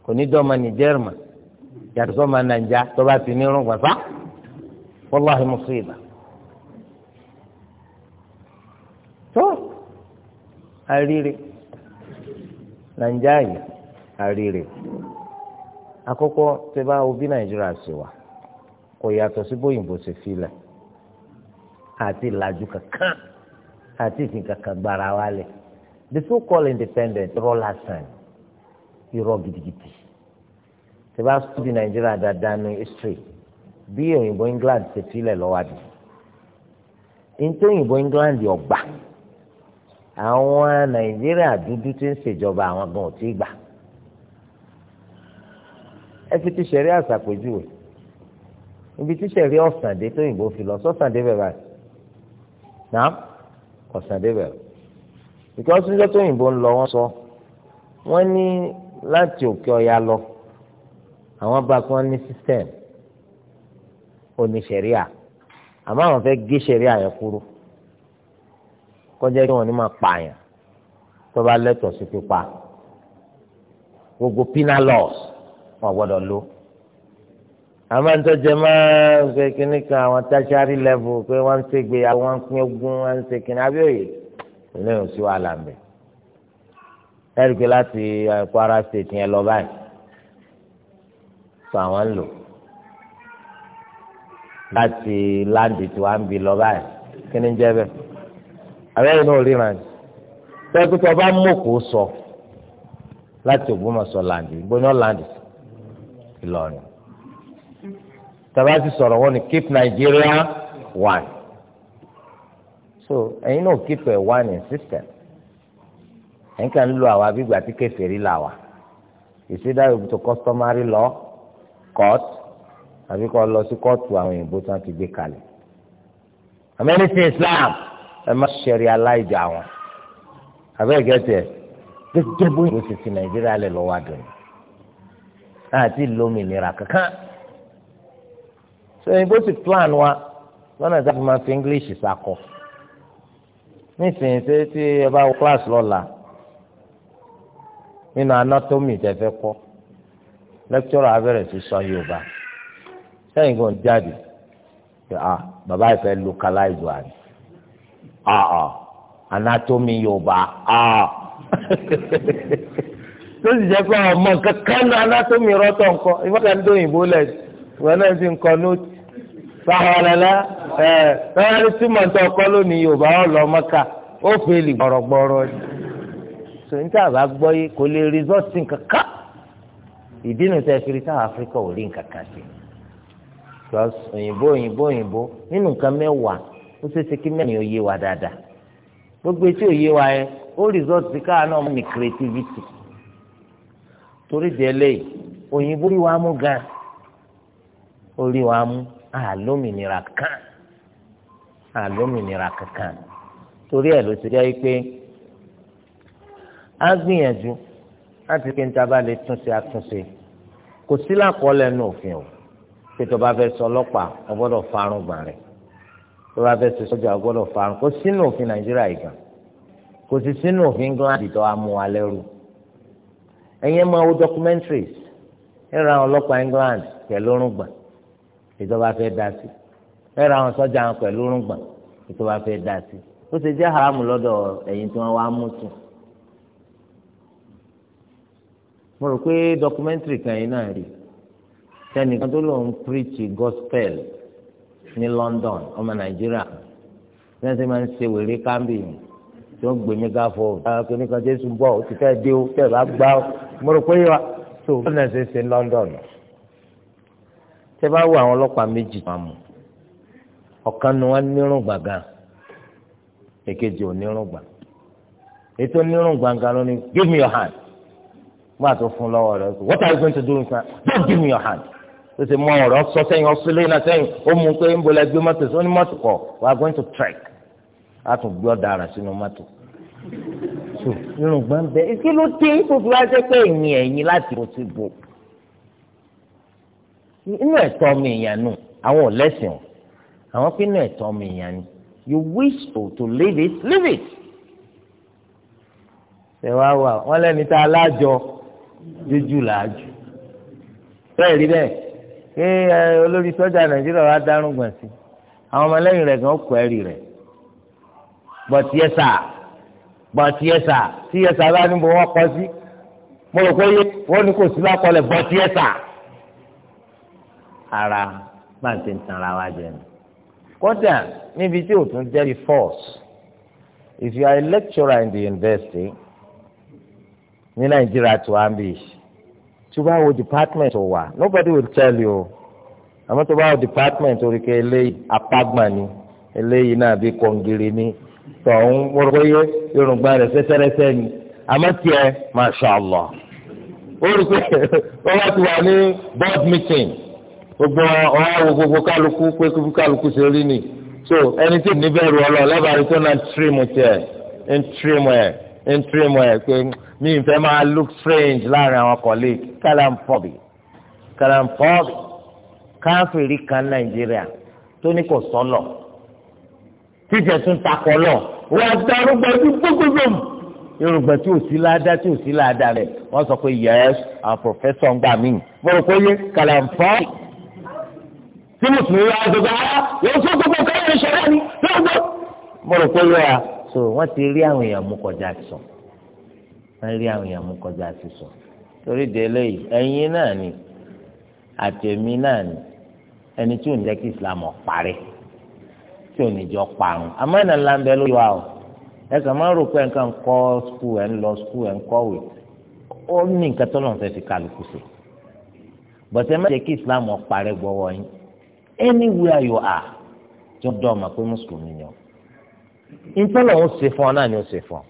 kò ní dọ́ọ̀mà Niger mà yàtọ̀ sọ́ọ̀mà Nàìjà tó bá ti ní irun gbàgbá wàláhi musiba. tó àríire Nàìjà yìí àríire àkọ́kọ́ tẹ bá wo bí Nàìjíríà ṣe wà kò yàtọ̀ sí bóyìnbó ṣe filẹ̀ àti làjú kankan àti ìsìn kankan gbára the so called independent rọ́lá sàn irọ́ gidigidi tí bá stúdì nàìjíríà dáadáa ní history bí òyìnbó england ṣe filẹ̀ lọ́wádì nítorí òyìnbó england ọgbà àwọn nàìjíríà dúdú tí ń ṣèjọba àwọn gan ò tí ì gbà ẹ fi ti ṣẹ̀rí àṣàpèjúwe ibi tí sẹ̀rí ọ̀sàndé tó yìnbó fi lọ sọ̀sàndé bẹ̀rẹ̀ náà ọ̀sàndé bẹ̀rẹ̀ because tó yìnbó ń lọ wọ́n sọ wọ́n ní láti òkè ọ̀yà lọ àwọn bá kí wọ́n ní system oníṣẹ̀ríà àmọ́ àwọn fẹ́ gé ṣẹ̀ríà yẹn kúrú kọjá kí wọ́n ní máa pààyàn tó bá lẹ́tọ̀ọ́ sí pípa gbogbo penal laws wọ́n gbọ́dọ̀ lò àmọ́ ní máa ń ṣe kínní kan àwọn tertiary level pé wọ́n ń ṣègbéyàwó wọ́n ń pín ogún wọ́n ń ṣe kínní abíòye ìlẹ́yìn sí wàhálà ń ẹ̀ríkì láti eh, Kwara state yẹn lọ báyìí sọ àwọn ń lò láti láǹdì tí wàá ń bi lọ báyìí kí ni ń jẹ́ bẹ́ẹ̀ àbẹ́yìn náà ríran ni sẹ́kítì ọba mọ̀kò sọ láti Ògbómọ̀ṣọ́ láǹdì gbóná land Ìlọrin tàbá ti sọ̀rọ̀ wọn ni keep Nigeria one so ẹ̀yin náà keep a one in system ẹnìkan ń lo àwa bí ìgbà tí kèfèrí là wà ìṣẹdáyò tó customary law court àbí kọ lọ sí kóòtù àwọn òyìnbó tí wọn ti gbé kalẹ̀ àmẹni sí Islam ẹ má ṣẹrí aláìjà wọn àbẹ́ẹ̀ gẹ́tẹ̀ gẹ́gẹ́ bóyá ìbò sì ti Nàìjíríà lè lọ́wọ́ àdùn àti lómìnira kankan so ìbò sì plan wa lọ́nà tí a fi máa fi English sakọ nísìnyí tí ẹ bá wọ kíláàsì lọ́la. nínú anatomy tẹfẹ kọ lẹ́kítọ́rọ̀ abẹ́rẹ́ ti sọ yorùbá sẹ́yìn kan jáde ṣe ah bàbá ìfẹ́ localize wa ni à ah anatomy yorùbá à tó sì pé ọmọ kankan ní anatomy nǹkan náà ti túmọ̀ ọkọ lónìí ó lè so ní tá a bá gbọ́ kò lè resort nǹkan kan ìdí nu tẹ fi rí táwọn Áfíríkà ò rí nǹkan kan sí plus òyìnbó òyìnbó òyìnbó nínú nǹkan mẹ́wàá ó ṣeéṣe kí mẹ́rin ó yé wa dáadáa gbogbo etí ò yé wa yẹn ó resort sí káà náà mú creativity torí di eléyìí òyìnbó rí wa mú gan ó rí wa mú àlómìnira kan àlómìnira kankan torí ẹ̀ ló ti jẹ́ pé á gbìyànjú láti pé níta bá lè túnṣe àtúnṣe kò sí lákọọ́lẹ̀ nù òfin o pé tó bá fẹ́ sọ ọlọ́pàá ọ gbọ́dọ̀ farun gbà rẹ̀ tó bá fẹ́ sọ sọ́jà ọ gbọ́dọ̀ farun kò sínú òfin nàìjíríà ìgbà kò sí sínú òfin gan àdìtọ́ amúhalẹ́rù ẹ̀yin máa wo documentaries ẹ̀rọ àwọn ọlọ́pàá England pẹ̀lú orúngbà ìjọba fẹ́ dá sí ẹ̀rọ àwọn sọ́jà pẹ̀lú orúngbà ìjọba fẹ́ dá sí ó ti jẹ́ haramu lọ́dọ̀ ẹ̀yin tí wọ́n wá mú tún mo rò pé dọkumẹ́ntìrì kan yìí náà rí tẹnìkan tó lòun píríkì gospel ní London ọmọ Nàìjíríà náà ṣe máa ń ṣe wèrè kámbì tí wọ́n gbé mega fún ọ kí nìkan Jésù bọ̀ ó ti fẹ́ dé ó tẹ̀ bá gbá ó mo rò pé yìí wa tó wọ́n náà ṣe ṣe London tẹ bá wo àwọn ọlọ́pàá méjì máa mú ọ̀kan ni wọ́n nírùn gbàgà èkejì ò nírùn gbà ètò nírùn gbàgà ló ní give me your hand gbà tó fún lọ́wọ́ rẹ̀ sọ what are you going to do with that don't give me your hand ó sì mọ ọ̀rọ̀ sọ sẹ́yìn ọ̀sọ́lé náà sẹ́yìn ó mú pé ń bolẹ̀ gbé mọ́tò sọ ní mọ́tò kọ̀ we are going to trek a tún gbé ọ̀daràn sínú mọ́tò so irun gbọ́n bẹ́ẹ̀ kí ló dé tó fi wá jẹ́ pé ẹ̀yìn ẹ̀yìn láti bò ti bò inú ẹ̀tọ́ mi ìyàn nù àwọn ò lẹ́sìn àwọn pé inú ẹ̀tọ́ mi ìyàn ni you wish to live it live it ṣe wá wà wọ́n lẹ́ni tá a lájọ jújù làájú bẹ́ẹ̀ rí bẹ́ẹ̀ ṣé olórí sọ́jà nàìjíríà wa dárún gbọ̀n sí àwọn ọmọlẹ́yìn rẹ̀ gan kọ́ ẹ̀rí rẹ̀ bọ̀tí ẹ̀ sà bọ̀tí ẹ̀ sà tí ẹ̀ sà bá níbo wọ́n kọ́ sí mo rò pé wọ́n ní kò sí lákọlẹ̀ bọ̀tí ẹ̀ sà ara máa ń tẹ̀ ń tan ara wa jẹ nù kódà níbi tí òtún jẹ́ bí force if you are a lecturer in the university ní nàìjíríà tó wá ń bì tó bá wo department tó wà nobody will tell you àmọ́ tó bá wo department orí kẹ́ eléyìí apágbà ni eléyìí náà bí kọ̀ǹgìrì ni tó ń wọ́rọ́ yé yorùbá rẹ̀ sẹ́sẹ́rẹ́sẹ́ ni àmọ́ tiẹ̀ masha allah ó rí pé wọ́n bá ti wà ní board meeting gbogbo ọ̀hún àwọn gbogbo kálukú pé kálukú ṣe rí ni so ẹni tí níbẹ̀ rú ọ lọ lẹ́bàá rí tó náà tírìmù tiẹ̀ ń tírìmù ẹ̀ ń tiri mọ ẹ pé mi n fẹ́ máa look strange láàrin àwọn colleague kàlàǹfọ̀bì kàlàǹfọ̀bì káfíìrì kan nàìjíríà tó ní kò sọlọ títẹ̀ tún takọ lọ wọ́n da rúgbẹ́tì gbogbogbò yorùbá tí ò sí láadá tí ò sí láadá rẹ̀ wọ́n sọ pé yes our professor ń gbà mí bọ́lá kó yé kàlàǹfọ̀bì tí mùsùlùmí wá gbogbo ara ah, yóò sọ gbogbo kẹrin ìṣẹ̀lẹ̀ ni lọ́gbọ́n bọ́lá kó yé wa so wọ́n ti rí àwọn èèyàn mú kọjá sọ wọ́n rí àwọn èèyàn mú kọjá sí sọ torí délé yìí ẹ̀yin náà ni àtẹ̀mí náà ni ẹni tí ò ní jẹ́ kí islam ọ̀parẹ́ tí ò ní jọ parun àmọ́ ẹ̀nà ńlá ń bẹ lórí wa o ẹ̀sán máa ń rò pé nǹkan kọ́ skul ẹ̀ ń lọ skul ẹ̀ ń kọ́wé ó ní nǹkan tó lọ́n fẹ́ fi kálukú sí bọ̀tẹ́ má jẹ́ kí islam ọ̀parẹ́ gbọ́wọ́ yín anywhere you are tí ó dọ̀ ọ́ mà pé mùsùlùmí ni ọ́ ntọ́lọ̀ ń ṣe fún ọ náà ni ó ṣe fún ọ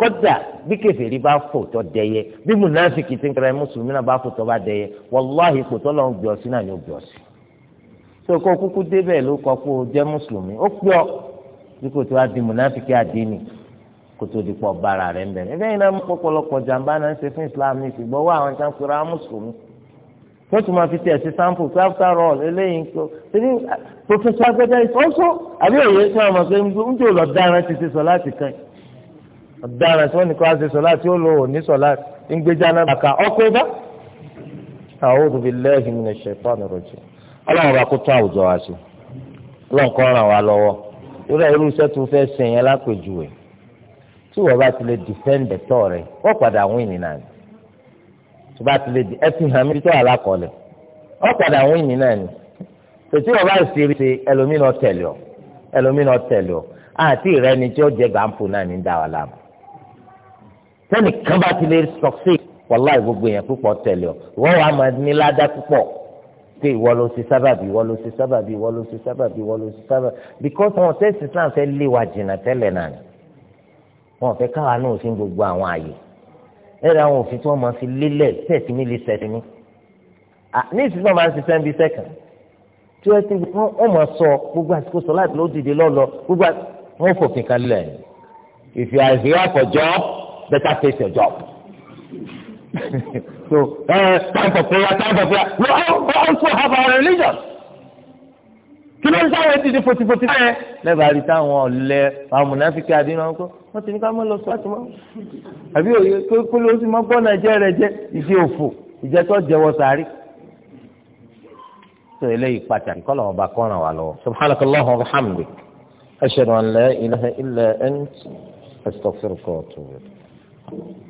kódà bí kèfèrí bá fò tó dẹyẹ bí mùnàfíkì tí ń kẹrẹ mùsùlùmí náà bá fò tọ́ bá wàláhì kò tọ́lọ̀ ń gbé ọ ọ sí tó kúkú débẹ̀ ló kọ́ o jẹ́ mùsùlùmí ó ọ bí kò tó a di mùnàfíkì àdínì kò tó di pọ̀ bára Islam wọ́n tún máa fi tiẹ̀ sí sample pé after all eléyìí ń kó ṣébí uh, professor agbẹ́dá is also àbí òye tí wọ́n mọ̀ pé ń jò lọ dára ti ṣe sọ láti kàn ọ̀daràn tí wọ́n ní kó a ṣe sọ láti ó lò ó ní sọ láti ń gbé jáná bàkà ọkọ̀ ibà. a'udhu billahi minash shaitanir rajim ọlọ́run bá kó tún àwùjọ wa sí ọlọ́run kọ́ ràn wá lọ́wọ́ irú irú iṣẹ́ tó fẹ́ ṣe yẹn lápèjúwe tí wọ́n bá ti lè dìfẹ́ǹdẹ̀tọ̀ rẹ̀ wọ́n padà wíìnì náà ni tó bá ti lè di ẹ fi hàn mí tó alákọọlẹ ọ padà àwọn ìní náà ni tètè wọn bá ṣe ṣe ẹlòmínà tẹlẹ ọ ẹlòmínà tẹlẹ ọ àti ìrẹ ni tí ó jẹ gàǹpù náà ní dáwà láàmú sẹnìkan bá ti lè sọksí wàláì gbogbo yẹn púpọ̀ tẹlẹ ọ wọn wà máa ní ládá púpọ̀ pé ìwọ ló ṣe sábàbí ìwọ ló ṣe sábàbí ìwọ ló ṣe sábàbí ìwọ ló ṣe sábàbí because wọn tẹsí Islam fẹ́ lé wa jìnnà tẹ́lẹ̀ náà ni wọn fẹ́ káwa náà sí gbogbo àwọn àyè ẹ̀rọ àwọn òfin tí wọ́n máa fi lélẹ̀ tẹ̀sí mi lè sẹ̀sí mi ní ìsìnkú wọn máa ń ṣiṣẹ́ níbi sẹ́kàn tí wọ́n ti wọ́n máa sọ gbogbo àsìkò sọ láti ló dìde lọ́lọ́ gbogbo wọn fòfin kan lẹ̀ if you are here for job better face your job so eh, time for prayer time for prayer we all, we also have our religion kí ló ń sáré ti di fotifoti báyẹn lẹ́bàá rí táwọn ọ̀lẹ́ àwọn mùnáfíkì ńkọ́ wọ́n ti ní ká mọ́ lọ sọ láti àbí òye kó ló sì mọ́ bọ́ọ̀nà jẹ́ rẹ jẹ́ ìdí òfò ìjẹ́tọ́ jẹ́wọ́ sáré. tó eléyìí pàtàkì kọ́ làwọn bá kọ́ràn wà lọ́wọ́ subhanakallahu wa bihamdik ashhadu an la ilaha illa ant astaghfiruka wa atubu ilayk